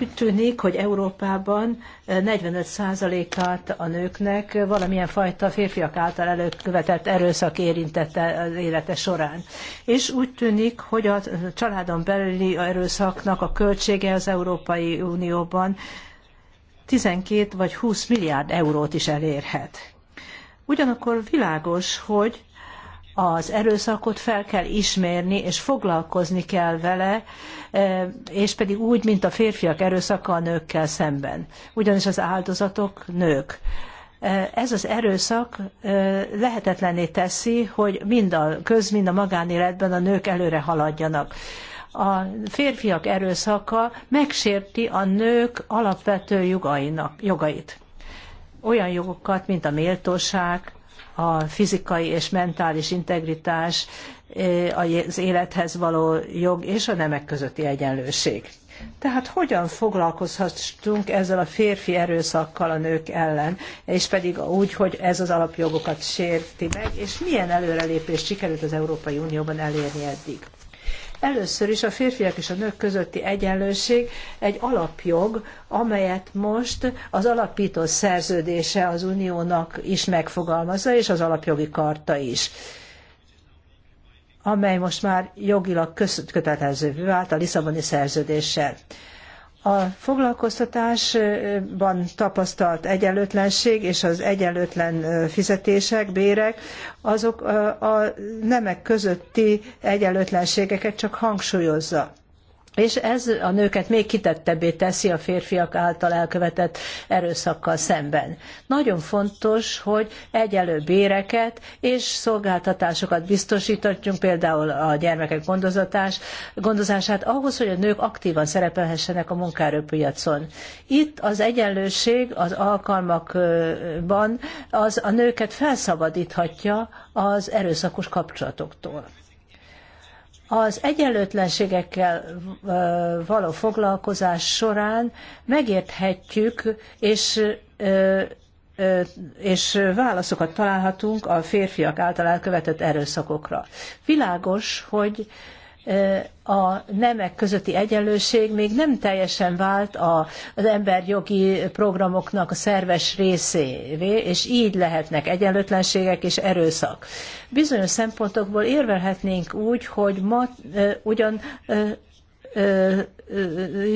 Úgy tűnik, hogy Európában 45%-át eh, a nőknek valamilyen fajta férfiak által előkövetett erőszak érintette az élete során. És úgy tűnik, hogy a családon belüli erőszaknak a költsége az Európai Unióban 12 vagy 20 milliárd eurót is elérhet. Ugyanakkor világos, hogy az erőszakot fel kell ismerni, és foglalkozni kell vele, e, és pedig úgy, mint a férfiak erőszaka a nőkkel szemben. Ugyanis az áldozatok nők. E, ez az erőszak e, lehetetlenné teszi, hogy mind a köz, mind a magánéletben a nők előre haladjanak a férfiak erőszaka megsérti a nők alapvető jogainak, jogait. Olyan jogokat, mint a méltóság, a fizikai és mentális integritás, eh, az élethez való jog és a nemek közötti egyenlőség. Tehát hogyan foglalkozhatunk ezzel a férfi erőszakkal a nők ellen, és pedig úgy, hogy ez az alapjogokat sérti meg, és milyen előrelépést sikerült az Európai Unióban elérni eddig? Először is a férfiak és a nők közötti egyenlőség egy alapjog, amelyet most az alapító szerződése az uniónak is megfogalmazza, és az alapjogi karta is amely most már jogilag kötelezővé vált a Lisszaboni szerződéssel. A foglalkoztatásban tapasztalt egyenlőtlenség és az egyenlőtlen fizetések, bérek, azok a nemek közötti egyenlőtlenségeket csak hangsúlyozza és ez a nőket még kitettebbé teszi a férfiak által elkövetett erőszakkal szemben. Nagyon fontos, hogy egyelő béreket és szolgáltatásokat biztosítatjunk, például a gyermekek gondozatás, gondozását, ahhoz, hogy a nők aktívan szerepelhessenek a munkaerőpiacon. Itt az egyenlőség az alkalmakban az a nőket felszabadíthatja az erőszakos kapcsolatoktól az egyenlőtlenségekkel való foglalkozás során megérthetjük, és és válaszokat találhatunk a férfiak által elkövetett erőszakokra. Világos, hogy a nemek közötti egyenlőség még nem teljesen vált az emberjogi programoknak a szerves részévé, és így lehetnek egyenlőtlenségek és erőszak. Bizonyos szempontokból érvelhetnénk úgy, hogy ma ugyan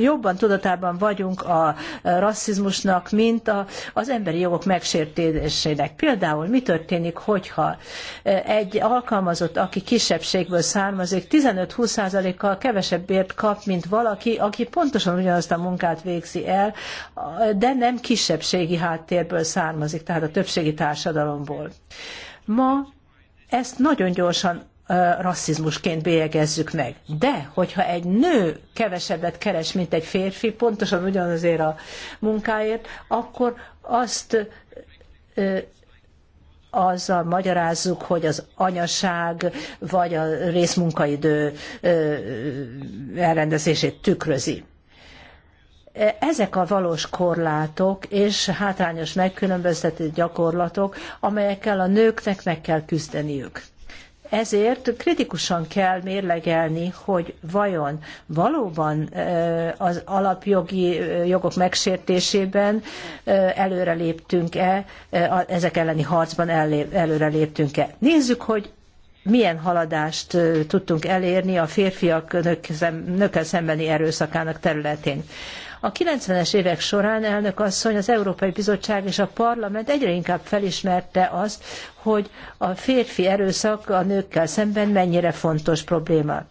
jobban tudatában vagyunk a rasszizmusnak, mint a, az emberi jogok megsértésének. Például mi történik, hogyha egy alkalmazott, aki kisebbségből származik, 15-20%-kal kevesebb bért kap, mint valaki, aki pontosan ugyanazt a munkát végzi el, de nem kisebbségi háttérből származik, tehát a többségi társadalomból. Ma ezt nagyon gyorsan rasszizmusként bélyegezzük meg. De, hogyha egy nő kevesebbet keres, mint egy férfi, pontosan ugyanazért a munkáért, akkor azt azzal magyarázzuk, hogy az anyaság vagy a részmunkaidő elrendezését tükrözi. Ezek a valós korlátok és hátrányos megkülönböztető gyakorlatok, amelyekkel a nőknek meg kell küzdeniük. Ezért kritikusan kell mérlegelni, hogy vajon valóban az alapjogi jogok megsértésében előreléptünk-e, ezek elleni harcban előreléptünk-e. Nézzük, hogy milyen haladást tudtunk elérni a férfiak nőkkel szembeni erőszakának területén. A 90-es évek során elnök asszony, az Európai Bizottság és a Parlament egyre inkább felismerte azt, hogy a férfi erőszak a nőkkel szemben mennyire fontos probléma.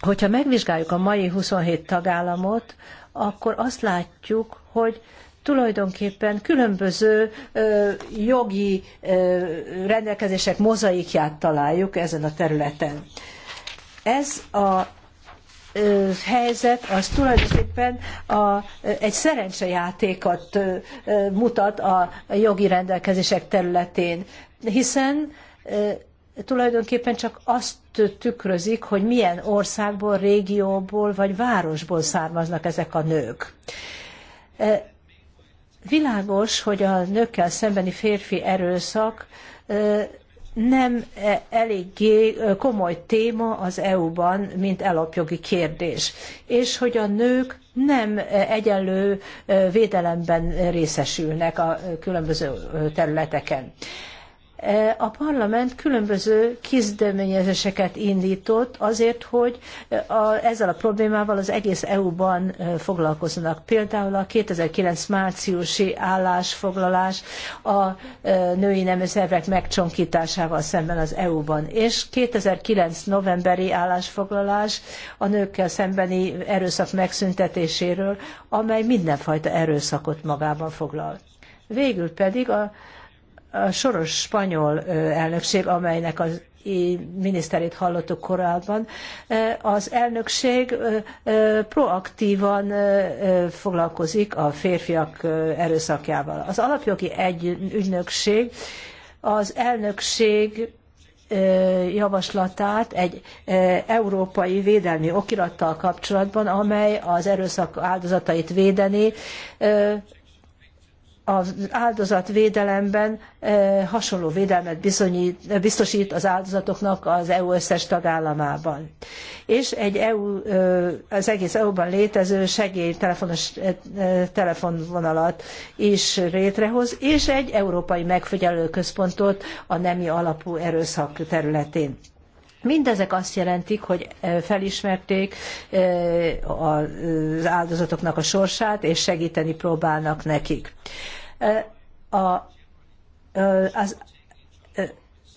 Hogyha megvizsgáljuk a mai 27 tagállamot, akkor azt látjuk, hogy tulajdonképpen különböző ö, jogi ö, rendelkezések mozaikját találjuk ezen a területen. Ez a helyzet az tulajdonképpen a, egy szerencsejátékot mutat a jogi rendelkezések területén, hiszen tulajdonképpen csak azt tükrözik, hogy milyen országból, régióból vagy városból származnak ezek a nők. Világos, hogy a nőkkel szembeni férfi erőszak nem e, eléggé e, komoly téma az EU-ban, mint alapjogi kérdés, és hogy a nők nem e, egyenlő védelemben részesülnek a különböző területeken. E, a parlament különböző kizdeményezéseket indított azért, hogy a, ezzel a problémával az egész EU-ban e, foglalkozzanak. Például a 2009 márciusi állásfoglalás a e, női nemi szervek megcsonkításával szemben az EU-ban, és 2009 novemberi állásfoglalás a nőkkel szembeni erőszak megszüntetéséről, amely mindenfajta erőszakot magában foglal. Végül pedig a a soros spanyol elnökség, amelynek az miniszterét hallottuk korábban, az elnökség proaktívan foglalkozik a férfiak erőszakjával. Az alapjogi egy ügynökség az elnökség javaslatát egy európai védelmi okirattal kapcsolatban, amely az erőszak áldozatait védeni az áldozatvédelemben eh, hasonló védelmet bizonyít, biztosít az áldozatoknak az EU összes tagállamában. És egy EU, eh, az egész EU-ban létező segélytelefonos eh, telefonvonalat is létrehoz, és egy európai megfigyelőközpontot a nemi alapú erőszak területén. Mindezek azt jelentik, hogy felismerték az áldozatoknak a sorsát, és segíteni próbálnak nekik. A, az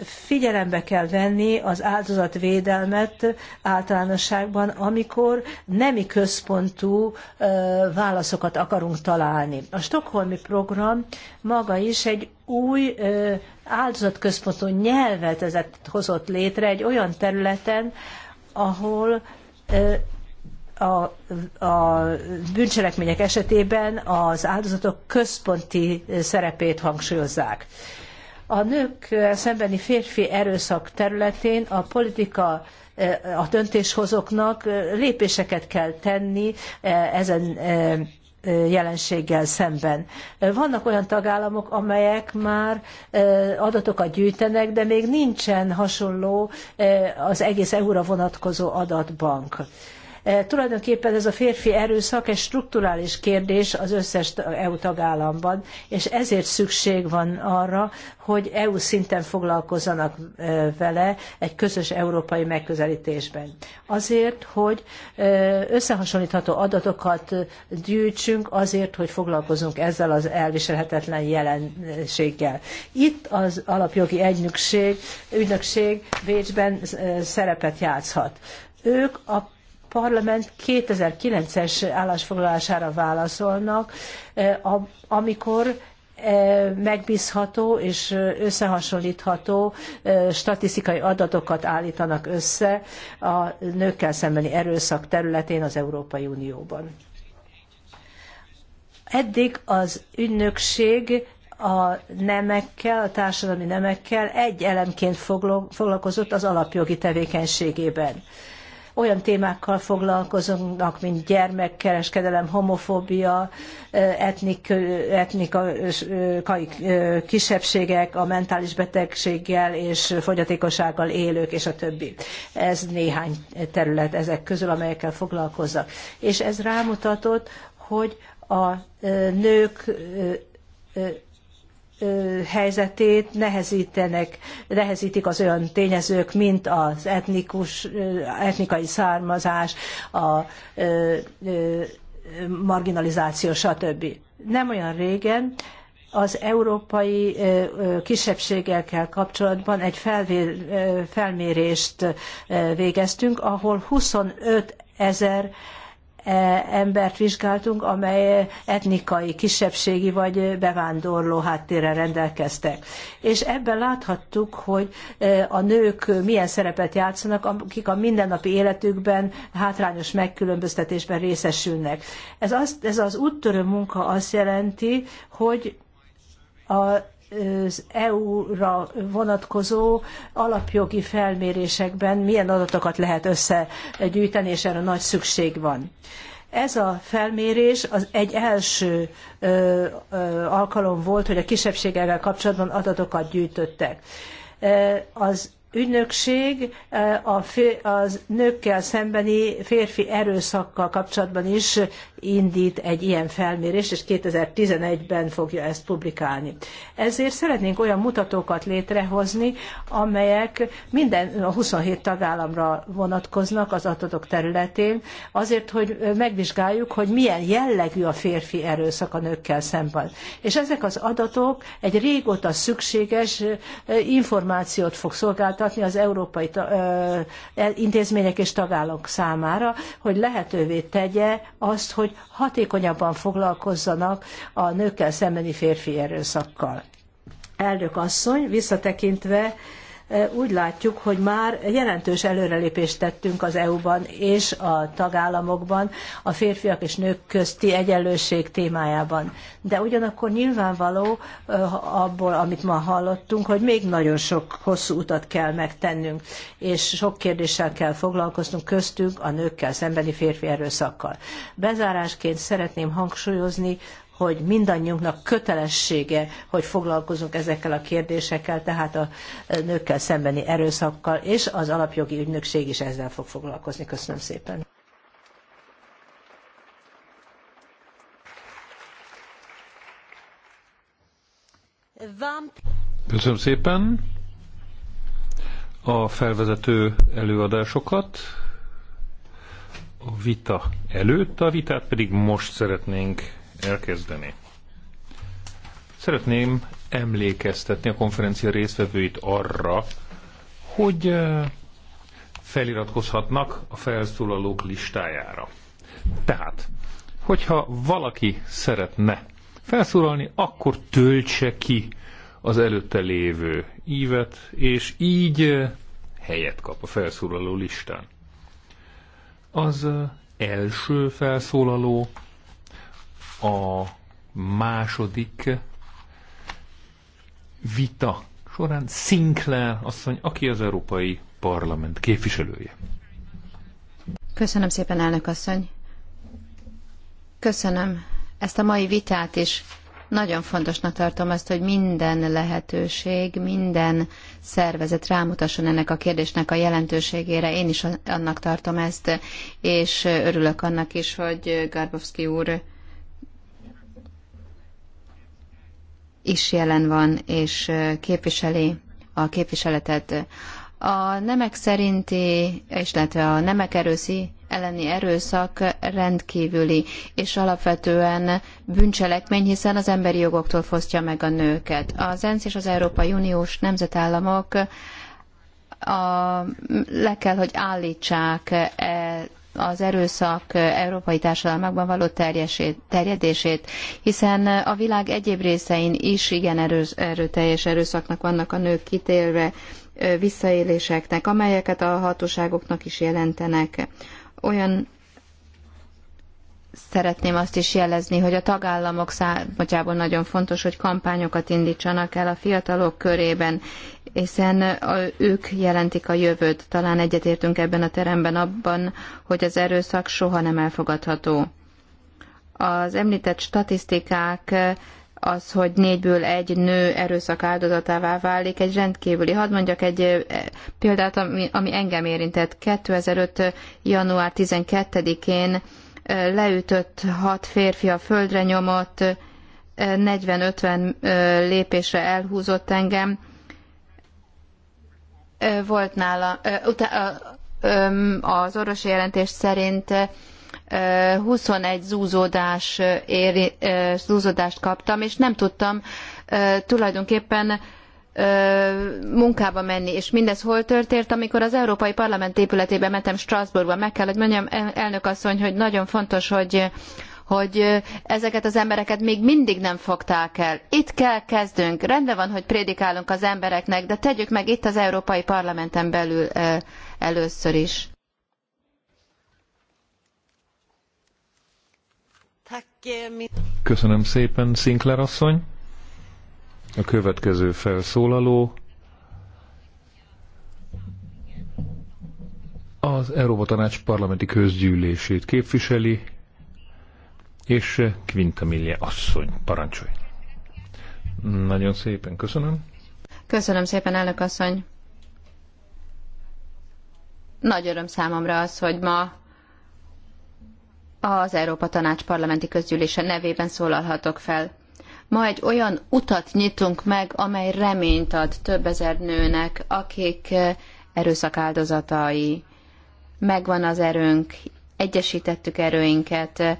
figyelembe kell venni az áldozatvédelmet általánosságban, amikor nemi központú válaszokat akarunk találni. A Stockholmi program maga is egy új áldozatközpontú nyelvetet hozott létre egy olyan területen, ahol a, a bűncselekmények esetében az áldozatok központi szerepét hangsúlyozzák. A nők szembeni férfi erőszak területén a politika a döntéshozóknak lépéseket kell tenni ezen jelenséggel szemben. Vannak olyan tagállamok, amelyek már adatokat gyűjtenek, de még nincsen hasonló az egész EU-ra vonatkozó adatbank. E, tulajdonképpen ez a férfi erőszak egy strukturális kérdés az összes EU tagállamban, és ezért szükség van arra, hogy EU szinten foglalkozzanak e, vele egy közös európai megközelítésben. Azért, hogy e, összehasonlítható adatokat gyűjtsünk, azért, hogy foglalkozunk ezzel az elviselhetetlen jelenséggel. Itt az alapjogi egynökség, ügynökség Bécsben szerepet játszhat. Ők a parlament 2009-es állásfoglalására válaszolnak, amikor megbízható és összehasonlítható statisztikai adatokat állítanak össze a nőkkel szembeni erőszak területén az Európai Unióban. Eddig az ügynökség a nemekkel, a társadalmi nemekkel egy elemként foglalkozott az alapjogi tevékenységében olyan témákkal foglalkozunk, mint gyermekkereskedelem, homofóbia, etnik, etnikai kisebbségek, a mentális betegséggel és fogyatékossággal élők, és a többi. Ez néhány terület ezek közül, amelyekkel foglalkoznak. És ez rámutatott, hogy a nők helyzetét nehezítenek, nehezítik az olyan tényezők, mint az etnikus, etnikai származás, a marginalizáció, stb. Nem olyan régen az európai kisebbségekkel kapcsolatban egy felmérést végeztünk, ahol 25 ezer E, embert vizsgáltunk, amely etnikai, kisebbségi vagy bevándorló háttérrel rendelkeztek. És ebben láthattuk, hogy e, a nők milyen szerepet játszanak, akik a mindennapi életükben hátrányos megkülönböztetésben részesülnek. Ez, az, ez az úttörő munka azt jelenti, hogy a az EU-ra vonatkozó alapjogi felmérésekben milyen adatokat lehet összegyűjteni, és erre nagy szükség van. Ez a felmérés az egy első ö, ö, alkalom volt, hogy a kisebbségekkel kapcsolatban adatokat gyűjtöttek. Az ügynökség eh, a, fő, az nőkkel szembeni férfi erőszakkal kapcsolatban is indít egy ilyen felmérést, és 2011-ben fogja ezt publikálni. Ezért szeretnénk olyan mutatókat létrehozni, amelyek minden a 27 tagállamra vonatkoznak az adatok területén, azért, hogy megvizsgáljuk, hogy milyen jellegű a férfi erőszak a nőkkel szemben. És ezek az adatok egy régóta szükséges eh, információt fog szolgáltatni, tartani az európai intézmények és tagállamok számára, hogy lehetővé tegye azt, hogy hatékonyabban foglalkozzanak a nőkkel szembeni férfi erőszakkal. Elnök asszony, visszatekintve úgy látjuk, hogy már jelentős előrelépést tettünk az EU-ban és a tagállamokban a férfiak és nők közti egyenlőség témájában. De ugyanakkor nyilvánvaló abból, amit ma hallottunk, hogy még nagyon sok hosszú utat kell megtennünk, és sok kérdéssel kell foglalkoznunk köztünk a nőkkel szembeni férfi erőszakkal. Bezárásként szeretném hangsúlyozni, hogy mindannyiunknak kötelessége, hogy foglalkozunk ezekkel a kérdésekkel, tehát a nőkkel szembeni erőszakkal, és az alapjogi ügynökség is ezzel fog foglalkozni. Köszönöm szépen. Köszönöm szépen a felvezető előadásokat a vita előtt, a vitát pedig most szeretnénk elkezdeni. Szeretném emlékeztetni a konferencia résztvevőit arra, hogy eh, feliratkozhatnak a felszólalók listájára. Tehát, hogyha valaki szeretne felszólalni, akkor töltse ki az előtte lévő ívet, és így eh, helyet kap a felszólaló listán. Az eh, első felszólaló a második vita során Sinclair asszony, aki az Európai Parlament képviselője. Köszönöm szépen, elnök asszony. Köszönöm ezt a mai vitát is. Nagyon fontosnak tartom azt, hogy minden lehetőség, minden szervezet rámutasson ennek a kérdésnek a jelentőségére. Én is annak tartom ezt, és örülök annak is, hogy Garbowski úr is jelen van és képviseli a képviseletet. A nemek szerinti, és illetve a nemek erőszi elleni erőszak rendkívüli és alapvetően bűncselekmény, hiszen az emberi jogoktól fosztja meg a nőket. Az ENSZ és az Európai Uniós nemzetállamok a, le kell, hogy állítsák e az erőszak európai társadalmakban való terjedését, hiszen a világ egyéb részein is igen erős, erőteljes erőszaknak vannak a nők kitélve visszaéléseknek, amelyeket a hatóságoknak is jelentenek. Olyan szeretném azt is jelezni, hogy a tagállamok számára nagyon fontos, hogy kampányokat indítsanak el a fiatalok körében, hiszen ők jelentik a jövőt. Talán egyetértünk ebben a teremben abban, hogy az erőszak soha nem elfogadható. Az említett statisztikák az, hogy négyből egy nő erőszak áldozatává válik, egy rendkívüli. Hadd mondjak egy példát, ami, ami engem érintett. 2005. január 12-én leütött hat férfi a földre nyomott, 40-50 lépésre elhúzott engem. Volt nála, az orvosi jelentés szerint 21 zúzódás éri, zúzódást kaptam, és nem tudtam tulajdonképpen munkába menni. És mindez hol történt, amikor az Európai Parlament épületébe mentem Strasbourgba. Meg kell, hogy mondjam, elnök asszony, hogy nagyon fontos, hogy hogy ezeket az embereket még mindig nem fogták el. Itt kell kezdünk. Rendben van, hogy prédikálunk az embereknek, de tegyük meg itt az Európai Parlamenten belül először is. Eh, Köszönöm szépen, Sinclair asszony. A következő felszólaló az Európa Tanács parlamenti közgyűlését képviseli, és Millie asszony. parancsolja. Nagyon szépen köszönöm. Köszönöm szépen, elnök asszony. Nagy öröm számomra az, hogy ma az Európa Tanács parlamenti közgyűlése nevében szólalhatok fel. Ma egy olyan utat nyitunk meg, amely reményt ad több ezer nőnek, akik eh, erőszak áldozatai. Megvan az erőnk, egyesítettük erőinket. Eh,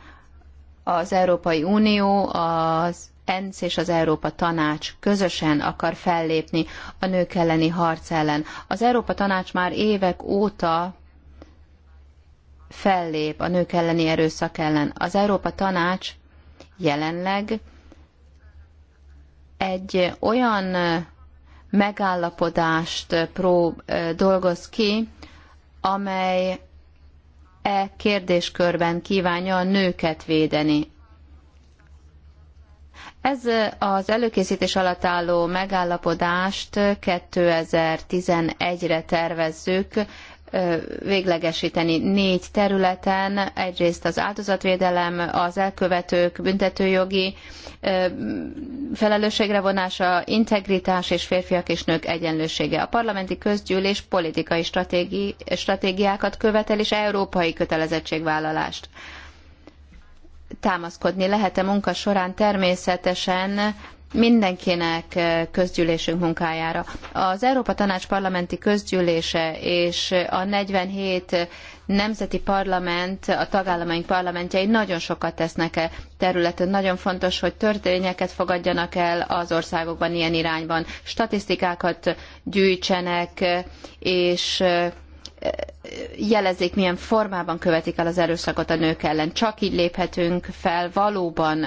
az Európai Unió, az ENSZ és az Európa Tanács közösen akar fellépni a nők elleni harc ellen. Az Európa Tanács már évek óta fellép a nők elleni erőszak ellen. Az Európa Tanács jelenleg egy olyan megállapodást prób, dolgoz ki, amely e kérdéskörben kívánja a nőket védeni. Ez az előkészítés alatt álló megállapodást 2011-re tervezzük, véglegesíteni négy területen. Egyrészt az áldozatvédelem, az elkövetők büntetőjogi felelősségre vonása, integritás és férfiak és nők egyenlősége. A parlamenti közgyűlés politikai stratégi, stratégiákat követel és európai kötelezettségvállalást. Támaszkodni lehet a munka során természetesen mindenkinek eh, közgyűlésünk munkájára. Az Európa Tanács parlamenti közgyűlése és a 47 nemzeti parlament, a tagállamaink parlamentjei nagyon sokat tesznek e területen. Nagyon fontos, hogy törvényeket fogadjanak el az országokban ilyen irányban, statisztikákat gyűjtsenek, eh, és eh, jelezik, milyen formában követik el az erőszakot a nők ellen. Csak így léphetünk fel valóban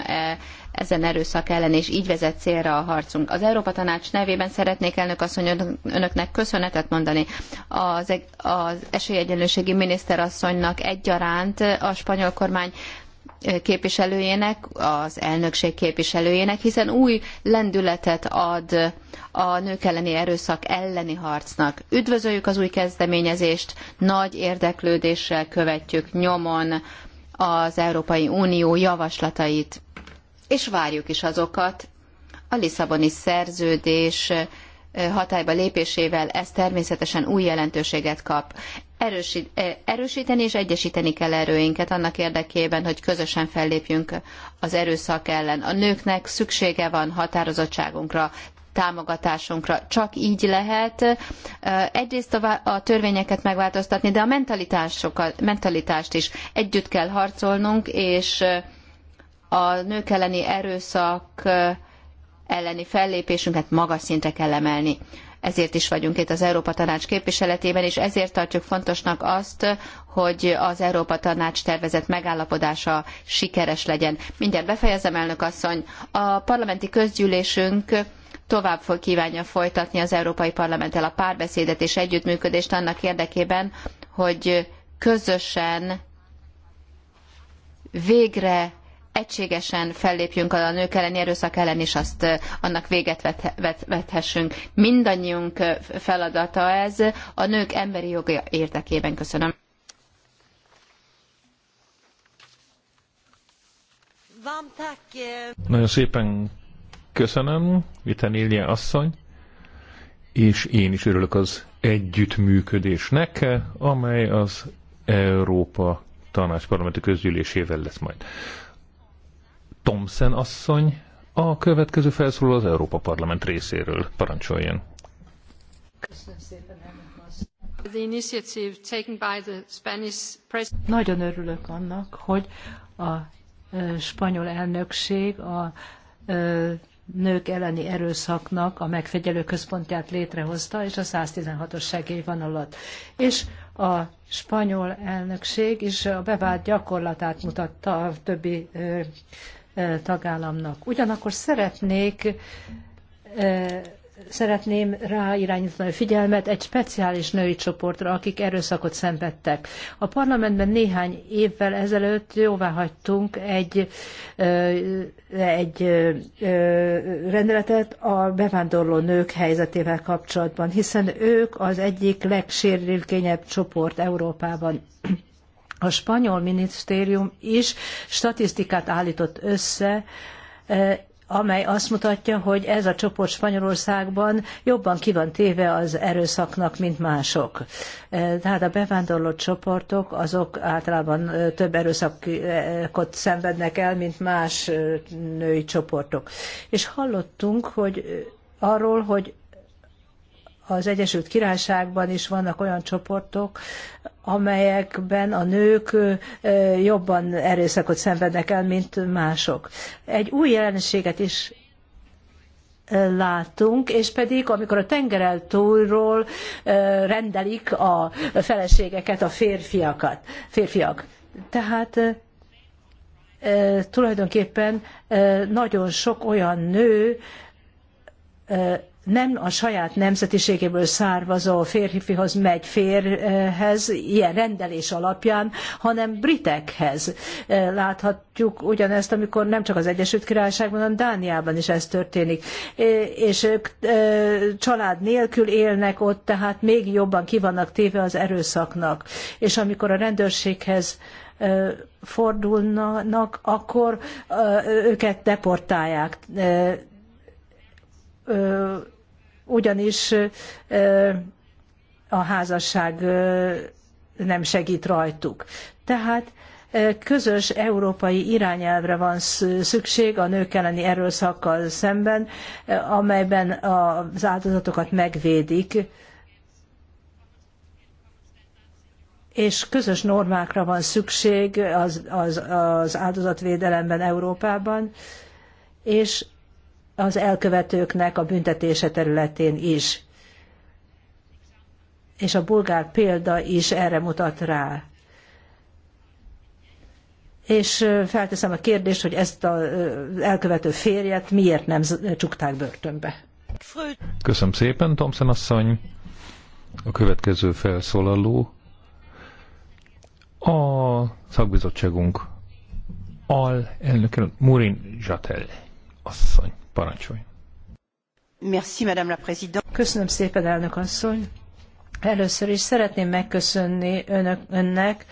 ezen erőszak ellen, és így vezet célra a harcunk. Az Európa Tanács nevében szeretnék elnök asszony önöknek köszönetet mondani. Az, e- az esélyegyenlőségi miniszterasszonynak egyaránt a spanyol kormány képviselőjének, az elnökség képviselőjének, hiszen új lendületet ad a nők elleni erőszak elleni harcnak. Üdvözöljük az új kezdeményezést, nagy érdeklődéssel követjük nyomon az Európai Unió javaslatait és várjuk is azokat. A Lisszaboni szerződés hatályba lépésével ez természetesen új jelentőséget kap. erősíteni és egyesíteni kell erőinket annak érdekében, hogy közösen fellépjünk az erőszak ellen. A nőknek szüksége van határozottságunkra, támogatásunkra. Csak így lehet egyrészt a, törvényeket megváltoztatni, de a mentalitást is együtt kell harcolnunk, és a nők elleni erőszak elleni fellépésünket magas szintre kell emelni. Ezért is vagyunk itt az Európa Tanács képviseletében, és ezért tartjuk fontosnak azt, hogy az Európa Tanács tervezett megállapodása sikeres legyen. Mindjárt befejezem, elnök asszony. A parlamenti közgyűlésünk tovább fog kívánja folytatni az Európai Parlamenttel a párbeszédet és együttműködést annak érdekében, hogy közösen végre egységesen fellépjünk a nők elleni erőszak ellen, és azt annak véget vethessünk. Mindannyiunk feladata ez a nők emberi jogai érdekében. Köszönöm. Nagyon szépen köszönöm, Viten asszony, és én is örülök az együttműködésnek, amely az Európa Tanács Parlamenti Közgyűlésével lesz majd. Tomszen asszony, a következő felszólal az Európa Parlament részéről. Parancsoljon. nagyon örülök annak, hogy a spanyol elnökség a nők elleni erőszaknak a megfigyelő központját létrehozta, és a 116-os alatt, És a spanyol elnökség is a bevált gyakorlatát mutatta a többi tagállamnak. Ugyanakkor szeretnék szeretném ráirányítani a figyelmet egy speciális női csoportra, akik erőszakot szenvedtek. A parlamentben néhány évvel ezelőtt jóvá hagytunk egy, egy rendeletet a bevándorló nők helyzetével kapcsolatban, hiszen ők az egyik legsérülékenyebb csoport Európában. A spanyol minisztérium is statisztikát állított össze, e, amely azt mutatja, hogy ez a csoport Spanyolországban jobban ki van téve az erőszaknak, mint mások. E, tehát a bevándorló csoportok azok általában e, több erőszakot szenvednek el, mint más női csoportok. És hallottunk, hogy arról, hogy az Egyesült Királyságban is vannak olyan csoportok, amelyekben a nők jobban erőszakot szenvednek el, mint mások. Egy új jelenséget is látunk, és pedig amikor a tengerel túlról rendelik a feleségeket, a férfiakat, férfiak. Tehát tulajdonképpen nagyon sok olyan nő nem a saját nemzetiségéből származó férfihoz megy férhez, ilyen rendelés alapján, hanem britekhez. E, láthatjuk ugyanezt, amikor nem csak az Egyesült Királyságban, hanem Dániában is ez történik. E, és ők e, család nélkül élnek ott, tehát még jobban kivannak téve az erőszaknak. És amikor a rendőrséghez fordulnak, akkor őket deportálják ugyanis a házasság nem segít rajtuk. Tehát közös európai irányelvre van szükség a nők elleni erőszakkal szemben, amelyben az áldozatokat megvédik, és közös normákra van szükség az, az, az áldozatvédelemben Európában, és az elkövetőknek a büntetése területén is. És a bulgár példa is erre mutat rá. És felteszem a kérdést, hogy ezt az elkövető férjet miért nem csukták börtönbe. Köszönöm szépen, Thompson asszony. A következő felszólaló a szakbizottságunk Al alelnöke Murin Zsatel asszony. Parancsolj! Merci, Madame la Présidente. Köszönöm szépen, elnök asszony. Először is szeretném megköszönni önök, önnek,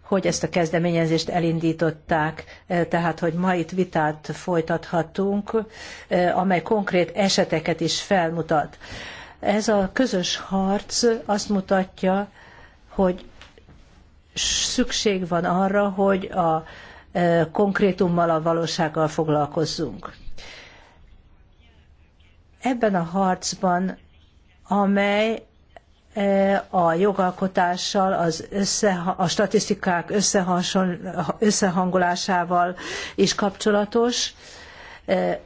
hogy ezt a kezdeményezést elindították, e, tehát hogy ma itt vitát folytathatunk, e, amely konkrét eseteket is felmutat. Ez a közös harc azt mutatja, hogy szükség van arra, hogy a e, konkrétummal, a valósággal foglalkozzunk. Ebben a harcban, amely e, a jogalkotással, az össze, a statisztikák összehangolásával is kapcsolatos. E,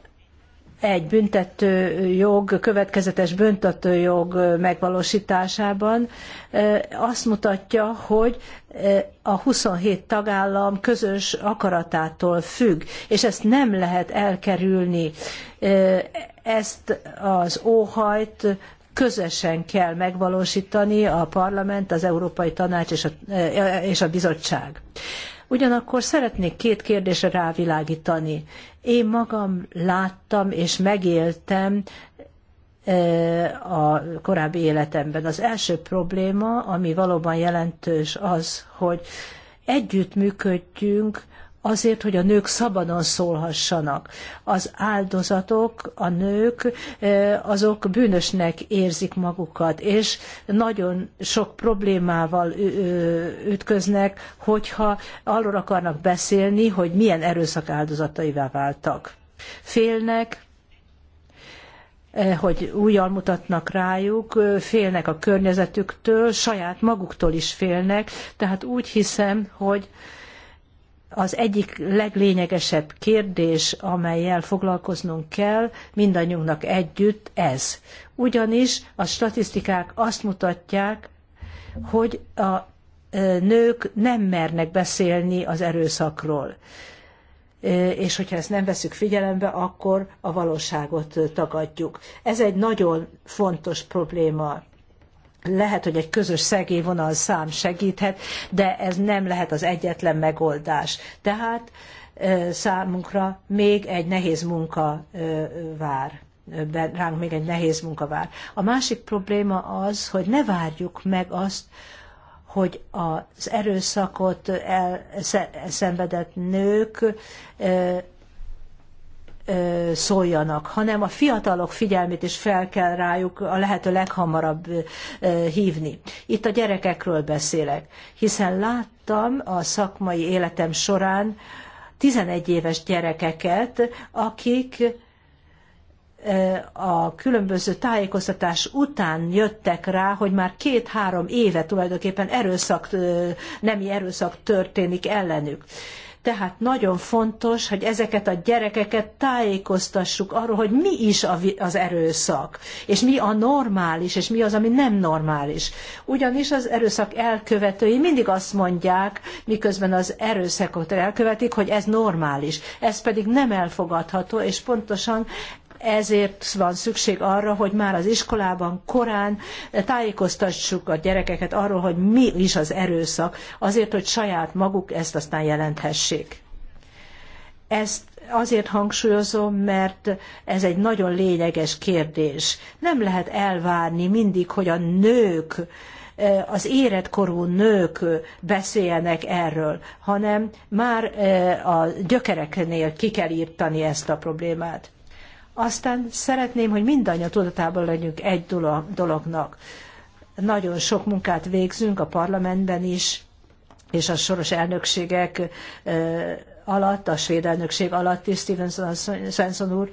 egy büntető jog, következetes büntető jog megvalósításában e, azt mutatja, hogy a 27 tagállam közös akaratától függ, és ezt nem lehet elkerülni ezt az óhajt közösen kell megvalósítani a parlament, az Európai Tanács és a, eh, és a bizottság. Ugyanakkor szeretnék két kérdésre rávilágítani. Én magam láttam és megéltem eh, a korábbi életemben. Az első probléma, ami valóban jelentős az, hogy együttműködjünk azért, hogy a nők szabadon szólhassanak. Az áldozatok, a nők, e, azok bűnösnek érzik magukat, és nagyon sok problémával ütköznek, hogyha arról akarnak beszélni, hogy milyen erőszak áldozataivá váltak. Félnek, e, hogy újjal mutatnak rájuk, félnek a környezetüktől, saját maguktól is félnek, tehát úgy hiszem, hogy az egyik leglényegesebb kérdés, amelyel foglalkoznunk kell mindannyiunknak együtt ez. Ugyanis a statisztikák azt mutatják, hogy a nők nem mernek beszélni az erőszakról. És hogyha ezt nem veszük figyelembe, akkor a valóságot tagadjuk. Ez egy nagyon fontos probléma lehet, hogy egy közös szegélyvonal szám segíthet, de ez nem lehet az egyetlen megoldás. Tehát számunkra még egy nehéz munka vár ránk még egy nehéz munka vár. A másik probléma az, hogy ne várjuk meg azt, hogy az erőszakot elszenvedett nők szóljanak, hanem a fiatalok figyelmét is fel kell rájuk a lehető leghamarabb hívni. Itt a gyerekekről beszélek, hiszen láttam a szakmai életem során 11 éves gyerekeket, akik a különböző tájékoztatás után jöttek rá, hogy már két-három éve tulajdonképpen erőszak, nemi erőszak történik ellenük. Tehát nagyon fontos, hogy ezeket a gyerekeket tájékoztassuk arról, hogy mi is az erőszak, és mi a normális, és mi az, ami nem normális. Ugyanis az erőszak elkövetői mindig azt mondják, miközben az erőszakot elkövetik, hogy ez normális. Ez pedig nem elfogadható, és pontosan ezért van szükség arra, hogy már az iskolában korán tájékoztassuk a gyerekeket arról, hogy mi is az erőszak, azért, hogy saját maguk ezt aztán jelenthessék. Ezt azért hangsúlyozom, mert ez egy nagyon lényeges kérdés. Nem lehet elvárni mindig, hogy a nők eh, az érettkorú nők beszéljenek erről, hanem már eh, a gyökereknél ki kell írtani ezt a problémát. Aztán szeretném, hogy mindannyian tudatában legyünk egy dolognak. Nagyon sok munkát végzünk a parlamentben is, és a soros elnökségek alatt, a svéd elnökség alatt is, Steven Svensson úr,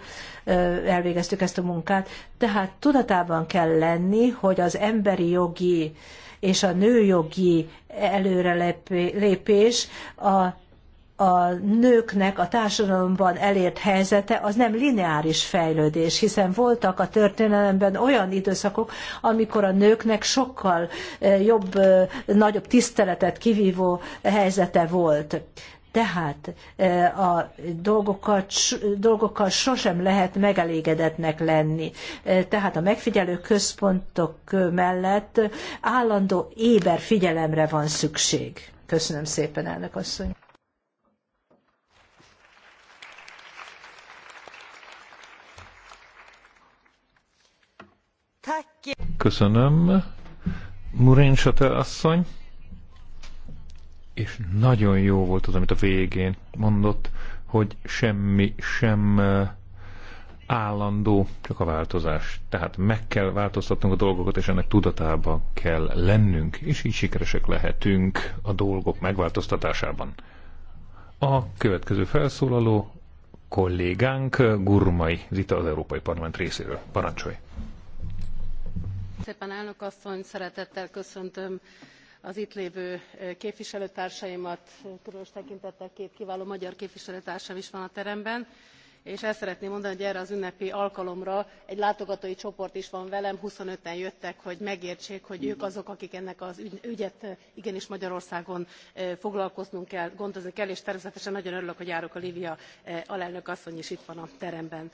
elvégeztük ezt a munkát. Tehát tudatában kell lenni, hogy az emberi jogi és a nőjogi előrelépés a a nőknek a társadalomban elért helyzete az nem lineáris fejlődés, hiszen voltak a történelemben olyan időszakok, amikor a nőknek sokkal eh, jobb, eh, nagyobb tiszteletet kivívó helyzete volt. Tehát eh, a dolgokkal, dolgokkal sosem lehet megelégedetnek lenni. Tehát a megfigyelő központok mellett állandó éber figyelemre van szükség. Köszönöm szépen, elnök asszony. Köszönöm, Murén Sate asszony. És nagyon jó volt az, amit a végén mondott, hogy semmi sem eh, állandó, csak a változás. Tehát meg kell változtatnunk a dolgokat, és ennek tudatában kell lennünk, és így sikeresek lehetünk a dolgok megváltoztatásában. A következő felszólaló kollégánk Gurmai Zita az Európai Parlament részéről. Parancsolj! Szépen elnök asszony, szeretettel köszöntöm az itt lévő képviselőtársaimat, különös tekintettel két kiváló magyar képviselőtársam is van a teremben és el szeretném mondani hogy erre az ünnepi alkalomra egy látogatói csoport is van velem twenty five en jöttek hogy megértsék hogy ők azok akik ennek az ügyet igenis magyarországon foglalkoznunk kell gondozni kell és természetesen nagyon örülök hogy járóka lvia alelnök asszony is itt van a teremben.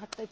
Hát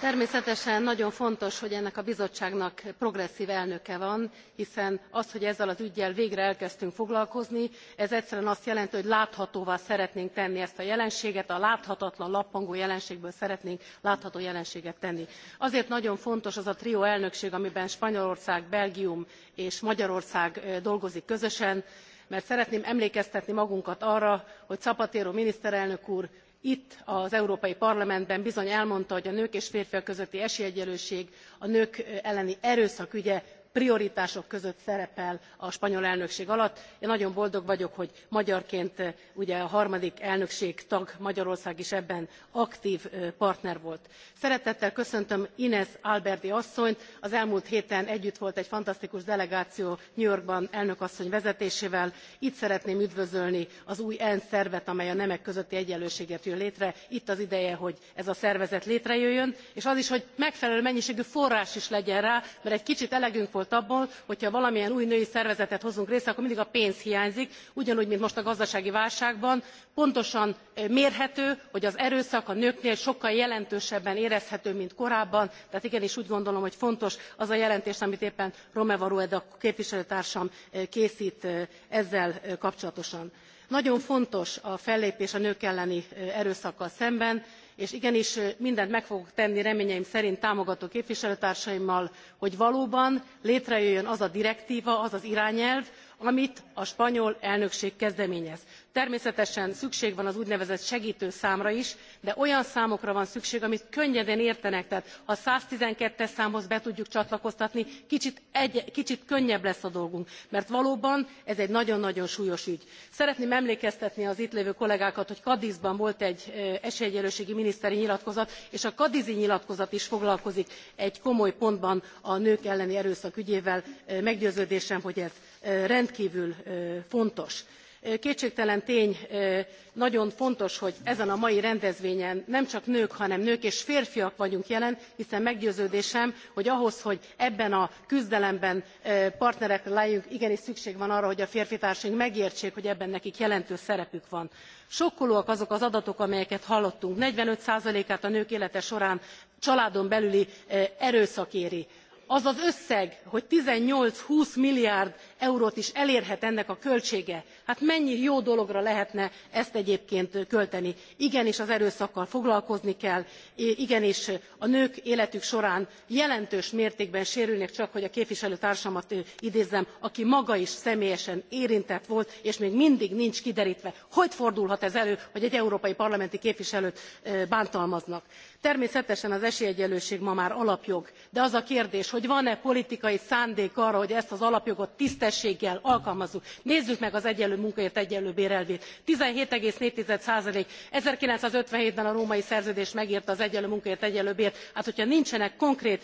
természetesen nagyon fontos hogy ennek a bizottságnak progresszv elnöke van hiszen az hogy ezzel az üggyel végre elkezdtünk foglalkozni ez egyszerűen azt jelenti hogy láthatóvá szeretnénk tenni ezt a jelenséget a láthatatlan lappangó jelenségből szeretnénk látható jelenséget tenni. azért nagyon fontos az a trió elnökség amiben spanyolország belgium és magyarország dolgozik közösen mert szeretném emlékeztetni magunkat arra hogy zapatero miniszterelnök úr itt az európai parlamentben bizony elmondta hogy a nők és férfiak közötti esélyegyenlőség a nők elleni erőszak ügye prioritások között szerepel a spanyol elnökség alatt. én nagyon boldog vagyok hogy magyarként eh, ugye a harmadik elnökségtag magyarország is ebben aktv eh, partner volt. szeretettel köszöntöm ins alberdi asszonyt az elmúlt héten együtt volt egy fantasztikus delegáció new yorkban elnök asszony vezetésével itt szeretném üdvözölni az új ensz szervet amely a nemek közötti egyenlőségért jön létre itt az ideje hogy ez a szervezet létrejöjjön és az is hogy megfelelő mennyiségű forrás is legyen rá mert egy kicsit elegünk volt abból hogy ha valamilyen új női szervezetet hozunk létre akkor mindig a pénz hiányzik ugyanúgy mint most a gazdasági válságban pontosan mérhető hogy az erőszak a nőknél sokkal jelentősebben érezhető mint korábban tehát igenis úgy gondolom hogy fontos az a jelentés amit éppen romeva rueda képviselőtársam készt ezzel kapcsolatosan. nagyon fontos a fellépés a nők elleni erőszakkal szemben és igenis mindent meg fogok tenni reményeim szerint támogató képviselőtársaimmal hogy valóban létrejöjjön az a direktva az az irányelv amit a spanyol elnökség kezdeményez természetesen szükség van az úgynevezett segtő számra is de olyan számokra van szükség amit könnyedén értenek tehát ha a one hundred and twelve es számhoz be tudjuk csatlakoztatni kicsit könnyebb lesz a dolgunk mert valóban ez egy nagyon nagyon súlyos ügy. szeretném emlékeztetni az itt lévő kollégákat hogy cadizban volt egy esélyegyenlőségi miniszteri nyilatkozat és a cadizi nyilatkozat is foglalkozik egy komoly pontban a nők elleni erőszak ügyével meggyőződésem hogy ez rendkvül fontos kétségtelen tény nagyon fontos hogy ezen a mai rendezvényen nem csak nők hanem nők és férfiak vagyunk jelen hiszen meggyőződésem hogy ahhoz hogy ebben a küzdelemben partnerek legyünk igenis szükség van arra hogy a férfitársaink megértsék hogy ebben nekik jelentős szerepük van. sokkolóak azok az adatok amelyeket hallottunk forty five át a nők élete során családon belüli erőszak éri. az az összeg hogy eighteen twenty milliárd eurót is elérhet ennek a költsége hát mennyi jó dologra lehetne ezt egyébként költeni. igenis az erőszakkal foglalkozni kell igenis a nők életük során jelentős mértékben sérülnek csak hogy a képviselőtársamat idézzem aki maga is személyesen érintett volt és még mindig nincs kidertve hogy fordulhat ez elő hogy egy európai parlamenti képviselőt bántalmaznak. természetesen az esélyegyenlőség ma már alapjog de az a kérdés hogy van e politikai szándék arra hogy ezt az alapjogot tisztességgel alkalmazzuk. nézzük meg az egyenlő munkáért egyenlő bér elvét seventeen four one thousand nine hundred and fifty seven ben a római szerződés megrta az egyenlő munkáért egyenlő bért hát hogyha nincsenek konkrét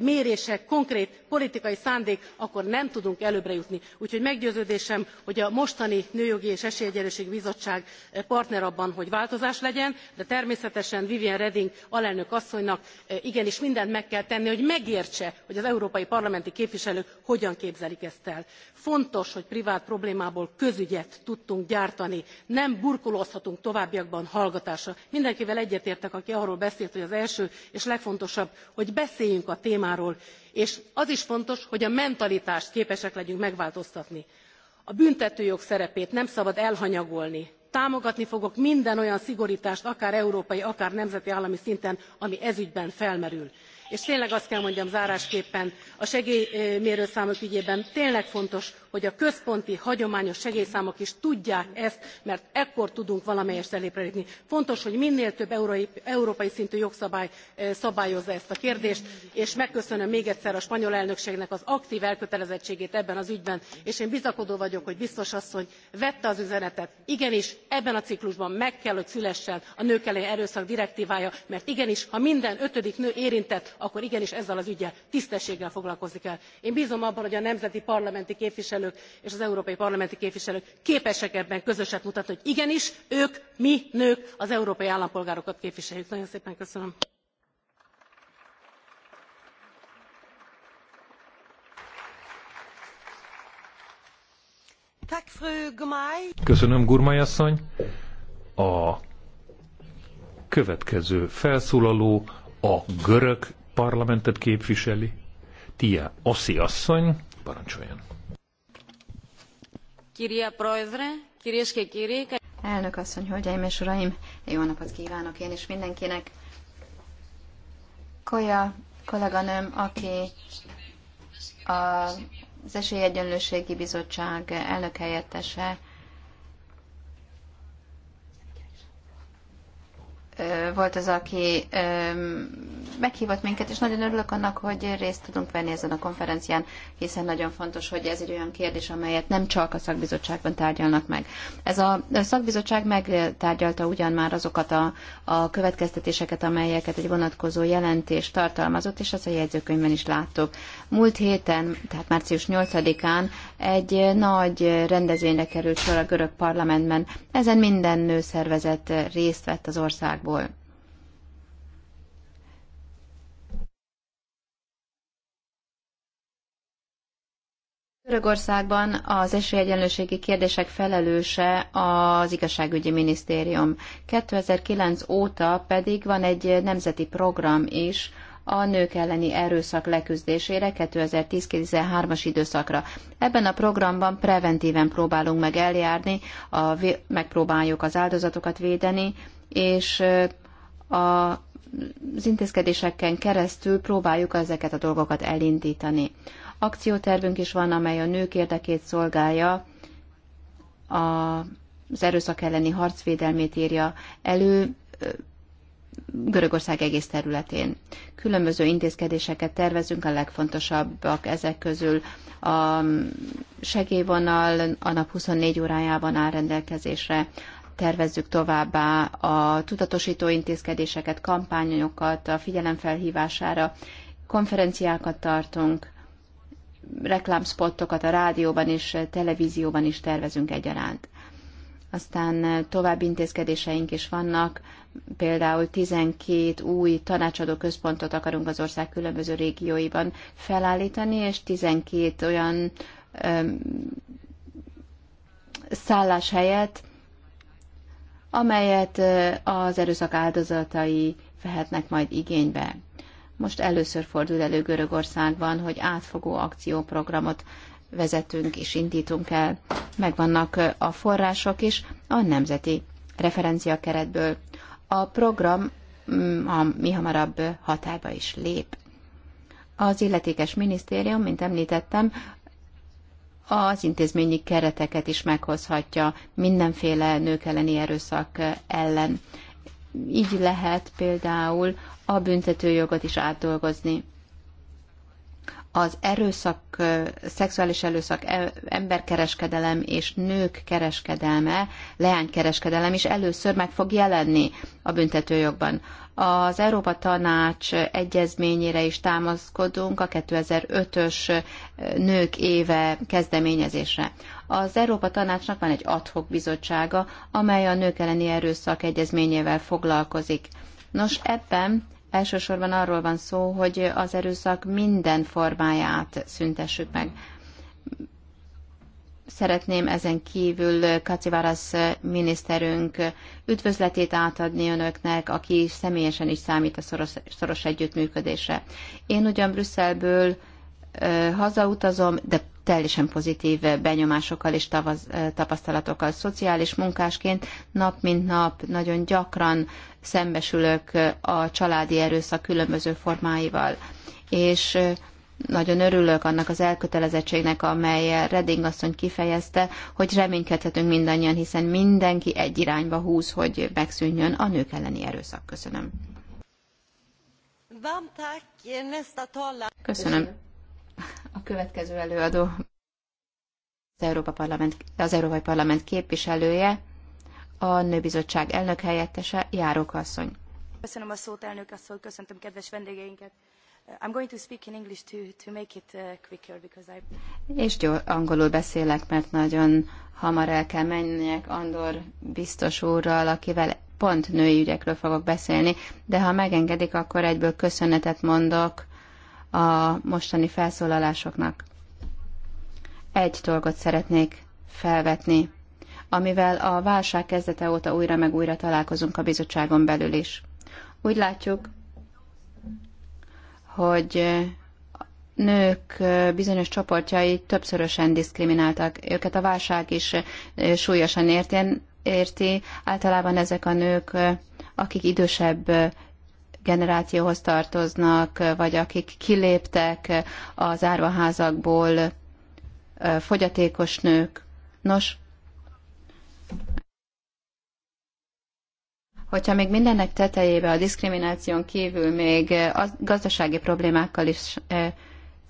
mérések konkrét politikai szándék akkor nem tudunk előbbre jutni. úgyhogy meggyőződésem hogy a mostani nőjogi és esélyegyenlőségi bizottság partner abban hogy változás legyen de természetesen viviane reding alelnök asszonynak igenis mindent meg kell tennie hogy megértse hogy az európai parlamenti képviselők hogyan képzelik ezt el fontos hogy privát problémából közügyet tudtunk gyártani nem burkolózhatunk továbbiakban hallgatásra. mindenkivel egyetértek aki arról beszélt hogy az első és legfontosabb hogy beszéljünk a témáról és az is fontos hogy a mentalitást képesek legyünk megváltoztatni. a büntetőjog szerepét nem szabad elhanyagolni támogatni fogok minden olyan szigortást akár európai akár nemzeti állami szinten ami ez ügyben felmerül és tényleg azt kell mondjam zárásképpen a segélymérőszámok ügyében tényleg fontos hogy a központi hagyományos segélyszámok is tudják ezt mert ekkor tudunk valamelyest előbbre lépni. fontos hogy minél több európai szintű jogszabály eh, szabályozza ezt a kérdést és megköszönöm még egyszer a spanyol elnökségnek az aktv elkötelezettségét ebben az ügyben és én bizakodó vagyok hogy biztos asszony vette az üzenetet igenis ebben a ciklusban meg kell hogy szülessen a nők elleni erőszak direktvája mert igenis ha minden ötödik nő érintett akkor igenis ezzel az üggyel tisztességgel foglalkozni kell. én bzom abban hogy a nemzeti parlamenti képviselők képviselők és az európai parlamenti képviselők képesek ebben közöset mutatni hogy igenis ők mi nők az európai állampolgárokat képviseljük. nagyon szépen köszönöm. Köszönöm, Gurmai asszony. A következő felszólaló a görög parlamentet képviseli. Tia Oszi asszony, parancsoljon. Elnök asszony, hölgyeim és uraim, jó napot kívánok én is mindenkinek. Kolya kolléganőm, aki az Esélyegyenlőségi Bizottság elnök helyettese, volt az, aki meghívott minket, és nagyon örülök annak, hogy részt tudunk venni ezen a konferencián, hiszen nagyon fontos, hogy ez egy olyan kérdés, amelyet nem csak a szakbizottságban tárgyalnak meg. Ez a szakbizottság megtárgyalta ugyan már azokat a, a következtetéseket, amelyeket egy vonatkozó jelentés tartalmazott, és ezt a jegyzőkönyvben is láttuk. Múlt héten, tehát március 8-án egy nagy rendezvényre került sor a görög parlamentben. Ezen minden nőszervezet részt vett az ország világból. Törökországban az esélyegyenlőségi kérdések felelőse az igazságügyi minisztérium. 2009 óta pedig van egy nemzeti program is a nők elleni erőszak leküzdésére 2010-13-as időszakra. Ebben a programban preventíven próbálunk meg eljárni, a, megpróbáljuk az áldozatokat védeni, és a, az intézkedéseken keresztül próbáljuk ezeket a dolgokat elindítani. Akciótervünk is van, amely a nők érdekét szolgálja, a, az erőszak elleni harcvédelmét írja elő, Görögország egész területén. Különböző intézkedéseket tervezünk, a legfontosabbak ezek közül a mm, segélyvonal a nap 24 órájában áll rendelkezésre, tervezzük továbbá a tudatosító intézkedéseket, kampányokat, a figyelemfelhívására, konferenciákat tartunk, reklámspottokat a rádióban és televízióban is tervezünk egyaránt. Aztán további intézkedéseink is vannak, például 12 új tanácsadó központot akarunk az ország különböző régióiban felállítani, és 12 olyan öm, szálláshelyet, amelyet az erőszak áldozatai vehetnek majd igénybe. Most először fordul elő Görögországban, hogy átfogó akcióprogramot vezetünk és indítunk el. Megvannak a források is a nemzeti referenciakeretből. A program mm, a mi hamarabb hatályba is lép. Az illetékes minisztérium, mint említettem, az intézményi kereteket is meghozhatja mindenféle nők elleni erőszak ellen. Így lehet például a büntetőjogot is átdolgozni az erőszak, szexuális erőszak, e, emberkereskedelem és nők kereskedelme, leánykereskedelem is először meg fog jelenni a büntetőjogban. Az Európa Tanács egyezményére is támaszkodunk a 2005-ös nők éve kezdeményezésre. Az Európa Tanácsnak van egy adhok bizottsága, amely a nők elleni erőszak egyezményével foglalkozik. Nos, ebben Elsősorban arról van szó, hogy az erőszak minden formáját szüntessük meg. Szeretném ezen kívül Kacivárasz miniszterünk üdvözletét átadni önöknek, aki személyesen is számít a szoros, szoros együttműködésre. Én ugyan Brüsszelből hazautazom, de teljesen pozitív benyomásokkal és tavaz, tapasztalatokkal. Szociális munkásként nap mint nap nagyon gyakran szembesülök a családi erőszak különböző formáival, és nagyon örülök annak az elkötelezettségnek, amely Redding asszony kifejezte, hogy reménykedhetünk mindannyian, hiszen mindenki egy irányba húz, hogy megszűnjön a nők elleni erőszak. Köszönöm. Köszönöm. A következő előadó az, Európa Parlament, az Európai Parlament képviselője, a Nőbizottság elnök helyettese, Járók asszony. Köszönöm a szót, elnök asszony, köszöntöm kedves vendégeinket. I'm going to speak in English to, to make it uh, quicker because I... És jó angolul beszélek, mert nagyon hamar el kell menjek Andor biztos úrral, akivel pont női ügyekről fogok beszélni, de ha megengedik, akkor egyből köszönetet mondok a mostani felszólalásoknak. Egy dolgot szeretnék felvetni, amivel a válság kezdete óta újra meg újra találkozunk a bizottságon belül is. Úgy látjuk, hogy nők bizonyos csoportjai többszörösen diszkrimináltak. Őket a válság is súlyosan érti, érti. Általában ezek a nők, akik idősebb generációhoz tartoznak, vagy akik kiléptek az árvaházakból, fogyatékos nők. Nos, hogyha még mindennek tetejébe a diszkrimináción kívül még a gazdasági problémákkal is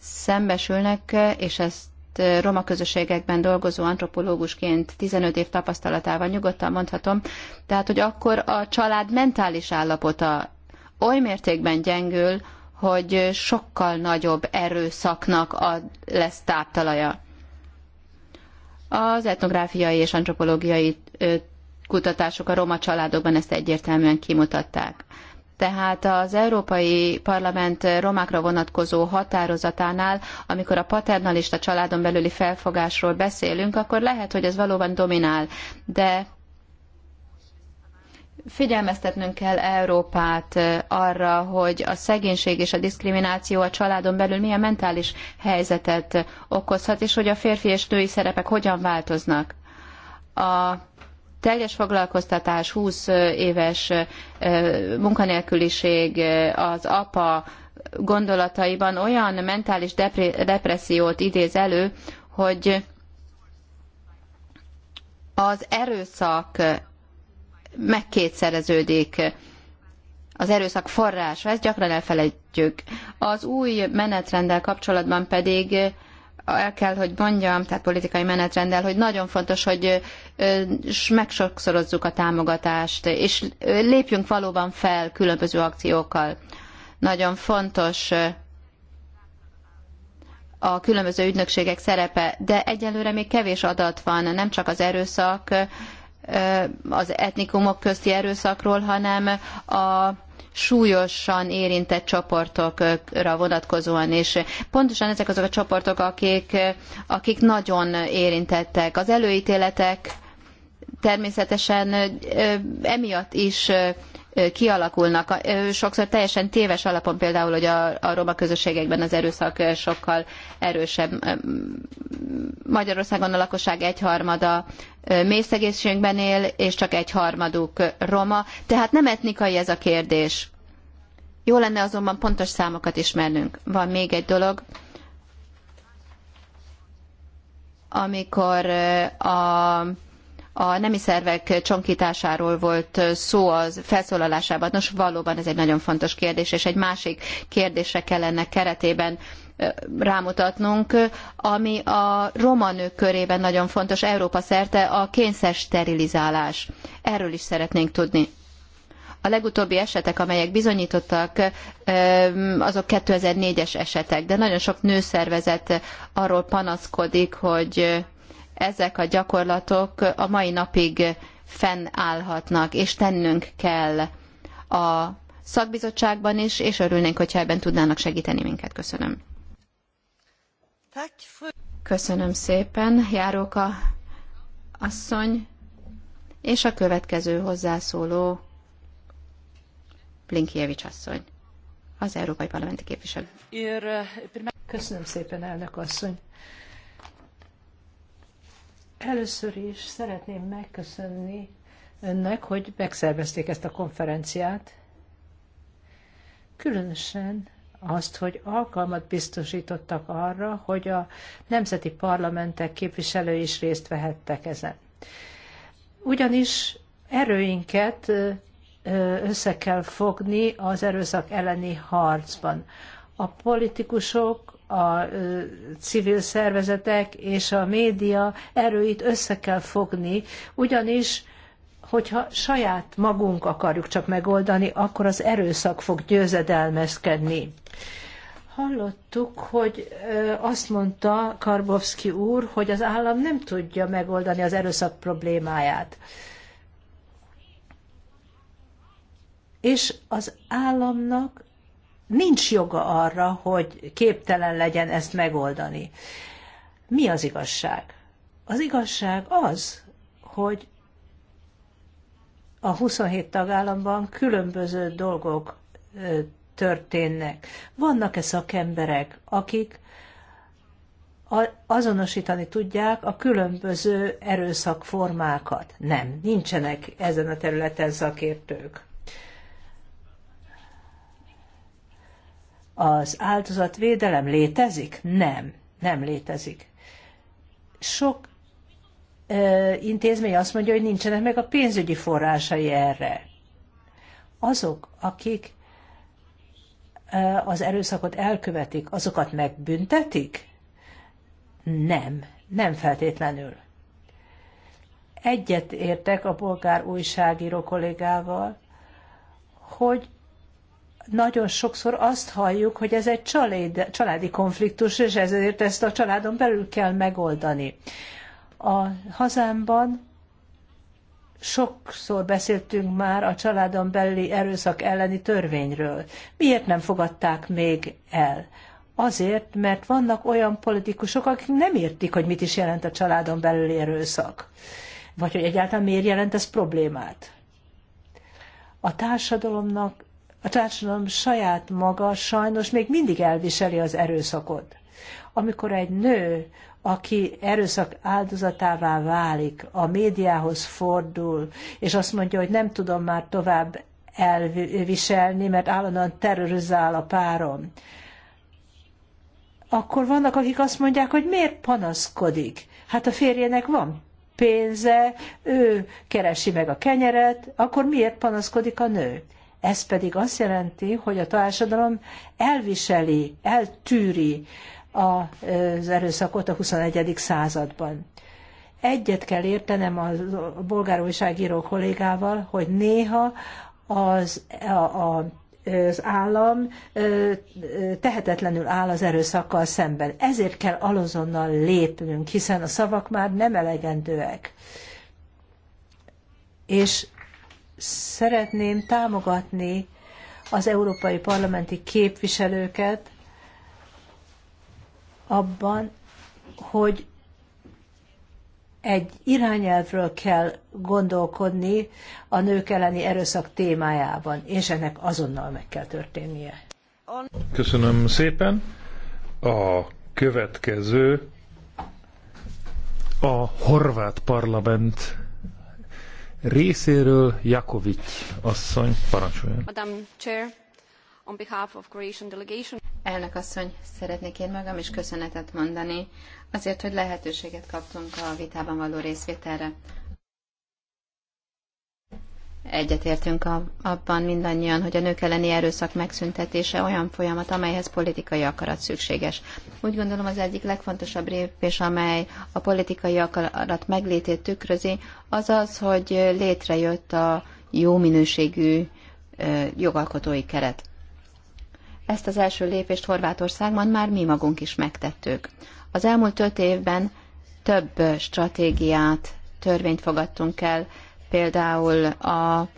szembesülnek, és ezt roma közösségekben dolgozó antropológusként 15 év tapasztalatával nyugodtan mondhatom, tehát, hogy akkor a család mentális állapota oly mértékben gyengül, hogy sokkal nagyobb erőszaknak ad, lesz táptalaja. Az etnográfiai és antropológiai kutatások a roma családokban ezt egyértelműen kimutatták. Tehát az Európai Parlament romákra vonatkozó határozatánál, amikor a paternalista családon belüli felfogásról beszélünk, akkor lehet, hogy ez valóban dominál, de Figyelmeztetnünk kell Európát arra, hogy a szegénység és a diszkrimináció a családon belül milyen mentális helyzetet okozhat, és hogy a férfi és női szerepek hogyan változnak. A teljes foglalkoztatás, 20 éves munkanélküliség, az apa gondolataiban olyan mentális depressziót idéz elő, hogy az erőszak megkétszereződik az erőszak forrása, ezt gyakran elfelejtjük. Az új menetrenddel kapcsolatban pedig el kell, hogy mondjam, tehát politikai menetrenddel, hogy nagyon fontos, hogy megsokszorozzuk a támogatást, és lépjünk valóban fel különböző akciókkal. Nagyon fontos a különböző ügynökségek szerepe, de egyelőre még kevés adat van, nem csak az erőszak, az etnikumok közti erőszakról, hanem a súlyosan érintett csoportokra vonatkozóan, és pontosan ezek azok a csoportok, akik, akik nagyon érintettek. Az előítéletek természetesen emiatt is kialakulnak. Sokszor teljesen téves alapon például, hogy a, a roma közösségekben az erőszak sokkal erősebb. Magyarországon a lakosság egyharmada mélyszegénységben él, és csak egyharmaduk roma. Tehát nem etnikai ez a kérdés. Jó lenne azonban pontos számokat ismernünk. Van még egy dolog, amikor a a nemi szervek csonkításáról volt szó az felszólalásában. Nos, valóban ez egy nagyon fontos kérdés, és egy másik kérdésre ennek keretében rámutatnunk, ami a roma nők körében nagyon fontos Európa szerte a kényszer sterilizálás. Erről is szeretnénk tudni. A legutóbbi esetek, amelyek bizonyítottak, azok 2004-es esetek, de nagyon sok nőszervezet arról panaszkodik, hogy ezek a gyakorlatok a mai napig fennállhatnak, és tennünk kell a szakbizottságban is, és örülnénk, hogyha ebben tudnának segíteni minket. Köszönöm. Köszönöm szépen, Járóka asszony, és a következő hozzászóló Blinkievics asszony, az Európai Parlamenti képviselő. Köszönöm szépen, elnök asszony. Először is szeretném megköszönni önnek, hogy megszervezték ezt a konferenciát. Különösen azt, hogy alkalmat biztosítottak arra, hogy a nemzeti parlamentek képviselői is részt vehettek ezen. Ugyanis erőinket össze kell fogni az erőszak elleni harcban. A politikusok, a civil szervezetek és a média erőit össze kell fogni, ugyanis hogyha saját magunk akarjuk csak megoldani, akkor az erőszak fog győzedelmeskedni. Hallottuk, hogy azt mondta Karbovszki úr, hogy az állam nem tudja megoldani az erőszak problémáját. És az államnak nincs joga arra, hogy képtelen legyen ezt megoldani. Mi az igazság? Az igazság az, hogy a 27 tagállamban különböző dolgok történnek. Vannak-e szakemberek, akik azonosítani tudják a különböző erőszakformákat? Nem, nincsenek ezen a területen szakértők. Az áldozatvédelem létezik? Nem, nem létezik. Sok ö, intézmény azt mondja, hogy nincsenek meg a pénzügyi forrásai erre. Azok, akik ö, az erőszakot elkövetik, azokat megbüntetik? Nem, nem feltétlenül. Egyet értek a bolgár újságíró kollégával, hogy nagyon sokszor azt halljuk, hogy ez egy család, családi konfliktus, és ezért ezt a családon belül kell megoldani. A hazámban sokszor beszéltünk már a családon belüli erőszak elleni törvényről. Miért nem fogadták még el? Azért, mert vannak olyan politikusok, akik nem értik, hogy mit is jelent a családon belüli erőszak. Vagy hogy egyáltalán miért jelent ez problémát. A társadalomnak a társadalom saját maga sajnos még mindig elviseli az erőszakot. Amikor egy nő, aki erőszak áldozatává válik, a médiához fordul, és azt mondja, hogy nem tudom már tovább elviselni, mert állandóan terrorizál a párom, akkor vannak, akik azt mondják, hogy miért panaszkodik? Hát a férjének van pénze, ő keresi meg a kenyeret, akkor miért panaszkodik a nő? Ez pedig azt jelenti, hogy a társadalom elviseli, eltűri az erőszakot a 21. században. Egyet kell értenem a bolgár újságíró kollégával, hogy néha az, a, a az állam tehetetlenül áll az erőszakkal szemben. Ezért kell alozonnal lépnünk, hiszen a szavak már nem elegendőek. És szeretném támogatni az európai parlamenti képviselőket abban, hogy egy irányelvről kell gondolkodni a nők elleni erőszak témájában, és ennek azonnal meg kell történnie. Köszönöm szépen. A következő a horvát parlament részéről Jakovics asszony parancsoljon. Madame Chair, on behalf of Croatian delegation. Elnök asszony, szeretnék én magam is köszönetet mondani azért, hogy lehetőséget kaptunk a vitában való részvételre. Egyetértünk abban mindannyian, hogy a nők elleni erőszak megszüntetése olyan folyamat, amelyhez politikai akarat szükséges. Úgy gondolom az egyik legfontosabb lépés, amely a politikai akarat meglétét tükrözi, az az, hogy létrejött a jó minőségű jogalkotói keret. Ezt az első lépést Horvátországban már mi magunk is megtettük. Az elmúlt öt évben több stratégiát, törvényt fogadtunk el, például a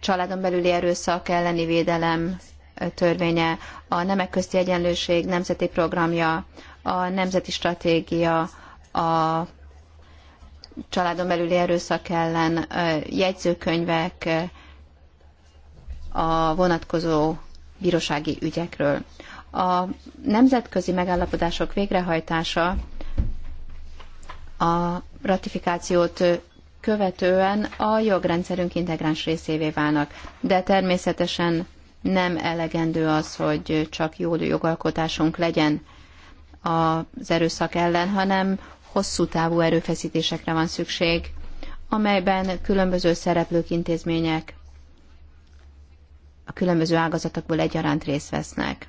családon belüli erőszak elleni védelem törvénye, a nemek közti egyenlőség nemzeti programja, a nemzeti stratégia, a családon belüli erőszak ellen jegyzőkönyvek a vonatkozó bírósági ügyekről. A nemzetközi megállapodások végrehajtása a ratifikációt követően a jogrendszerünk integráns részévé válnak. De természetesen nem elegendő az, hogy csak jó jogalkotásunk legyen az erőszak ellen, hanem hosszú távú erőfeszítésekre van szükség, amelyben különböző szereplők, intézmények a különböző ágazatokból egyaránt részt vesznek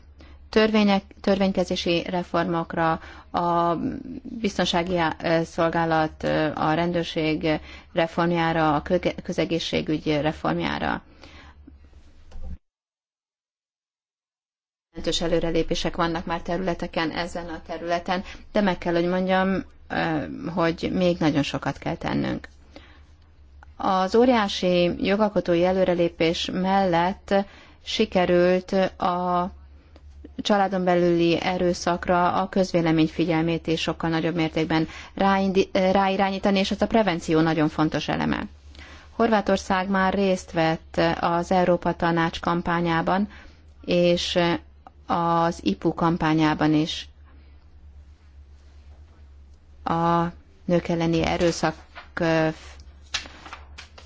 törvények, törvénykezési reformokra, a biztonsági eh, szolgálat, eh, a rendőrség reformjára, a közegészségügy reformjára. Jelentős előrelépések vannak már területeken, ezen a területen, de meg kell, hogy mondjam, eh, hogy még nagyon sokat kell tennünk. Az óriási jogalkotói előrelépés mellett sikerült a családon belüli erőszakra a közvélemény figyelmét is sokkal nagyobb mértékben ráirányítani, és ez a prevenció nagyon fontos eleme. Horvátország már részt vett az Európa Tanács kampányában, és az IPU kampányában is. A nők elleni erőszak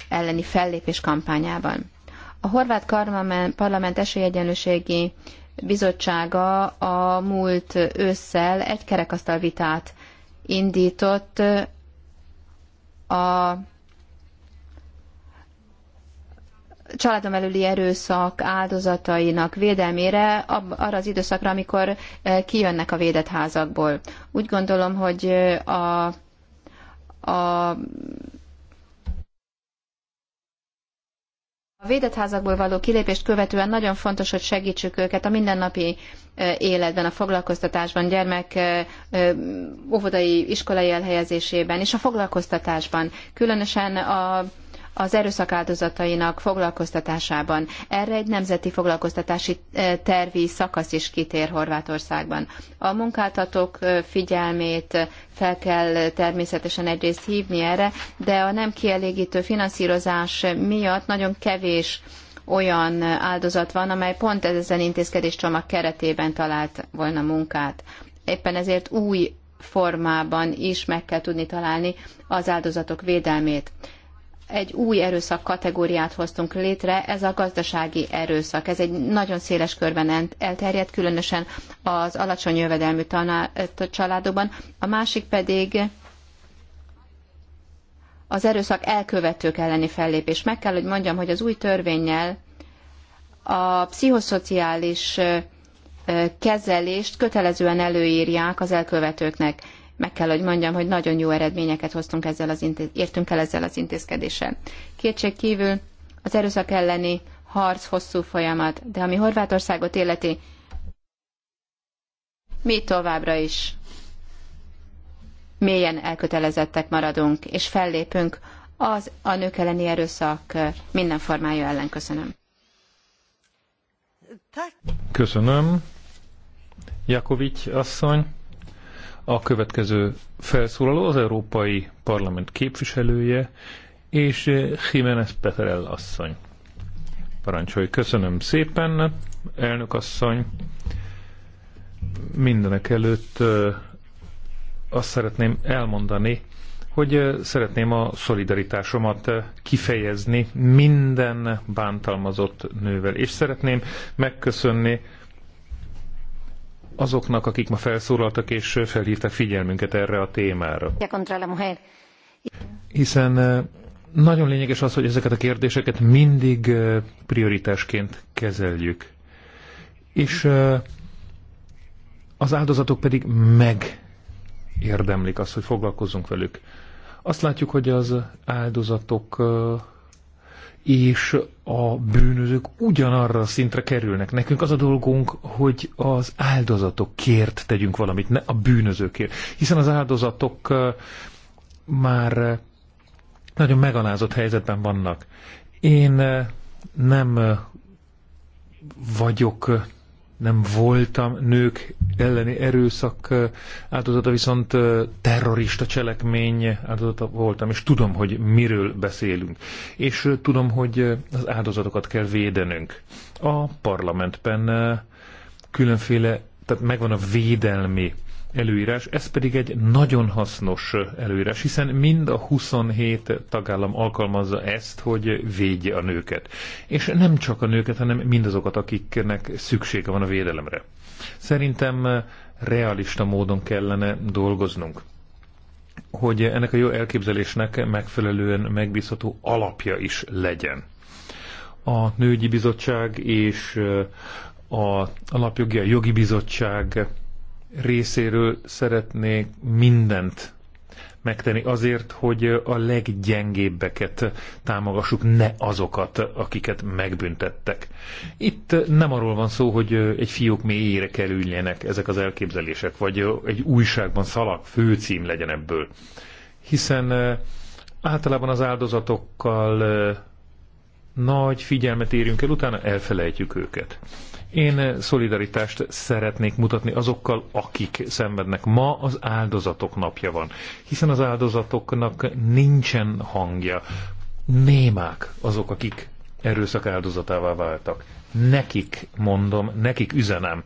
elleni fellépés kampányában. A horvát parlament esélyegyenlőségi bizottsága a múlt ősszel egy kerekasztal vitát indított a családom előli erőszak áldozatainak védelmére arra az időszakra, amikor eh, kijönnek a védett házakból. Úgy gondolom, hogy eh, a, a A védett házakból való kilépést követően nagyon fontos, hogy segítsük őket a mindennapi e, életben, a foglalkoztatásban, gyermek e, e, óvodai, iskolai elhelyezésében és a foglalkoztatásban. Különösen a az erőszak áldozatainak foglalkoztatásában. Erre egy nemzeti foglalkoztatási e, tervi szakasz is kitér Horvátországban. A munkáltatók e, figyelmét fel kell természetesen egyrészt hívni erre, de a nem kielégítő finanszírozás miatt nagyon kevés olyan áldozat van, amely pont ezen intézkedés csomag keretében talált volna munkát. Éppen ezért új formában is meg kell tudni találni az áldozatok védelmét egy új erőszak kategóriát hoztunk létre, ez a gazdasági erőszak. Ez egy nagyon széles körben elterjedt, különösen az alacsony jövedelmű családokban. A másik pedig az erőszak elkövetők elleni fellépés. Meg kell, hogy mondjam, hogy az új törvényel a pszichoszociális kezelést kötelezően előírják az elkövetőknek meg kell, hogy mondjam, hogy nagyon jó eredményeket hoztunk ezzel az intéz... értünk el ezzel az intézkedéssel. Kétség kívül az erőszak elleni harc hosszú folyamat, de ami Horvátországot életi, mi továbbra is mélyen elkötelezettek maradunk, és fellépünk az a nők elleni erőszak minden formája ellen. Köszönöm. Köszönöm. Jakovics asszony. A következő felszólaló az Európai Parlament képviselője, és Jiménez Peterel asszony. Parancsolj, köszönöm szépen, elnök asszony. Mindenek előtt azt szeretném elmondani, hogy szeretném a szolidaritásomat kifejezni minden bántalmazott nővel, és szeretném megköszönni azoknak, akik ma felszólaltak és felhívták figyelmünket erre a témára. Hiszen eh, nagyon lényeges az, hogy ezeket a kérdéseket mindig eh, prioritásként kezeljük. És eh, az áldozatok pedig megérdemlik azt, hogy foglalkozzunk velük. Azt látjuk, hogy az áldozatok és a bűnözők ugyanarra a szintre kerülnek. Nekünk az a dolgunk, hogy az áldozatokért tegyünk valamit, ne a bűnözőkért. Hiszen az áldozatok már nagyon megalázott helyzetben vannak. Én nem vagyok nem voltam nők elleni erőszak áldozata, viszont terrorista cselekmény áldozata voltam, és tudom, hogy miről beszélünk. És tudom, hogy az áldozatokat kell védenünk. A parlamentben különféle, tehát megvan a védelmi előírás, ez pedig egy nagyon hasznos előírás, hiszen mind a 27 tagállam alkalmazza ezt, hogy védje a nőket. És nem csak a nőket, hanem mindazokat, akiknek szüksége van a védelemre. Szerintem realista módon kellene dolgoznunk hogy ennek a jó elképzelésnek megfelelően megbízható alapja is legyen. A Nőgyi Bizottság és a Alapjogi, a Jogi Bizottság részéről szeretnék mindent megtenni azért, hogy a leggyengébbeket támogassuk, ne azokat, akiket megbüntettek. Itt nem arról van szó, hogy egy fiók mélyére kerüljenek ezek az elképzelések, vagy egy újságban szalag főcím legyen ebből. Hiszen eh, általában az áldozatokkal eh, nagy figyelmet érünk el, utána elfelejtjük őket. Én szolidaritást szeretnék mutatni azokkal, akik szenvednek. Ma az áldozatok napja van, hiszen az áldozatoknak nincsen hangja. Némák azok, akik erőszak áldozatává váltak. Nekik mondom, nekik üzenem,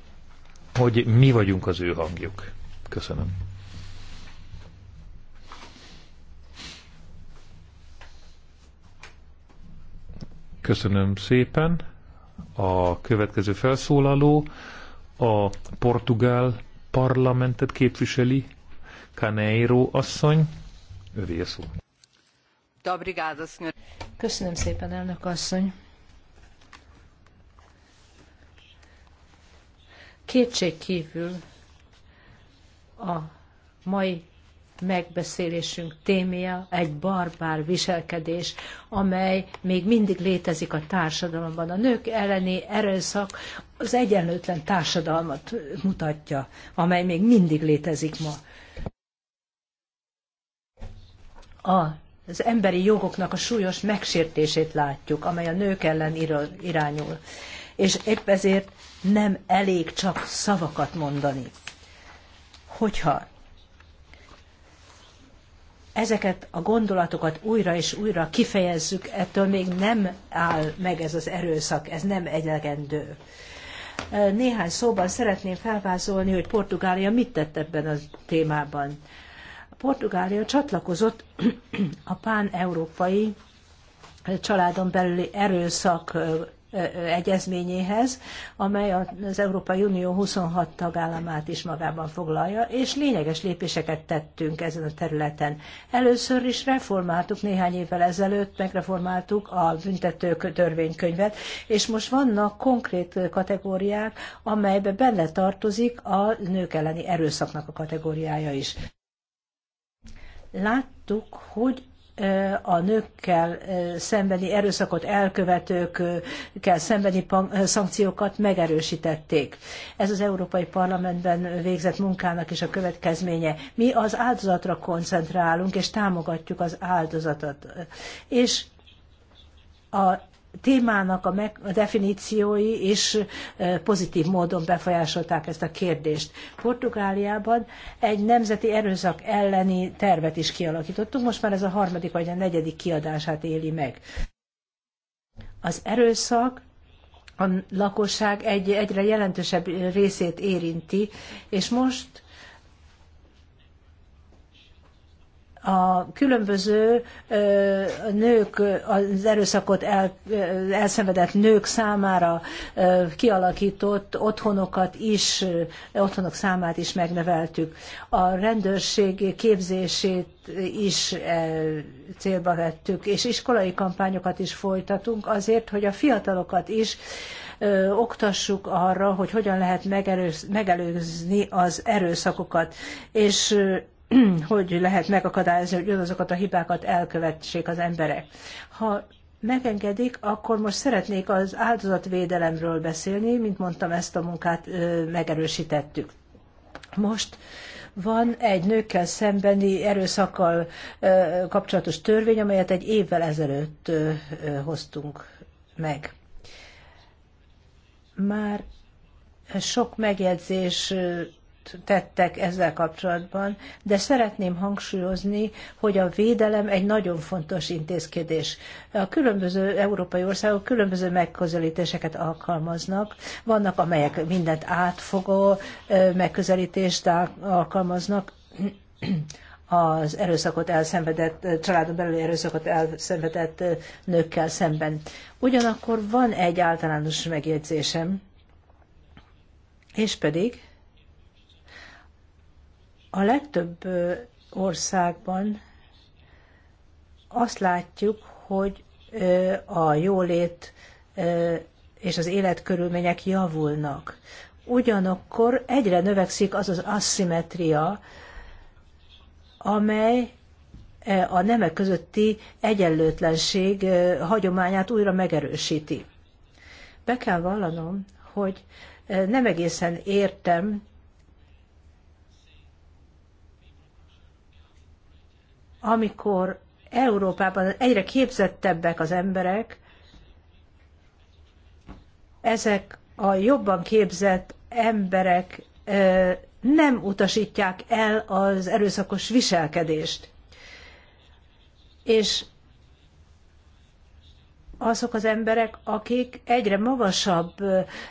hogy mi vagyunk az ő hangjuk. Köszönöm. Köszönöm szépen a következő felszólaló a portugál parlamentet képviseli, Caneiro asszony, övé a szó. Köszönöm szépen, elnök asszony. Kétség kívül a mai megbeszélésünk témia egy barbár viselkedés, amely még mindig létezik a társadalomban. A nők elleni erőszak az egyenlőtlen társadalmat mutatja, amely még mindig létezik ma. A az emberi jogoknak a súlyos megsértését látjuk, amely a nők ellen irányul. És épp ezért nem elég csak szavakat mondani. Hogyha ezeket a gondolatokat újra és újra kifejezzük, ettől még nem áll meg ez az erőszak, ez nem egylegendő. Néhány szóban szeretném felvázolni, hogy Portugália mit tett ebben a témában. Portugália csatlakozott a pán-európai családon belüli erőszak egyezményéhez, amely az Európai Unió 26 tagállamát is magában foglalja, és lényeges lépéseket tettünk ezen a területen. Először is reformáltuk néhány évvel ezelőtt, megreformáltuk a büntetők törvénykönyvet, és most vannak konkrét kategóriák, amelybe benne tartozik a nők elleni erőszaknak a kategóriája is. Láttuk, hogy a nőkkel szembeni erőszakot elkövetőkkel szembeni szankciókat megerősítették. Ez az Európai Parlamentben végzett munkának is a következménye. Mi az áldozatra koncentrálunk, és támogatjuk az áldozatot. És a témának a, a definíciói is pozitív módon befolyásolták ezt a kérdést. Portugáliában egy nemzeti erőszak elleni tervet is kialakítottunk, most már ez a harmadik vagy a negyedik kiadását éli meg. Az erőszak a lakosság egy, egyre jelentősebb részét érinti, és most a különböző nők, az erőszakot el, elszenvedett nők számára kialakított otthonokat is, otthonok számát is megneveltük. A rendőrség képzését is célba vettük, és iskolai kampányokat is folytatunk azért, hogy a fiatalokat is oktassuk arra, hogy hogyan lehet megelőzni az erőszakokat. És hogy lehet megakadályozni, hogy azokat a hibákat elkövetsék az emberek. Ha megengedik, akkor most szeretnék az áldozatvédelemről beszélni, mint mondtam, ezt a munkát megerősítettük. Most van egy nőkkel szembeni erőszakkal kapcsolatos törvény, amelyet egy évvel ezelőtt hoztunk meg. Már sok megjegyzés tettek ezzel kapcsolatban, de szeretném hangsúlyozni, hogy a védelem egy nagyon fontos intézkedés. A különböző európai országok különböző megközelítéseket alkalmaznak. Vannak, amelyek mindent átfogó megközelítést alkalmaznak, az erőszakot elszenvedett, családon belüli erőszakot elszenvedett nőkkel szemben. Ugyanakkor van egy általános megjegyzésem, és pedig a legtöbb országban azt látjuk, hogy a jólét és az életkörülmények javulnak. Ugyanakkor egyre növekszik az az asszimetria, amely a nemek közötti egyenlőtlenség hagyományát újra megerősíti. Be kell vallanom, hogy nem egészen értem amikor Európában egyre képzettebbek az emberek, ezek a jobban képzett emberek nem utasítják el az erőszakos viselkedést. És azok az emberek, akik egyre magasabb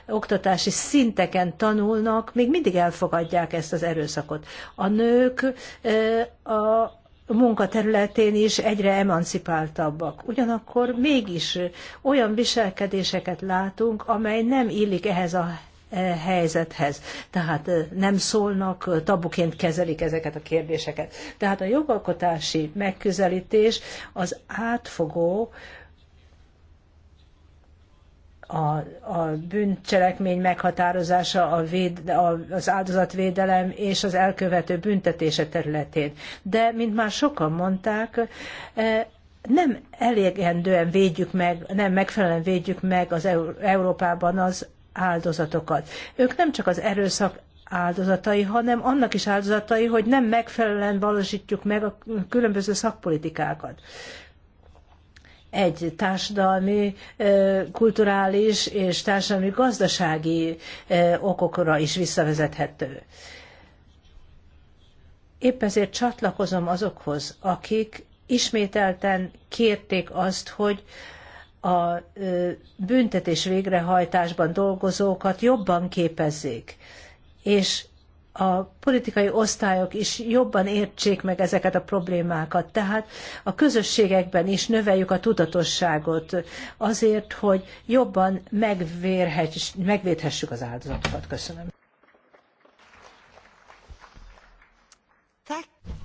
oktatási szinteken tanulnak, még mindig elfogadják ezt az erőszakot. A nők a munkaterületén is egyre emancipáltabbak. Ugyanakkor mégis olyan viselkedéseket látunk, amely nem illik ehhez a e, helyzethez. Tehát e, nem szólnak, e, tabuként kezelik ezeket a kérdéseket. Tehát a jogalkotási megközelítés az átfogó, a, a bűncselekmény meghatározása, a véd, a, az áldozatvédelem és az elkövető büntetése területén. De, mint már sokan mondták, e, nem elégendően védjük meg, nem megfelelően védjük meg az Európában az áldozatokat. Ők nem csak az erőszak áldozatai, hanem annak is áldozatai, hogy nem megfelelően valósítjuk meg a különböző szakpolitikákat egy társadalmi, kulturális és társadalmi gazdasági okokra is visszavezethető. Épp ezért csatlakozom azokhoz, akik ismételten kérték azt, hogy a büntetés végrehajtásban dolgozókat jobban képezzék, és a politikai osztályok is jobban értsék meg ezeket a problémákat. Tehát a közösségekben is növeljük a tudatosságot azért, hogy jobban megvédhessük az áldozatokat. Köszönöm.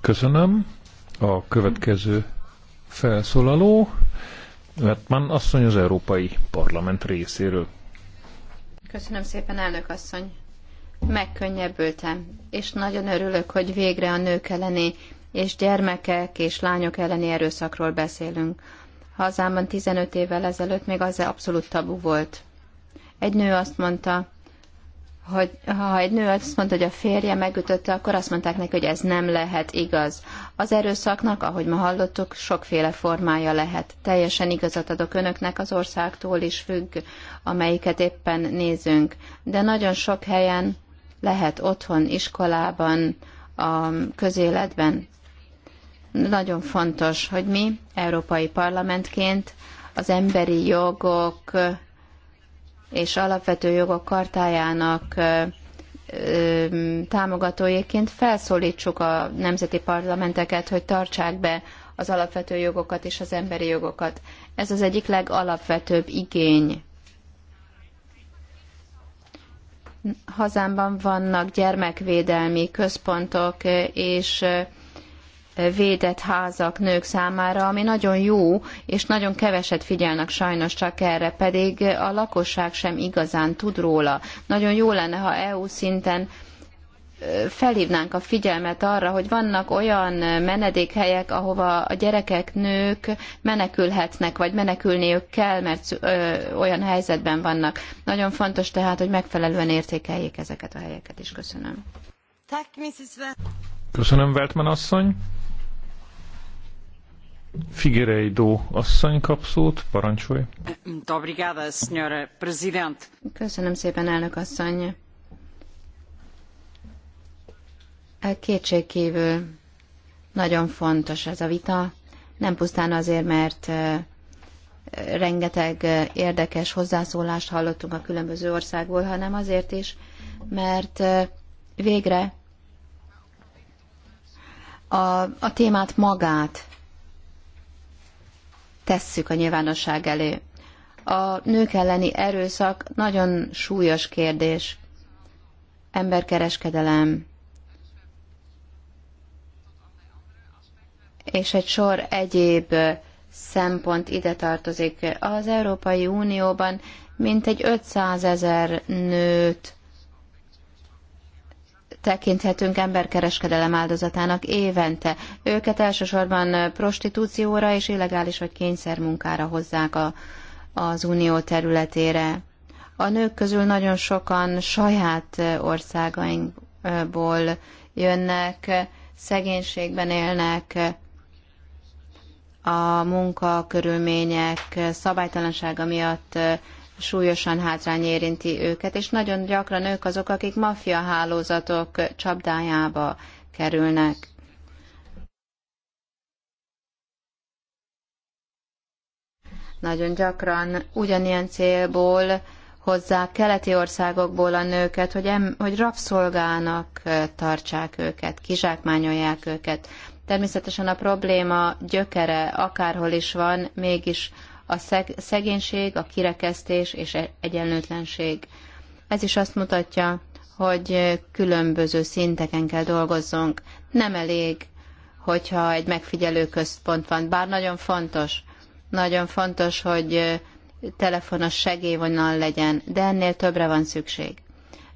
Köszönöm. A következő felszólaló, Vertman asszony az Európai Parlament részéről. Köszönöm szépen, elnök asszony megkönnyebbültem, és nagyon örülök, hogy végre a nők elleni és gyermekek és lányok elleni erőszakról beszélünk. Hazámban 15 évvel ezelőtt még az abszolút tabu volt. Egy nő azt mondta, hogy ha egy nő azt mondta, hogy a férje megütötte, akkor azt mondták neki, hogy ez nem lehet igaz. Az erőszaknak, ahogy ma hallottuk, sokféle formája lehet. Teljesen igazat adok önöknek, az országtól is függ, amelyiket éppen nézünk. De nagyon sok helyen lehet otthon, iskolában, a közéletben. Nagyon fontos, hogy mi Európai Parlamentként az emberi jogok és alapvető jogok kartájának támogatójéként felszólítsuk a nemzeti parlamenteket, hogy tartsák be az alapvető jogokat és az emberi jogokat. Ez az egyik legalapvetőbb igény Hazámban vannak gyermekvédelmi központok és védett házak nők számára, ami nagyon jó, és nagyon keveset figyelnek sajnos csak erre, pedig a lakosság sem igazán tud róla. Nagyon jó lenne, ha EU szinten felhívnánk a figyelmet arra, hogy vannak olyan menedékhelyek, ahova a gyerekek, nők menekülhetnek, vagy menekülniük kell, mert olyan helyzetben vannak. Nagyon fontos tehát, hogy megfelelően értékeljék ezeket a helyeket is. Köszönöm. Köszönöm, Veltman asszony. Figueiredo asszony kap szót, parancsolj. Köszönöm szépen, elnök asszony. Hát kétségkívül nagyon fontos ez a vita, nem pusztán azért, mert rengeteg érdekes hozzászólást hallottunk a különböző országból, hanem azért is, mert végre a, a témát magát tesszük a nyilvánosság elé. A nők elleni erőszak nagyon súlyos kérdés. Emberkereskedelem, és egy sor egyéb szempont ide tartozik. Az Európai Unióban mintegy 500 ezer nőt tekinthetünk emberkereskedelem áldozatának évente. Őket elsősorban prostitúcióra és illegális vagy kényszermunkára hozzák a, az unió területére. A nők közül nagyon sokan saját országainkból jönnek, szegénységben élnek, a munkakörülmények szabálytalansága miatt súlyosan hátrány érinti őket, és nagyon gyakran ők azok, akik maffia hálózatok csapdájába kerülnek. Nagyon gyakran ugyanilyen célból hozzák keleti országokból a nőket, hogy, em, hogy rabszolgának tartsák őket, kizsákmányolják őket. Természetesen a probléma gyökere akárhol is van, mégis a szeg- szegénység, a kirekesztés és e- egyenlőtlenség. Ez is azt mutatja, hogy különböző szinteken kell dolgozzunk. Nem elég, hogyha egy megfigyelő központ van, bár nagyon fontos, nagyon fontos, hogy telefonos segélyvonal legyen, de ennél többre van szükség.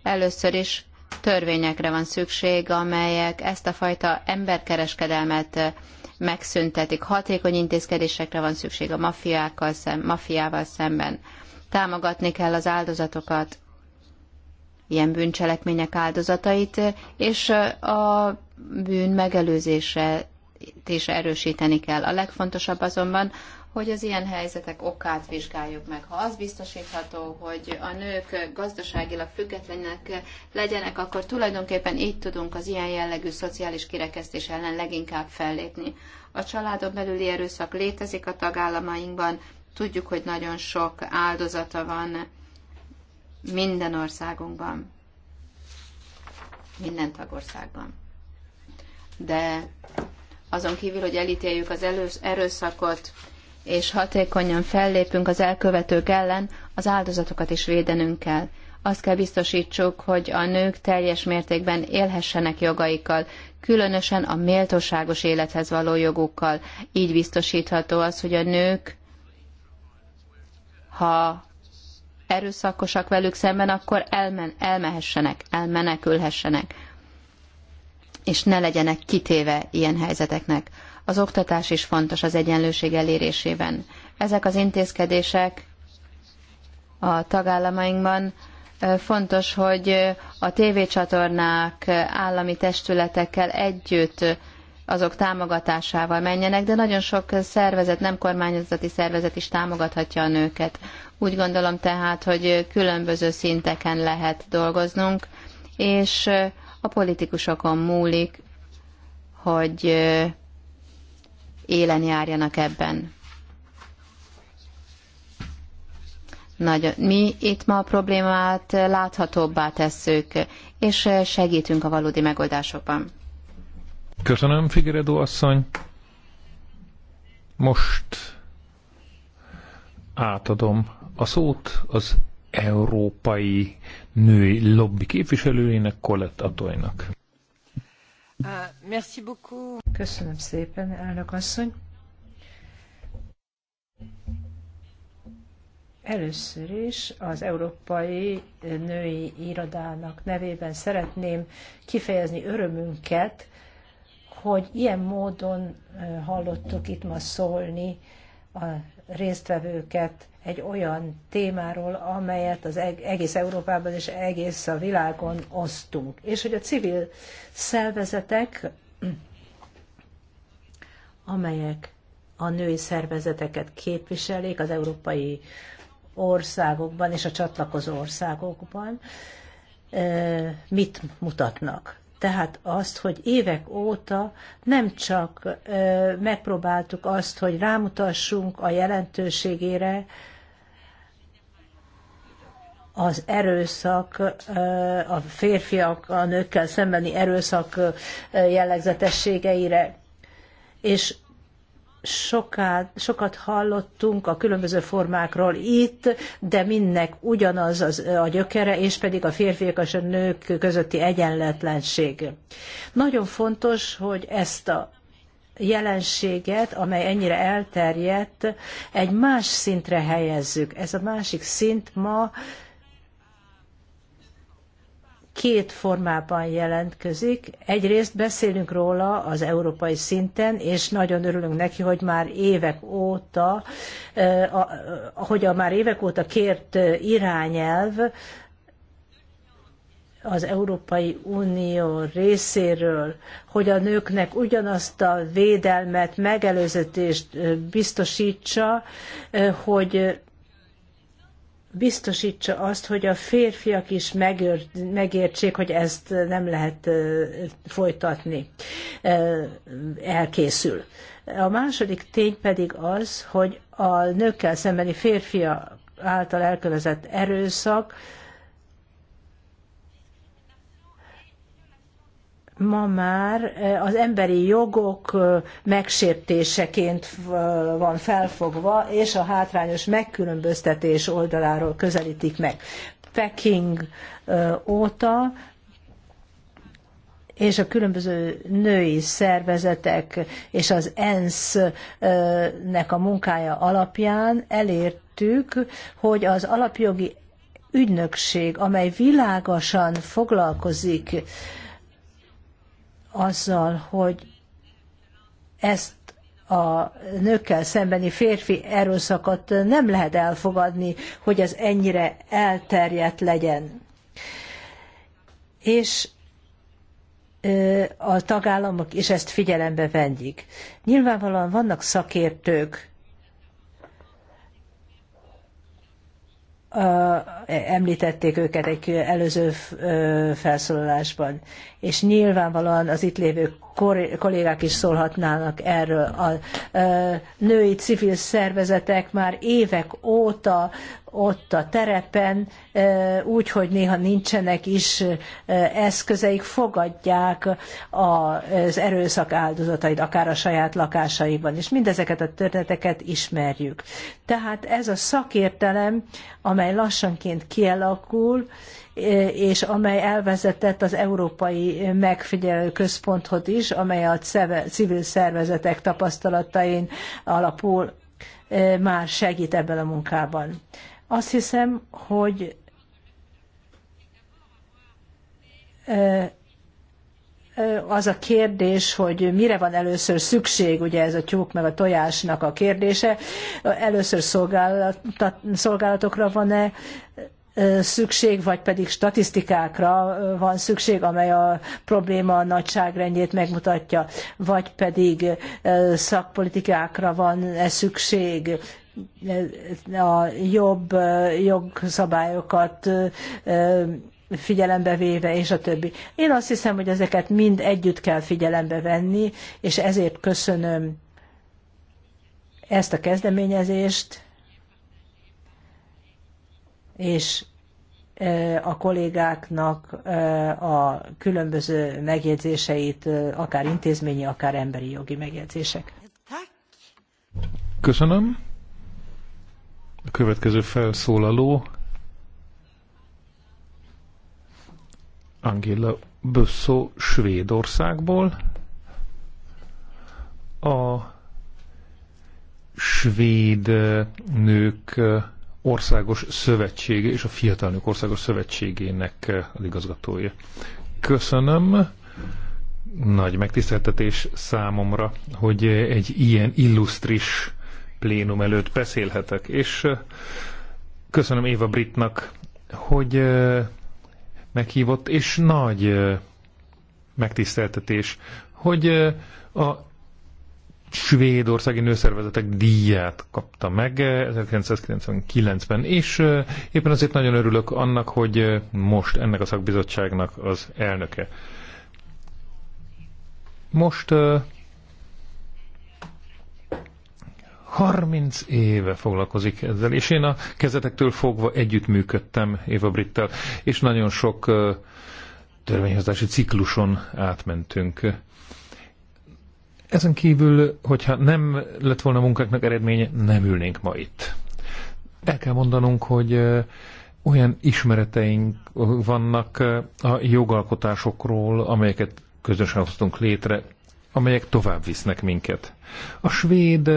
Először is törvényekre van szükség, amelyek ezt a fajta emberkereskedelmet megszüntetik. Hatékony intézkedésekre van szükség a mafiákkal szem, mafiával szemben. Támogatni kell az áldozatokat, ilyen bűncselekmények áldozatait, és a bűn megelőzése is erősíteni kell. A legfontosabb azonban hogy az ilyen helyzetek okát vizsgáljuk meg. Ha az biztosítható, hogy a nők gazdaságilag függetlenek legyenek, akkor tulajdonképpen így tudunk az ilyen jellegű szociális kirekesztés ellen leginkább fellépni. A családon belüli erőszak létezik a tagállamainkban, tudjuk, hogy nagyon sok áldozata van minden országunkban, minden tagországban. De azon kívül, hogy elítéljük az erőszakot, és hatékonyan fellépünk az elkövetők ellen, az áldozatokat is védenünk kell. Azt kell biztosítsuk, hogy a nők teljes mértékben élhessenek jogaikkal, különösen a méltóságos élethez való jogukkal. Így biztosítható az, hogy a nők, ha erőszakosak velük szemben, akkor elmen, elmehessenek, elmenekülhessenek, és ne legyenek kitéve ilyen helyzeteknek. Az oktatás is fontos az egyenlőség elérésében. Ezek az intézkedések a tagállamainkban fontos, hogy a tévécsatornák állami testületekkel együtt azok támogatásával menjenek, de nagyon sok szervezet, nem kormányzati szervezet is támogathatja a nőket. Úgy gondolom tehát, hogy különböző szinteken lehet dolgoznunk, és a politikusokon múlik, hogy élen járjanak ebben. Nagyon. Mi itt ma a problémát láthatóbbá tesszük, és segítünk a valódi megoldásokban. Köszönöm, Figueredo asszony. Most átadom a szót az európai női lobby képviselőjének, Colette Atoynak. Euh, Köszönöm szépen, elnök asszony. Először is az Európai Női Irodának nevében szeretném kifejezni örömünket, hogy ilyen módon eh, hallottuk itt ma szólni a résztvevőket egy olyan témáról, amelyet az egész Európában és egész a világon osztunk. És hogy a civil szervezetek, amelyek a női szervezeteket képviselik az európai országokban és a csatlakozó országokban, mit mutatnak. Tehát azt, hogy évek óta nem csak megpróbáltuk azt, hogy rámutassunk a jelentőségére, az erőszak, a férfiak, a nőkkel szembeni erőszak jellegzetességeire. És sokat, sokat hallottunk a különböző formákról itt, de mindnek ugyanaz az, a gyökere, és pedig a férfiak és a nők közötti egyenletlenség. Nagyon fontos, hogy ezt a jelenséget, amely ennyire elterjedt, egy más szintre helyezzük. Ez a másik szint ma két formában jelentkezik. Egyrészt beszélünk róla az európai szinten, és nagyon örülünk neki, hogy már évek óta, eh, hogy a már évek óta kért eh, irányelv az Európai Unió részéről, hogy a nőknek ugyanazt a védelmet, megelőzetést eh, biztosítsa, hogy biztosítsa azt, hogy a férfiak is megértsék, hogy ezt nem lehet folytatni. Elkészül. A második tény pedig az, hogy a nőkkel szembeni férfiak által elkövetett erőszak ma már az emberi jogok megsértéseként van felfogva, és a hátrányos megkülönböztetés oldaláról közelítik meg. Peking óta és a különböző női szervezetek és az ENSZ-nek a munkája alapján elértük, hogy az alapjogi ügynökség, amely világosan foglalkozik azzal, hogy ezt a nőkkel szembeni férfi erőszakot nem lehet elfogadni, hogy ez ennyire elterjedt legyen. És a tagállamok is ezt figyelembe vendik. Nyilvánvalóan vannak szakértők, E, említették őket egy előző felszólalásban. És nyilvánvalóan az itt lévő kollégák is szólhatnának erről. A női civil szervezetek már évek óta ott a terepen, úgy, hogy néha nincsenek is eszközeik, fogadják az erőszak áldozatait, akár a saját lakásaiban, is. mindezeket a történeteket ismerjük. Tehát ez a szakértelem, amely lassanként kialakul, és amely elvezetett az Európai Megfigyelő Központhoz is, amely a civil szervezetek tapasztalatain alapul e, már segít ebben a munkában. Azt hiszem, hogy e, e, az a kérdés, hogy mire van először szükség, ugye ez a tyúk meg a tojásnak a kérdése, először szolgálatokra van-e szükség, vagy pedig statisztikákra van szükség, amely a probléma nagyságrendjét megmutatja, vagy pedig szakpolitikákra van -e szükség, a jobb jogszabályokat figyelembe véve, és a többi. Én azt hiszem, hogy ezeket mind együtt kell figyelembe venni, és ezért köszönöm ezt a kezdeményezést, és a kollégáknak a különböző megjegyzéseit, akár intézményi, akár emberi jogi megjegyzések. Köszönöm. A következő felszólaló Angela Bösszó Svédországból. A svéd nők Országos Szövetsége és a Fiatalnők Országos Szövetségének eh, az igazgatója. Köszönöm. Nagy megtiszteltetés számomra, hogy eh, egy ilyen illusztris plénum előtt beszélhetek, és eh, köszönöm Éva Britnak, hogy meghívott, és nagy megtiszteltetés, hogy a svédországi nőszervezetek díját kapta meg 1999-ben, eh, és eh, éppen azért nagyon örülök annak, hogy eh, most ennek a szakbizottságnak az elnöke. Most 30 éve foglalkozik ezzel, és én a kezetektől fogva együttműködtem Éva Brittel, és nagyon sok törvényhozási cikluson átmentünk. Ezen kívül, hogyha nem lett volna munkáknak eredménye, nem ülnénk ma itt. El kell mondanunk, hogy olyan ismereteink vannak a jogalkotásokról, amelyeket közösen hoztunk létre, amelyek tovább visznek minket. A svéd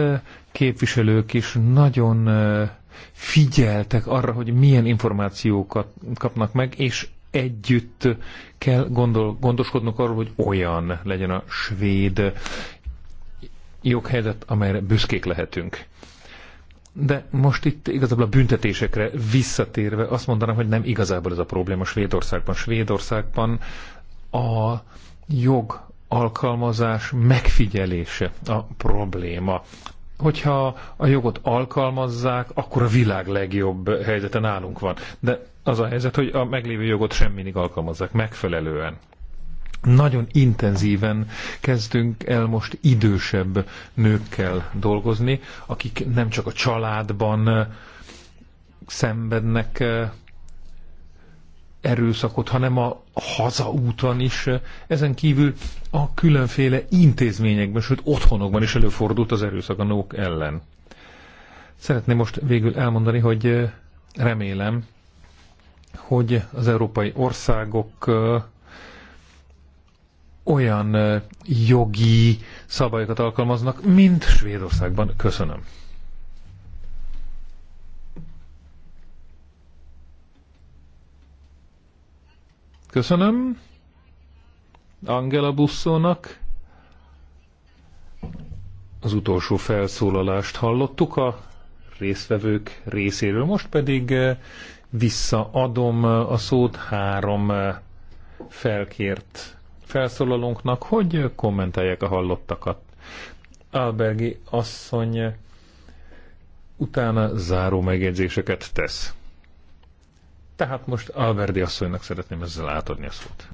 képviselők is nagyon figyeltek arra, hogy milyen információkat kapnak meg, és együtt kell gondol, gondoskodnunk arról, hogy olyan legyen a svéd joghelyzet, amelyre büszkék lehetünk. De most itt igazából a büntetésekre visszatérve azt mondanám, hogy nem igazából ez a probléma Svédországban. Svédországban a jog alkalmazás megfigyelése a probléma. Hogyha a jogot alkalmazzák, akkor a világ legjobb helyzeten állunk van. De az a helyzet, hogy a meglévő jogot mindig alkalmazzák megfelelően nagyon intenzíven kezdünk el most idősebb nőkkel dolgozni, akik nem csak a családban eh, szenvednek eh, erőszakot, hanem a hazaúton is. Ezen kívül a különféle intézményekben, sőt otthonokban is előfordult az erőszak a nők ellen. Szeretném most végül elmondani, hogy eh, remélem, hogy az európai országok olyan jogi szabályokat alkalmaznak, mint Svédországban. Köszönöm. Köszönöm Angela Busszónak. Az utolsó felszólalást hallottuk a résztvevők részéről. Most pedig visszaadom a szót három felkért felszólalónknak, hogy kommentálják a hallottakat. Albergi asszony utána záró megjegyzéseket tesz. Tehát most Alberdi asszonynak szeretném ezzel átadni a szót.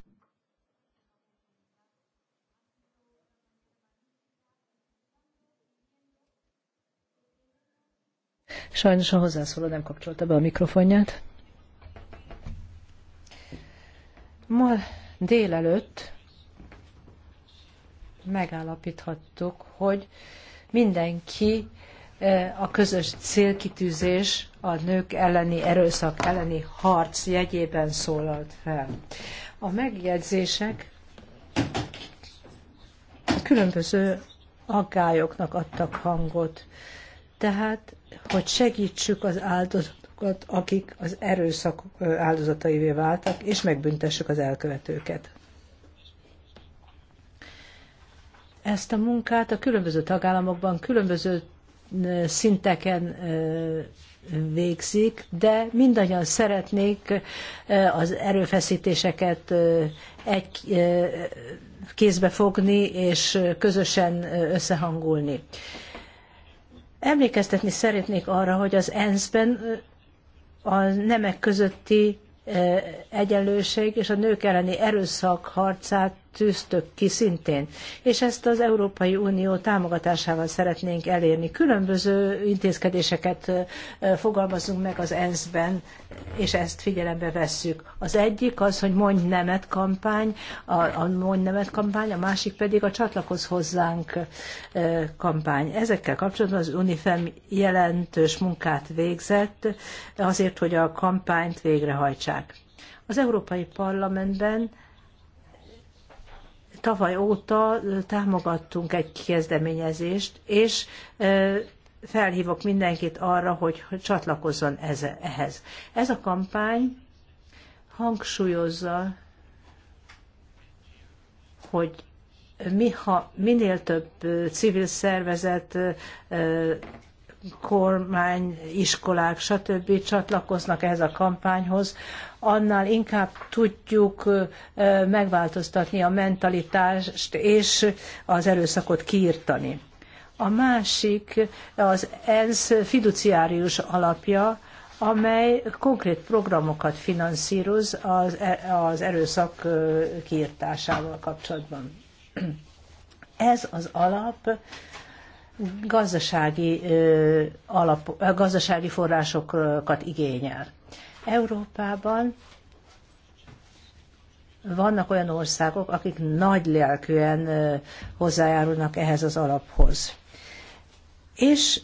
Sajnos a hozzászóló nem kapcsolta be a mikrofonját. Ma délelőtt megállapíthattuk, hogy mindenki a közös célkitűzés a nők elleni erőszak elleni harc jegyében szólalt fel. A megjegyzések különböző aggályoknak adtak hangot. Tehát, hogy segítsük az áldozatokat, akik az erőszak áldozataivé váltak, és megbüntessük az elkövetőket. Ezt a munkát a különböző tagállamokban, különböző szinteken végzik, de mindannyian szeretnék az erőfeszítéseket egy kézbe fogni és közösen összehangolni. Emlékeztetni szeretnék arra, hogy az ENSZ-ben a nemek közötti egyenlőség és a nők elleni erőszak harcát tűztök ki szintén. És ezt az Európai Unió támogatásával szeretnénk elérni. Különböző intézkedéseket fogalmazunk meg az ENSZ-ben, és ezt figyelembe vesszük. Az egyik az, hogy mondj nemet kampány, a, a mondj nemet kampány, a másik pedig a csatlakoz hozzánk kampány. Ezekkel kapcsolatban az UNIFEM jelentős munkát végzett azért, hogy a kampányt végrehajtsák. Az Európai Parlamentben tavaly óta támogattunk egy kezdeményezést, és felhívok mindenkit arra, hogy csatlakozzon ehhez. Ez a kampány hangsúlyozza, hogy mi, ha minél több civil szervezet kormány, iskolák, stb. csatlakoznak ehhez a kampányhoz, annál inkább tudjuk megváltoztatni a mentalitást és az erőszakot kiirtani. A másik az ENSZ fiduciárius alapja, amely konkrét programokat finanszíroz az, e, erőszak kiirtásával kapcsolatban. Ez az alap gazdasági, alap, gazdasági forrásokat igényel. Európában vannak olyan országok, akik nagy lelkűen hozzájárulnak ehhez az alaphoz. És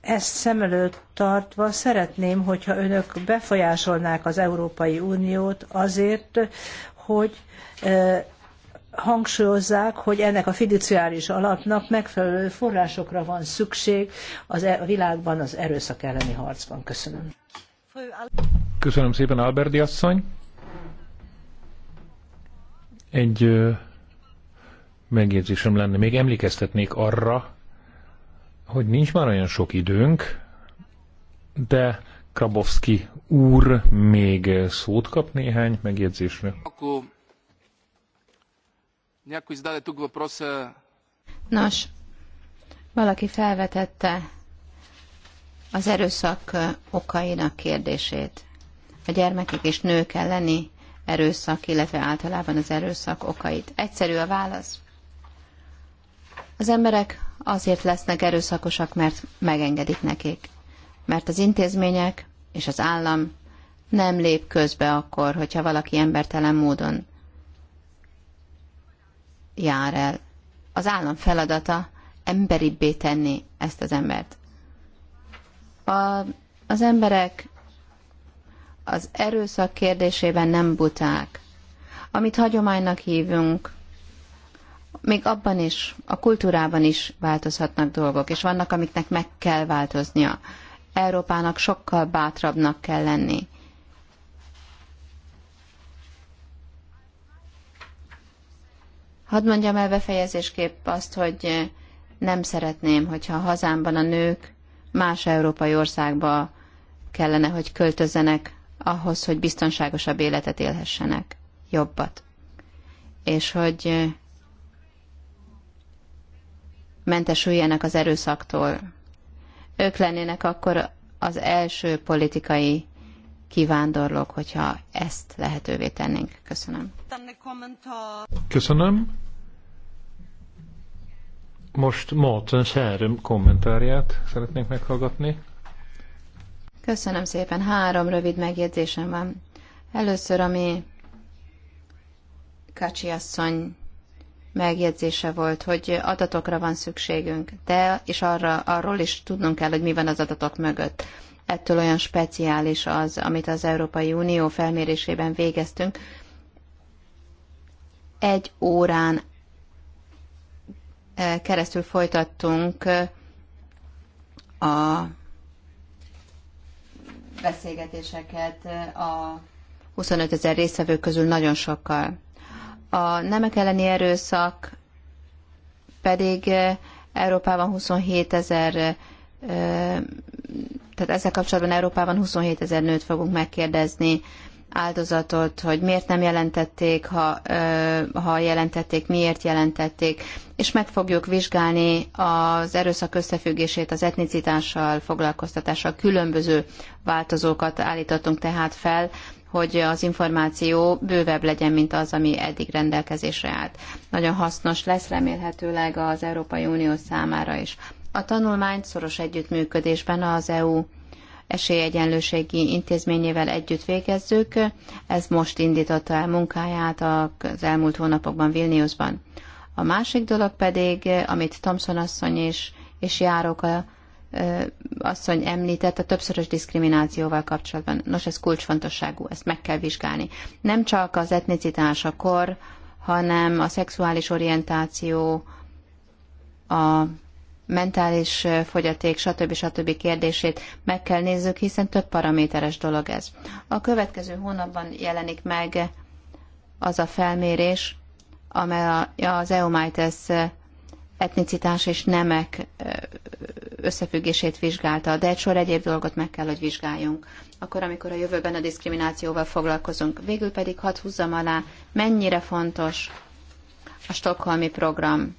ezt szem előtt tartva szeretném, hogyha önök befolyásolnák az Európai Uniót azért, hogy hangsúlyozzák, hogy ennek a fiduciáris alapnak megfelelő forrásokra van szükség az e- a világban az erőszak elleni harcban. Köszönöm. Köszönöm szépen, Alberti asszony. Egy ö, megjegyzésem lenne. Még emlékeztetnék arra, hogy nincs már olyan sok időnk, de Krabowski úr még szót kap néhány megjegyzésre. Akkor Nos, valaki felvetette az erőszak okainak kérdését. A gyermekek és nők elleni erőszak, illetve általában az erőszak okait. Egyszerű a válasz. Az emberek azért lesznek erőszakosak, mert megengedik nekik. Mert az intézmények és az állam nem lép közbe akkor, hogyha valaki embertelen módon jár el. Az állam feladata emberibbé tenni ezt az embert. A, az emberek az erőszak kérdésében nem buták. Amit hagyománynak hívunk, még abban is, a kultúrában is változhatnak dolgok, és vannak, amiknek meg kell változnia. Európának sokkal bátrabbnak kell lenni. Hadd mondjam el befejezésképp azt, hogy nem szeretném, hogyha hazámban a nők más európai országba kellene, hogy költözzenek ahhoz, hogy biztonságosabb életet élhessenek, jobbat. És hogy mentesüljenek az erőszaktól. Ők lennének akkor az első politikai kivándorlók, hogyha ezt lehetővé tennénk. Köszönöm. Köszönöm. Most Morten Sárum kommentárját szeretnénk meghallgatni. Köszönöm szépen. Három rövid megjegyzésem van. Először, ami Kacsi asszony megjegyzése volt, hogy adatokra van szükségünk, de és arra, arról is tudnunk kell, hogy mi van az adatok mögött ettől olyan speciális az, amit az Európai Unió felmérésében végeztünk. Egy órán eh, keresztül folytattunk eh, a beszélgetéseket eh, a 25 ezer résztvevő közül nagyon sokkal. A nemek elleni erőszak pedig Európában 27 ezer tehát ezzel kapcsolatban Európában 27 ezer nőt fogunk megkérdezni, áldozatot, hogy miért nem jelentették, ha, ha jelentették, miért jelentették, és meg fogjuk vizsgálni az erőszak összefüggését az etnicitással, foglalkoztatással, különböző változókat állítottunk tehát fel, hogy az információ bővebb legyen, mint az, ami eddig rendelkezésre állt. Nagyon hasznos lesz remélhetőleg az Európai Unió számára is. A tanulmányt szoros együttműködésben az EU esélyegyenlőségi intézményével együtt végezzük. Ez most indította el munkáját az elmúlt hónapokban Vilniusban. A másik dolog pedig, amit Thomson asszony is és Járok a, asszony említett, a többszörös diszkriminációval kapcsolatban. Nos, ez kulcsfontosságú, ezt meg kell vizsgálni. Nem csak az etnicitás a kor, hanem a szexuális orientáció, a mentális fogyaték, stb. stb. kérdését meg kell nézzük, hiszen több paraméteres dolog ez. A következő hónapban jelenik meg az a felmérés, amely az EOMITES etnicitás és nemek összefüggését vizsgálta, de egy sor egyéb dolgot meg kell, hogy vizsgáljunk. Akkor, amikor a jövőben a diszkriminációval foglalkozunk. Végül pedig hadd húzzam alá, mennyire fontos a stokholmi program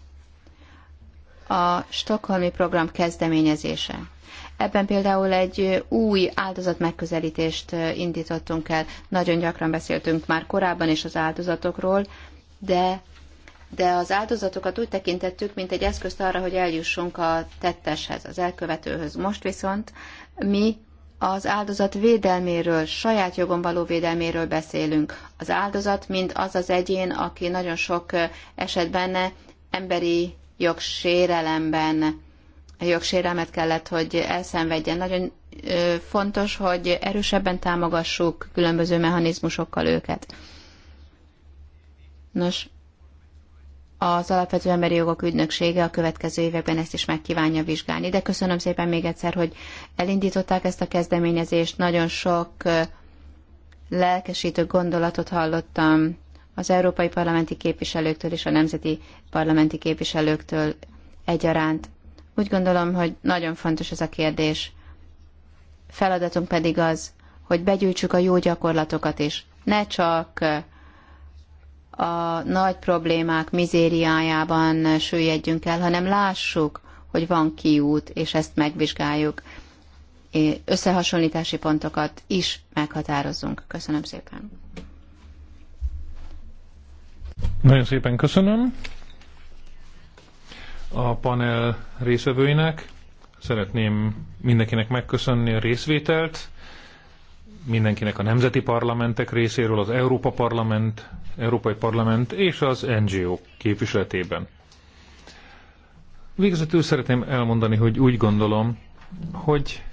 a Stockholmi program kezdeményezése. Ebben például egy új áldozat megközelítést indítottunk el. Nagyon gyakran beszéltünk már korábban is az áldozatokról, de de az áldozatokat úgy tekintettük, mint egy eszközt arra, hogy eljussunk a tetteshez, az elkövetőhöz. Most viszont mi az áldozat védelméről, saját jogon való védelméről beszélünk. Az áldozat, mint az az egyén, aki nagyon sok esetben emberi jogsérelemben, jogsérelmet kellett, hogy elszenvedjen. Nagyon fontos, hogy erősebben támogassuk különböző mechanizmusokkal őket. Nos, az Alapvető Emberi Jogok Ügynöksége a következő években ezt is meg kívánja vizsgálni. De köszönöm szépen még egyszer, hogy elindították ezt a kezdeményezést. Nagyon sok lelkesítő gondolatot hallottam az európai parlamenti képviselőktől és a nemzeti parlamenti képviselőktől egyaránt. Úgy gondolom, hogy nagyon fontos ez a kérdés. Feladatunk pedig az, hogy begyűjtsük a jó gyakorlatokat is. Ne csak a nagy problémák mizériájában süllyedjünk el, hanem lássuk, hogy van kiút, és ezt megvizsgáljuk. Összehasonlítási pontokat is meghatározzunk. Köszönöm szépen. Nagyon szépen köszönöm a panel részvevőinek. Szeretném mindenkinek megköszönni a részvételt, mindenkinek a nemzeti parlamentek részéről, az Európa Parlament, Európai Parlament és az NGO képviseletében. Végezetül szeretném elmondani, hogy úgy gondolom, hogy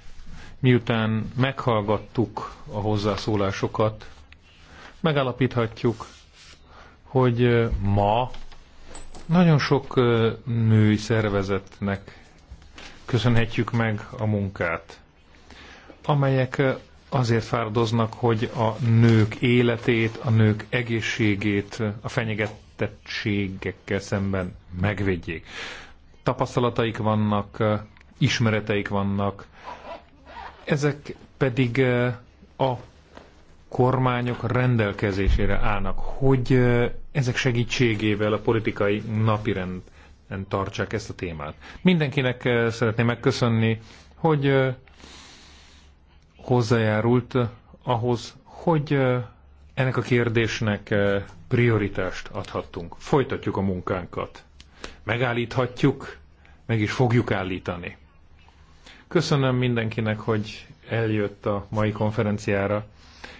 miután meghallgattuk a hozzászólásokat, megállapíthatjuk, hogy ma nagyon sok női szervezetnek köszönhetjük meg a munkát, amelyek azért fáradoznak, hogy a nők életét, a nők egészségét a fenyegetettségekkel szemben megvédjék. Tapasztalataik vannak, ismereteik vannak, ezek pedig a kormányok rendelkezésére állnak, hogy ezek segítségével a politikai napirend tartsák ezt a témát. Mindenkinek szeretném megköszönni, hogy hozzájárult ahhoz, hogy ennek a kérdésnek prioritást adhattunk. Folytatjuk a munkánkat. Megállíthatjuk, meg is fogjuk állítani. Köszönöm mindenkinek, hogy eljött a mai konferenciára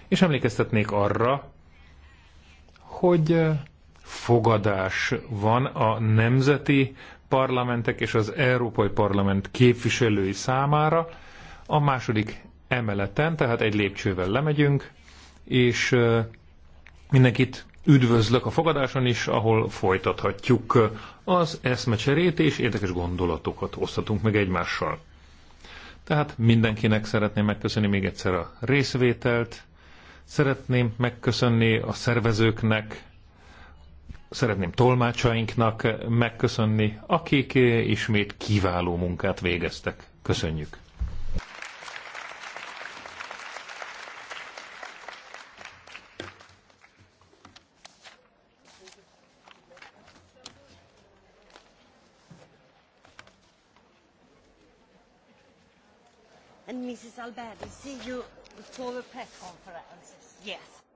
és emlékeztetnék arra, hogy fogadás van a nemzeti parlamentek és az Európai Parlament képviselői számára a második emeleten, tehát egy lépcsővel lemegyünk, és mindenkit üdvözlök a fogadáson is, ahol folytathatjuk az eszmecserét, és érdekes gondolatokat osztatunk meg egymással. Tehát mindenkinek szeretném megköszönni még egyszer a részvételt, Szeretném megköszönni a szervezőknek, szeretném tolmácsainknak megköszönni, akik ismét kiváló munkát végeztek. Köszönjük! And Mrs. Alberti, see you before the press conference. Yes.